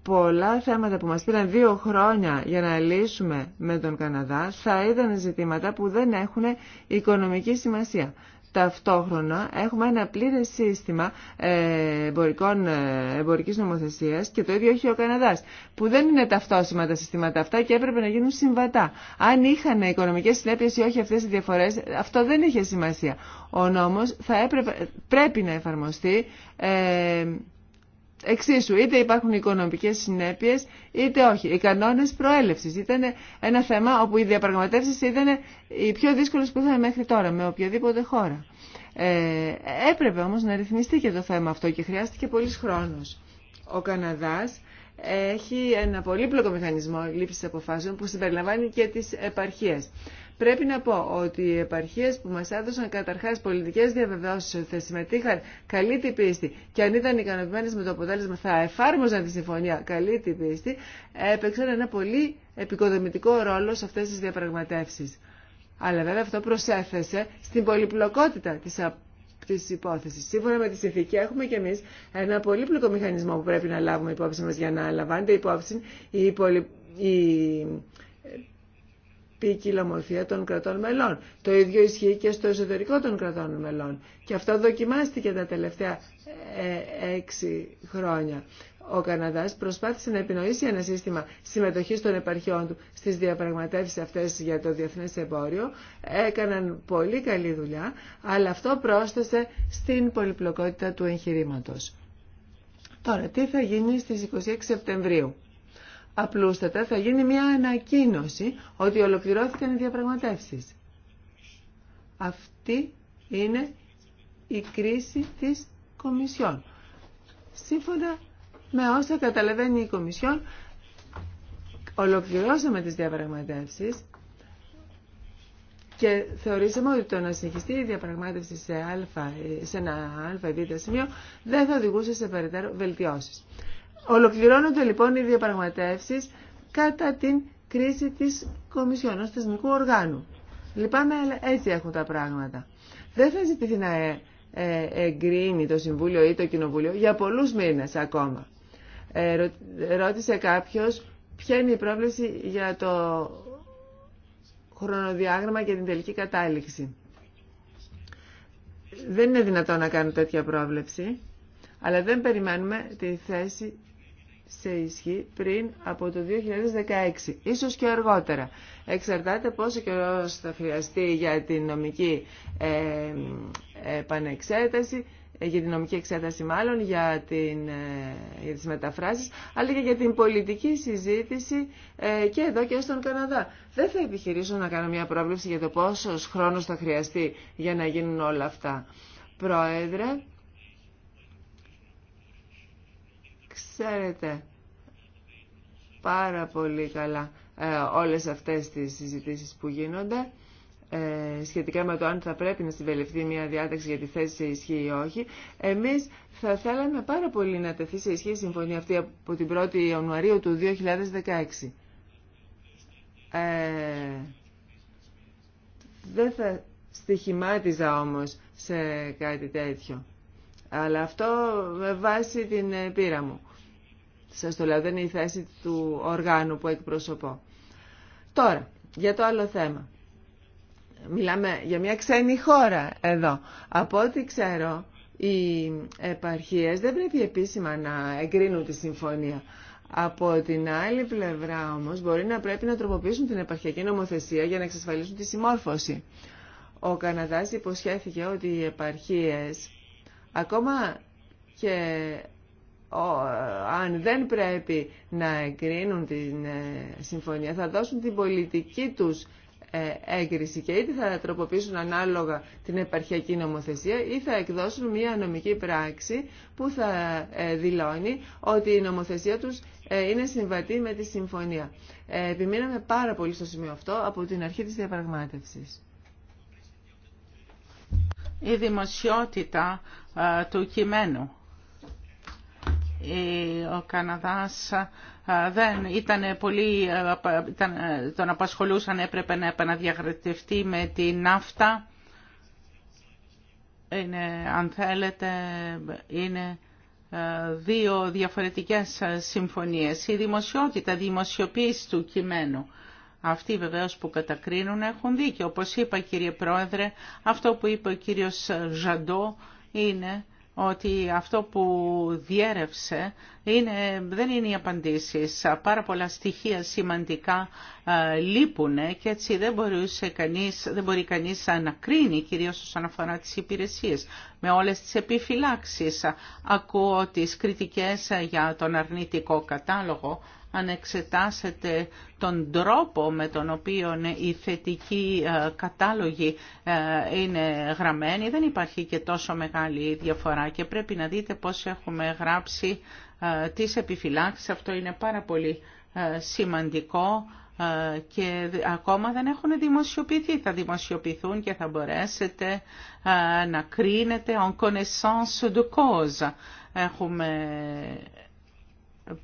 πολλά θέματα που μας πήραν δύο χρόνια για να λύσουμε με τον Καναδά θα ήταν ζητήματα που δεν έχουν οικονομική σημασία. Ταυτόχρονα έχουμε ένα πλήρες σύστημα ε, εμπορικών, ε, εμπορικής νομοθεσίας και το ίδιο έχει ο Καναδάς που δεν είναι ταυτόσιμα τα συστήματα αυτά και έπρεπε να γίνουν συμβατά. Αν είχαν οικονομικές συνέπειες ή όχι αυτές οι διαφορές αυτό δεν είχε σημασία. Ο νόμος θα έπρεπε, πρέπει να εφαρμοστεί ε, Εξίσου, είτε υπάρχουν οικονομικές συνέπειες, είτε όχι. Οι κανόνες προέλευσης ήταν ένα θέμα όπου οι διαπραγματεύσεις ήταν οι πιο δύσκολες που είχαμε μέχρι τώρα με οποιαδήποτε χώρα. Ε, έπρεπε όμως να ρυθμιστεί και το θέμα αυτό και χρειάστηκε πολύς χρόνος. Ο Καναδάς έχει ένα πολύπλοκο μηχανισμό λήψης αποφάσεων που συμπεριλαμβάνει και τις επαρχίες. Πρέπει να πω ότι οι επαρχίε που μα έδωσαν καταρχά πολιτικέ διαβεβαιώσεις ότι θα συμμετείχαν καλή την πίστη και αν ήταν ικανοποιημένε με το αποτέλεσμα θα εφάρμοζαν τη συμφωνία καλή την πίστη, έπαιξαν ένα πολύ επικοδομητικό ρόλο σε αυτέ τι διαπραγματεύσει. Αλλά βέβαια αυτό προσέθεσε στην πολυπλοκότητα της τη υπόθεση. Σύμφωνα με τη συνθήκη, έχουμε κι εμεί ένα πολύπλοκο μηχανισμό που πρέπει να λάβουμε υπόψη μα για να λαμβάνεται υπόψη η, πολυ... η ποικιλομορφία των κρατών μελών. Το ίδιο ισχύει και στο εσωτερικό των κρατών μελών. Και αυτό δοκιμάστηκε τα τελευταία ε, έξι χρόνια. Ο Καναδάς προσπάθησε να επινοήσει ένα σύστημα συμμετοχής των επαρχιών του στις διαπραγματεύσεις αυτές για το διεθνέ εμπόριο. Έκαναν πολύ καλή δουλειά, αλλά αυτό πρόσθεσε στην πολυπλοκότητα του εγχειρήματο. Τώρα, τι θα γίνει στις 26 Σεπτεμβρίου απλούστατα θα γίνει μια ανακοίνωση ότι ολοκληρώθηκαν οι διαπραγματεύσεις. Αυτή είναι η κρίση της Κομισιόν. Σύμφωνα με όσα καταλαβαίνει η Κομισιόν, ολοκληρώσαμε τις διαπραγματεύσεις και θεωρήσαμε ότι το να συνεχιστεί η διαπραγμάτευση σε, α, σε ένα α ή σημείο δεν θα οδηγούσε σε περαιτέρω βελτιώσεις. Ολοκληρώνονται λοιπόν οι διαπραγματεύσει κατά την κρίση της Κομισιόν ω θεσμικού οργάνου. Λυπάμαι, αλλά έτσι έχουν τα πράγματα. Δεν θα ζητηθεί να ε, ε, εγκρίνει το Συμβούλιο ή το Κοινοβούλιο για πολλούς μήνες ακόμα. Ε, ρώτησε κάποιος ποια είναι η το κοινοβουλιο για πολλους μηνες ακομα ε ρωτησε καποιο ποια ειναι η προβλεψη για το χρονοδιάγραμμα και την τελική κατάληξη. Δεν είναι δυνατό να κάνω τέτοια πρόβλεψη, αλλά δεν περιμένουμε τη θέση σε ισχύ πριν από το 2016, ίσως και αργότερα. Εξαρτάται πόσο καιρό θα χρειαστεί για την νομική ε, επανεξέταση, ε, για την νομική εξέταση μάλλον, για, την, ε, για τις μεταφράσεις, αλλά και για την πολιτική συζήτηση και εδώ και στον Καναδά. Δεν θα επιχειρήσω να κάνω μια πρόβλεψη για το πόσος χρόνος θα χρειαστεί για να γίνουν όλα αυτά. Πρόεδρε, Ξέρετε πάρα πολύ καλά ε, όλες αυτές τις συζητήσεις που γίνονται ε, σχετικά με το αν θα πρέπει να συμπεριληφθεί μια διάταξη για τη θέση σε ισχύ ή όχι. Εμείς θα θέλαμε πάρα πολύ να τεθεί σε ισχύ η συμφωνία αυτή από την 1η Ιανουαρίου του 2016. Ε, δεν θα στοιχημάτιζα όμως σε κάτι τέτοιο. Αλλά αυτό με βάση την πείρα μου. Σας το λέω, δεν είναι η θέση του οργάνου που εκπροσωπώ. Τώρα, για το άλλο θέμα. Μιλάμε για μια ξένη χώρα εδώ. Από ό,τι ξέρω, οι επαρχίες δεν πρέπει επίσημα να εγκρίνουν τη συμφωνία. Από την άλλη πλευρά όμως μπορεί να πρέπει να τροποποιήσουν την επαρχιακή νομοθεσία για να εξασφαλίσουν τη συμμόρφωση. Ο Καναδάς υποσχέθηκε ότι οι επαρχίες ακόμα και αν δεν πρέπει να εγκρίνουν την ε, συμφωνία, θα δώσουν την πολιτική τους ε, έγκριση και είτε θα τροποποιήσουν ανάλογα την επαρχιακή νομοθεσία ή θα εκδώσουν μια νομική πράξη που θα ε, δηλώνει ότι η νομοθεσία τους είναι συμβατή με τη συμφωνία. Επιμείναμε πάρα πολύ στο σημείο αυτό από την αρχή της διαπραγμάτευσης. Η δημοσιότητα του κειμένου ο Καναδάς δεν ήταν πολύ, ήταν, τον απασχολούσαν, έπρεπε να επαναδιαγραφτεί με την ναύτα. Είναι, αν θέλετε, είναι δύο διαφορετικές συμφωνίες. Η δημοσιότητα, η δημοσιοποίηση του κειμένου. Αυτοί βεβαίως που κατακρίνουν έχουν δίκιο. Όπως είπα κύριε Πρόεδρε, αυτό που είπε ο κύριος Ζαντό είναι ότι αυτό που διέρευσε είναι, δεν είναι οι απαντήσεις. Πάρα πολλά στοιχεία σημαντικά ε, λείπουν και έτσι δεν, μπορούσε κανείς, δεν μπορεί κανείς να κρίνει, κυρίως όσον αφορά τις υπηρεσίες. Με όλες τις επιφυλάξεις ακούω τις κριτικές για τον αρνητικό κατάλογο αν τον τρόπο με τον οποίο οι θετικοί ε, κατάλογοι ε, είναι γραμμένοι, δεν υπάρχει και τόσο μεγάλη διαφορά και πρέπει να δείτε πώς έχουμε γράψει ε, τις επιφυλάξεις. Αυτό είναι πάρα πολύ σημαντικό και ακόμα δεν έχουν δημοσιοποιηθεί. Θα δημοσιοποιηθούν και θα μπορέσετε να κρίνετε en connaissance de cause. Έχουμε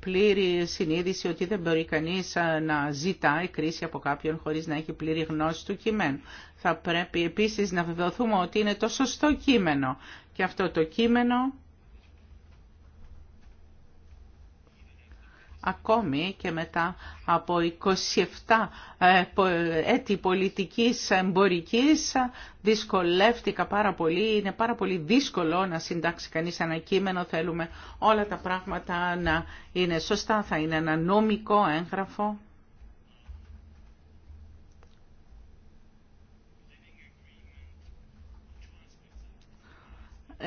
πλήρη συνείδηση ότι δεν μπορεί κανείς να ζητάει κρίση από κάποιον χωρίς να έχει πλήρη γνώση του κειμένου. Θα πρέπει επίσης να βεβαιωθούμε ότι είναι το σωστό κείμενο. Και αυτό το κείμενο ακόμη και μετά από 27 ε, έτη πολιτικής εμπορικής δυσκολεύτηκα πάρα πολύ. Είναι πάρα πολύ δύσκολο να συντάξει κανείς ένα κείμενο. Θέλουμε όλα τα πράγματα να είναι σωστά. Θα είναι ένα νομικό έγγραφο.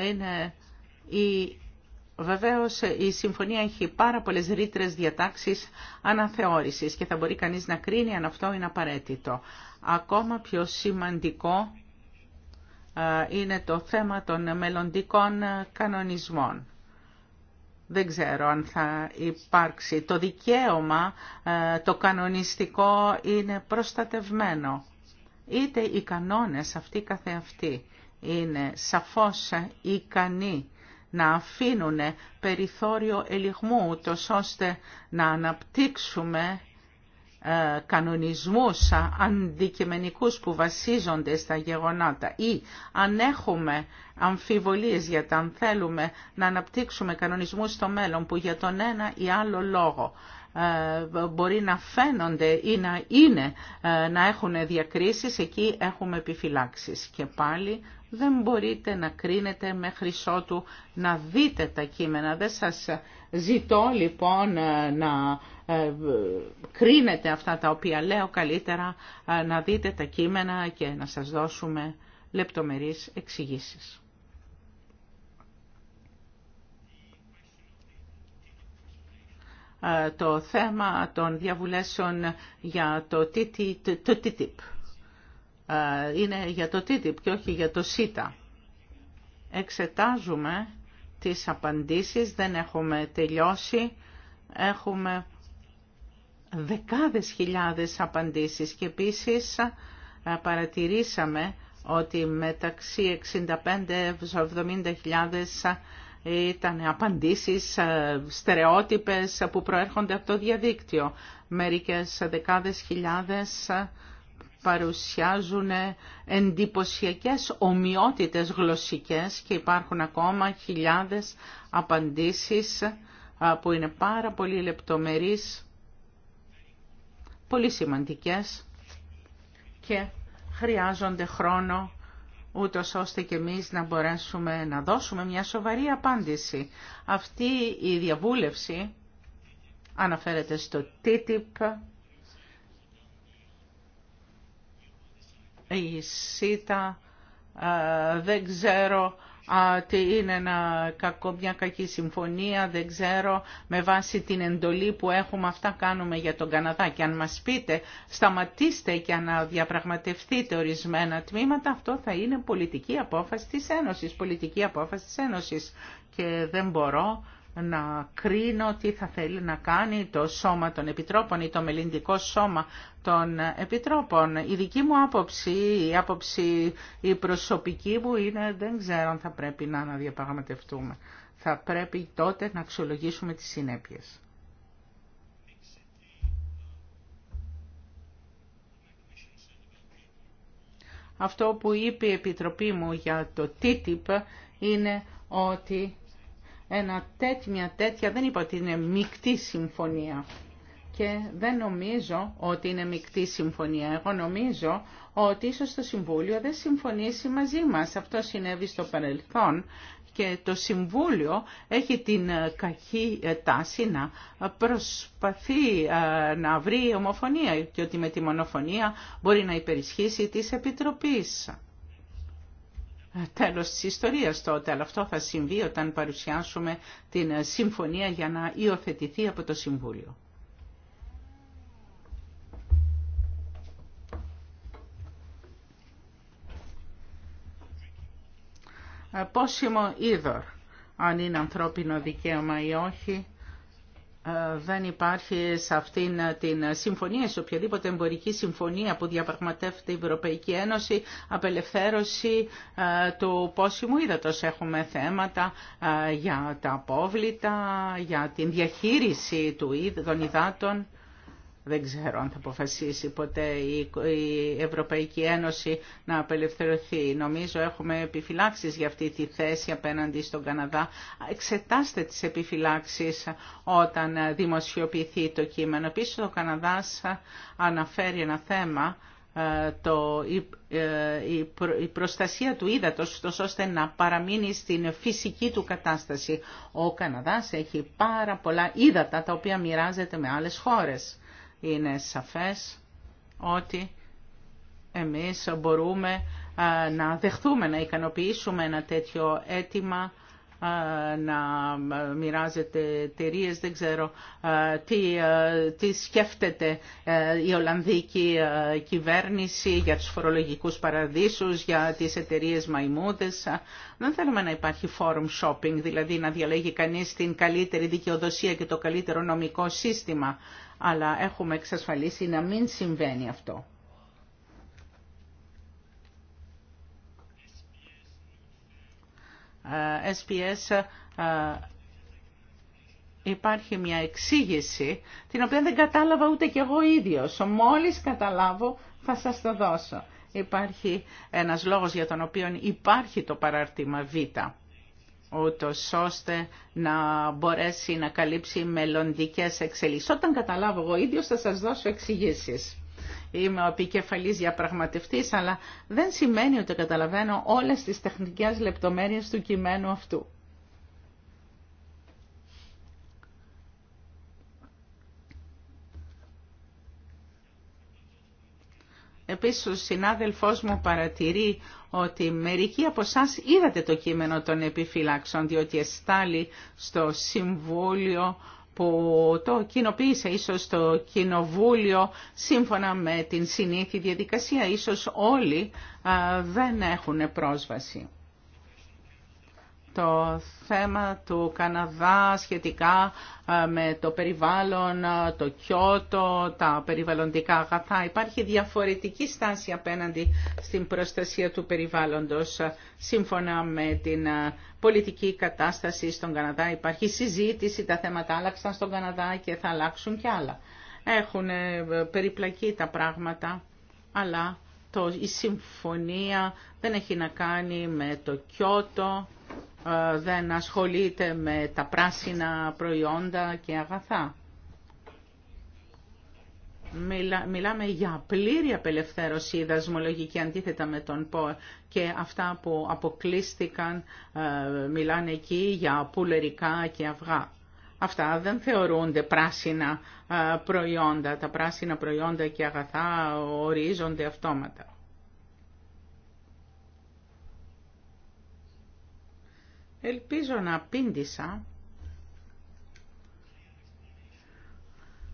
Είναι η Βεβαίως η συμφωνία έχει πάρα πολλές ρήτρες διατάξεις αναθεώρησης και θα μπορεί κανείς να κρίνει αν αυτό είναι απαραίτητο. Ακόμα πιο σημαντικό ε, είναι το θέμα των μελλοντικών κανονισμών. Δεν ξέρω αν θα υπάρξει. Το δικαίωμα, ε, το κανονιστικό είναι προστατευμένο. Είτε οι κανόνες αυτοί καθεαυτοί είναι σαφώς ικανοί να αφήνουν περιθώριο ελιγμού, ώστε να αναπτύξουμε ε, κανονισμούς αντικειμενικούς που βασίζονται στα γεγονότα ή αν έχουμε αμφιβολίες για τα αν θέλουμε να αναπτύξουμε κανονισμούς στο μέλλον που για τον ένα ή άλλο λόγο ε, μπορεί να φαίνονται ή να είναι ε, να έχουν διακρίσεις, εκεί έχουμε επιφυλάξεις. Και πάλι δεν μπορείτε να κρίνετε μέχρι ότου να δείτε τα κείμενα. Δεν σας ζητώ λοιπόν ε, να ε, κρίνετε αυτά τα οποία λέω καλύτερα, ε, να δείτε τα κείμενα και να σας δώσουμε λεπτομερείς εξηγήσεις. Το θέμα των διαβουλέσεων για το TTIP. Ε, είναι για το TTIP και όχι για το ΣΥΤΑ. Εξετάζουμε τις απαντήσεις, δεν έχουμε τελειώσει, έχουμε δεκάδες χιλιάδες απαντήσεις και επίσης ε, παρατηρήσαμε ότι μεταξύ 65-70 χιλιάδες ε, ήταν απαντήσεις στερεότυπες που προέρχονται από το διαδίκτυο. Μερικές δεκάδες χιλιάδες παρουσιάζουν εντυπωσιακές ομοιότητες γλωσσικές και υπάρχουν ακόμα χιλιάδες απαντήσεις που είναι πάρα πολύ λεπτομερείς, πολύ σημαντικές και χρειάζονται χρόνο ούτω ώστε και εμείς να μπορέσουμε να δώσουμε μια σοβαρή απάντηση. Αυτή η διαβούλευση αναφέρεται στο TTIP, η ΣΥΤΑ ε, δεν ξέρω τι είναι ένα κακό, μια κακή συμφωνία, δεν ξέρω, με βάση την εντολή που έχουμε αυτά κάνουμε για τον Καναδά. Και αν μας πείτε σταματήστε και να διαπραγματευτείτε ορισμένα τμήματα, αυτό θα είναι πολιτική απόφαση της Ένωσης, πολιτική απόφαση της Ένωσης. Και δεν μπορώ να κρίνω τι θα θέλει να κάνει το σώμα των επιτρόπων ή το μελλοντικό σώμα των επιτρόπων. Η δική μου άποψη, η άποψη η προσωπική μου είναι δεν ξέρω αν θα πρέπει να αναδιαπραγματευτούμε. Θα πρέπει τότε να αξιολογήσουμε τις συνέπειες. Αυτό που είπε η Επιτροπή μου για το TTIP είναι ότι ένα τέτοια, μια τέτοια, δεν είπα ότι είναι μεικτή συμφωνία και δεν νομίζω ότι είναι μεικτή συμφωνία. Εγώ νομίζω ότι ίσως το Συμβούλιο δεν συμφωνήσει μαζί μας. Αυτό συνέβη στο παρελθόν και το Συμβούλιο έχει την ε, κακή ε, τάση να προσπαθεί ε, να βρει ομοφωνία και ότι με τη μονοφωνία μπορεί να υπερισχύσει της Επιτροπής τέλος της ιστορίας τότε, αλλά αυτό θα συμβεί όταν παρουσιάσουμε την ε, συμφωνία για να υιοθετηθεί από το Συμβούλιο. Ε, πόσιμο είδωρ, αν είναι ανθρώπινο δικαίωμα ή όχι, ε, δεν υπάρχει σε αυτήν την συμφωνία, σε οποιαδήποτε εμπορική συμφωνία που διαπραγματεύεται η Ευρωπαϊκή Ένωση, απελευθέρωση ε, του πόσιμου ύδατος. Έχουμε θέματα ε, για τα απόβλητα, για την διαχείριση των υδάτων. Δεν ξέρω αν θα αποφασίσει ποτέ η Ευρωπαϊκή Ένωση να απελευθερωθεί. Νομίζω έχουμε επιφυλάξεις για αυτή τη θέση απέναντι στον Καναδά. Εξετάστε τις επιφυλάξεις όταν δημοσιοποιηθεί το κείμενο. Επίσης ο Καναδάς αναφέρει ένα θέμα ε, το, ε, η, προστασία του ύδατος τόσο ώστε να παραμείνει στην φυσική του κατάσταση. Ο Καναδάς έχει πάρα πολλά ύδατα τα οποία μοιράζεται με άλλες χώρες είναι σαφές ότι εμείς μπορούμε να δεχθούμε, να ικανοποιήσουμε ένα τέτοιο αίτημα να μοιράζεται εταιρείε, δεν ξέρω τι, τι σκέφτεται ε, η Ολλανδική κυβέρνηση για τους φορολογικούς παραδείσους, για τις εταιρείε μαϊμούδες. Δεν θέλουμε να υπάρχει forum shopping, δηλαδή να διαλέγει κανείς την καλύτερη δικαιοδοσία και το καλύτερο νομικό σύστημα αλλά έχουμε εξασφαλίσει να μην συμβαίνει αυτό. SPS ε, ε, υπάρχει μια εξήγηση την οποία δεν κατάλαβα ούτε κι εγώ ίδιος. Μόλις καταλάβω θα σας το δώσω. Υπάρχει ένας λόγος για τον οποίο υπάρχει το παράρτημα Β ούτως ώστε να μπορέσει να καλύψει μελλοντικέ εξελίξει. Όταν καταλάβω εγώ ίδιος θα σας δώσω εξηγήσεις. Είμαι ο επικεφαλή διαπραγματευτή, αλλά δεν σημαίνει ότι καταλαβαίνω όλες τις τεχνικές λεπτομέρειες του κειμένου αυτού. Επίσης ο συνάδελφός μου παρατηρεί ότι μερικοί από εσά είδατε το κείμενο των επιφυλάξων, διότι εστάλει στο Συμβούλιο που το κοινοποίησε ίσως το Κοινοβούλιο σύμφωνα με την συνήθη διαδικασία. Ίσως όλοι δεν έχουν πρόσβαση το θέμα του Καναδά σχετικά ε, με το περιβάλλον, ε, το κιότο, τα περιβαλλοντικά αγαθά. Υπάρχει διαφορετική στάση απέναντι στην προστασία του περιβάλλοντος. Ε, σύμφωνα με την πολιτική κατάσταση στον Καναδά υπάρχει συζήτηση, τα θέματα άλλαξαν στον Καναδά και θα αλλάξουν και άλλα. Έχουν περιπλακεί τα πράγματα, αλλά η συμφωνία δεν έχει να κάνει με το κιότο, ε, δεν ασχολείται με τα πράσινα προϊόντα και αγαθά. μιλάμε για πλήρη απελευθέρωση δασμολογική αντίθετα με τον πό και αυτά που αποκλείστηκαν ε, μιλάνε εκεί για πουλερικά και αυγά. Αυτά δεν θεωρούνται πράσινα ε, προϊόντα. Τα πράσινα προϊόντα και αγαθά ορίζονται αυτόματα. Ελπίζω να απήντησα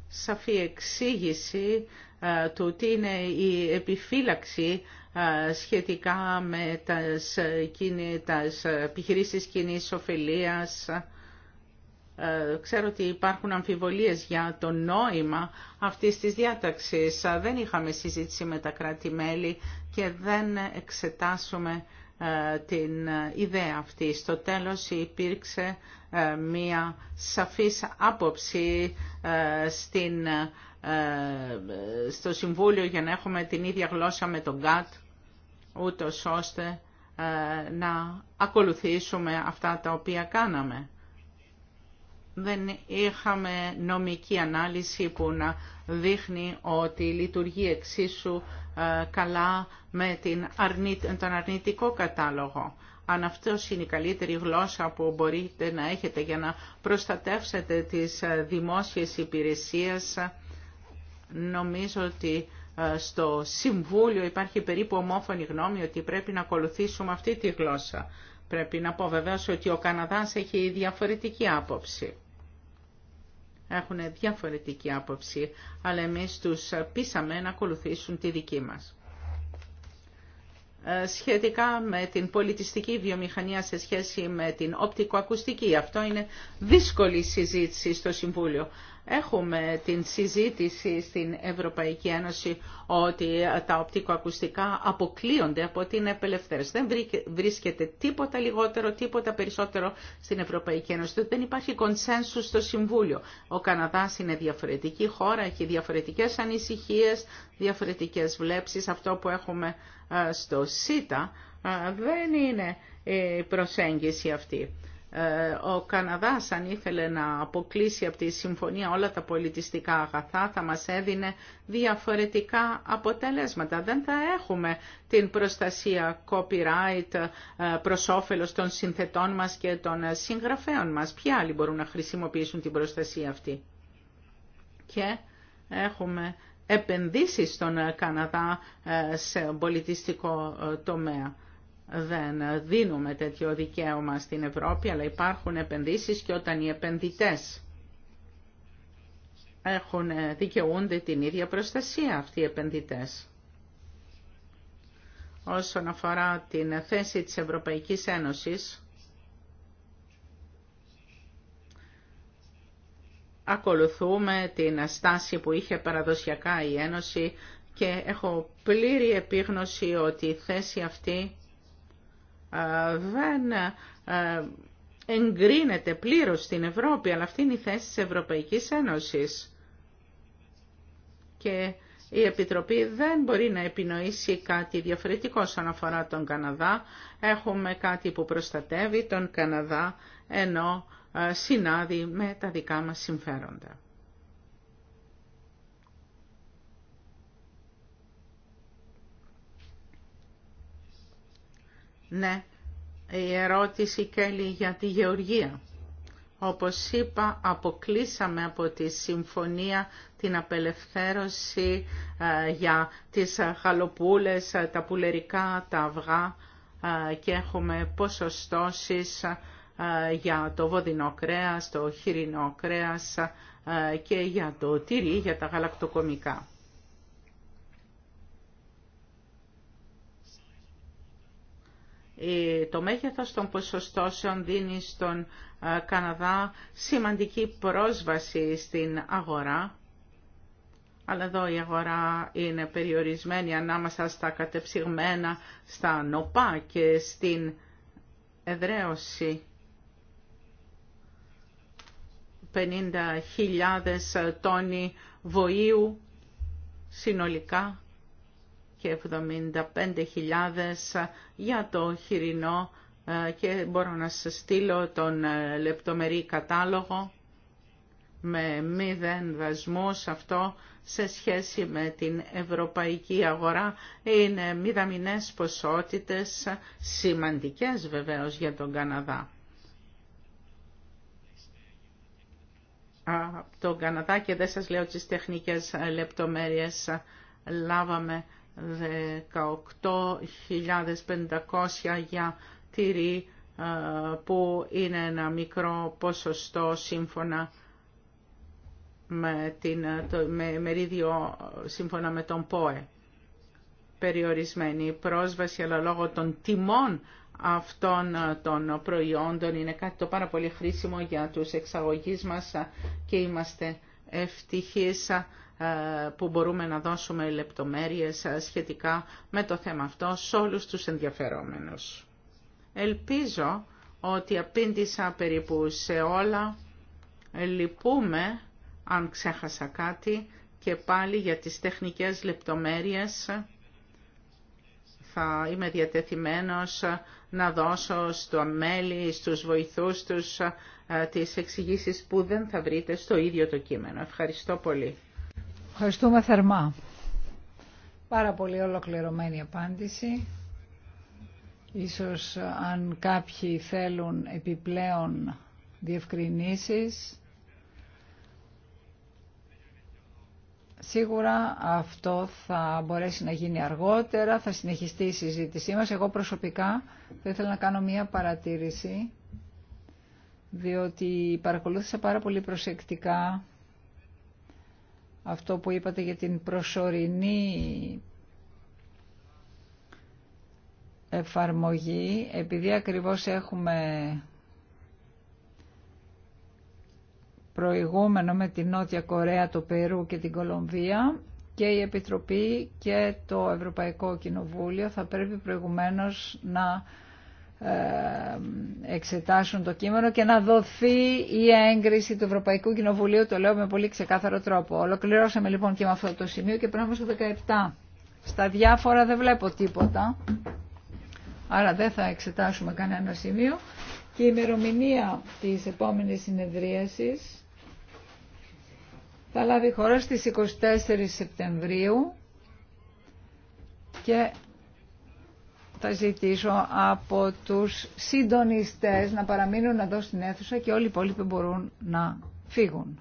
σαφή εξήγηση ε, του τι είναι η επιφύλαξη ε, σχετικά με τις, ε, τις επιχειρήσεις κοινή ωφελία. Ξέρω ότι υπάρχουν αμφιβολίες για το νόημα αυτής της διάταξης. Δεν είχαμε συζήτηση με τα κράτη-μέλη και δεν εξετάσουμε ε, την ιδέα αυτή. Στο τέλος υπήρξε ε, μία σαφής άποψη ε, στην, στο Συμβούλιο για να έχουμε την ίδια γλώσσα με τον ΚΑΤ, ούτως ώστε να ακολουθήσουμε αυτά τα οποία κάναμε δεν είχαμε νομική ανάλυση που να δείχνει ότι λειτουργεί εξίσου ε, καλά με την τον αρνητικό κατάλογο. Αν αυτό είναι η καλύτερη γλώσσα που μπορείτε να έχετε για να προστατεύσετε τις ε, δημόσιες υπηρεσίες, νομίζω ότι ε, στο Συμβούλιο υπάρχει περίπου ομόφωνη γνώμη ότι πρέπει να ακολουθήσουμε αυτή τη γλώσσα. Πρέπει να πω βεβαίως ότι ο Καναδάς έχει διαφορετική άποψη έχουν διαφορετική άποψη, αλλά εμείς τους πείσαμε να ακολουθήσουν τη δική μας. Ε, σχετικά με την πολιτιστική βιομηχανία σε σχέση με την οπτικοακουστική. Αυτό είναι δύσκολη συζήτηση στο Συμβούλιο έχουμε την συζήτηση στην Ευρωπαϊκή Ένωση ότι τα οπτικοακουστικά αποκλείονται από την απελευθέρωση. Δεν βρίσκεται τίποτα λιγότερο, τίποτα περισσότερο στην Ευρωπαϊκή Ένωση. Δεν υπάρχει κονσένσου στο Συμβούλιο. Ο Καναδάς είναι διαφορετική χώρα, έχει διαφορετικές ανησυχίες, διαφορετικές βλέψεις. Αυτό που έχουμε στο ΣΥΤΑ δεν είναι η ε, προσέγγιση αυτή. Ε, ο Καναδάς αν ήθελε να αποκλείσει από τη συμφωνία όλα τα πολιτιστικά αγαθά θα μας έδινε διαφορετικά αποτελέσματα. Δεν θα έχουμε την προστασία copyright ε, προς όφελος των συνθετών μας και των ε, συγγραφέων μας. Ποιοι άλλοι μπορούν να χρησιμοποιήσουν την προστασία αυτή. Και έχουμε επενδύσεις στον Καναδά σε πολιτιστικό τομέα δεν δίνουμε τέτοιο δικαίωμα στην Ευρώπη, αλλά υπάρχουν επενδύσεις και όταν οι επενδυτές έχουν, δικαιούνται την ίδια προστασία αυτοί οι επενδυτές. Όσον αφορά την θέση της Ευρωπαϊκής Ένωσης, ακολουθούμε την στάση που είχε παραδοσιακά η Ένωση και έχω πλήρη επίγνωση ότι η θέση αυτή δεν εγκρίνεται πλήρως στην Ευρώπη, αλλά αυτή είναι η θέση της Ευρωπαϊκής Ένωσης. Και η Επιτροπή δεν μπορεί να επινοήσει κάτι διαφορετικό σαν αφορά τον Καναδά. Έχουμε κάτι που προστατεύει τον Καναδά, ενώ συνάδει με τα δικά μας συμφέροντα. Ναι, η ερώτηση Κέλλη για τη γεωργία. Όπως είπα, αποκλείσαμε από τη συμφωνία την απελευθέρωση ε, για τις ε, χαλοπούλες, ε, τα πουλερικά, τα αυγά και έχουμε ποσοστώσεις για το βοδινό κρέας, το χοιρινό κρέας και για το τυρί, για τα γαλακτοκομικά. το μέγεθος των ποσοστώσεων δίνει στον Καναδά σημαντική πρόσβαση στην αγορά, αλλά εδώ η αγορά είναι περιορισμένη ανάμεσα στα κατεψυγμένα, στα νοπά και στην εδραίωση. 50.000 τόνοι βοήου συνολικά και 75.000 για το χοιρινό ε, και μπορώ να σας στείλω τον ε, λεπτομερή κατάλογο με μηδέν δασμούς αυτό σε σχέση με την ευρωπαϊκή αγορά είναι μηδαμινές ποσότητες σημαντικές βεβαίως για τον Καναδά. Από τον Καναδά και δεν σας λέω τις τεχνικές λεπτομέρειες λάβαμε 18.500 για τυρί ε, που είναι ένα μικρό ποσοστό σύμφωνα με, την, ε, μερίδιο σύμφωνα με τον ΠΟΕ. Περιορισμένη πρόσβαση, αλλά λόγω των τιμών αυτών ε, των προϊόντων είναι κάτι το πάρα πολύ χρήσιμο για τους εξαγωγείς μας και είμαστε ευτυχείς ε, που μπορούμε να δώσουμε λεπτομέρειες ε, σχετικά με το θέμα αυτό σε όλους τους ενδιαφερόμενους. Ελπίζω ότι απήντησα περίπου σε όλα. Ε, λυπούμε αν ξέχασα κάτι και πάλι για τις τεχνικές λεπτομέρειες θα είμαι διατεθειμένος να δώσω στο μέλη, στους βοηθούς τους τις εξηγήσεις που δεν θα βρείτε στο ίδιο το κείμενο. Ευχαριστώ πολύ. Ευχαριστούμε θερμά. Πάρα πολύ ολοκληρωμένη απάντηση. Ίσως αν κάποιοι θέλουν επιπλέον διευκρινήσεις, Σίγουρα αυτό θα μπορέσει να γίνει αργότερα, θα συνεχιστεί η συζήτησή μας. Εγώ προσωπικά θα ήθελα να κάνω μία παρατήρηση, διότι παρακολούθησα πάρα πολύ προσεκτικά αυτό που είπατε για την προσωρινή εφαρμογή, επειδή ακριβώς έχουμε προηγούμενο με την Νότια Κορέα, το Περού και την Κολομβία και η Επιτροπή και το Ευρωπαϊκό Κοινοβούλιο θα πρέπει προηγουμένως να ε, εξετάσουν το κείμενο και να δοθεί η έγκριση του Ευρωπαϊκού Κοινοβουλίου, το λέω με πολύ ξεκάθαρο τρόπο. Ολοκληρώσαμε λοιπόν και με αυτό το σημείο και πρέπει στο 17. Στα διάφορα δεν βλέπω τίποτα, άρα δεν θα εξετάσουμε κανένα σημείο. Και η ημερομηνία της επόμενης συνεδρίασης θα λάβει χώρα στις 24 Σεπτεμβρίου και θα ζητήσω από τους συντονιστές να παραμείνουν εδώ στην αίθουσα και όλοι οι υπόλοιποι μπορούν να φύγουν.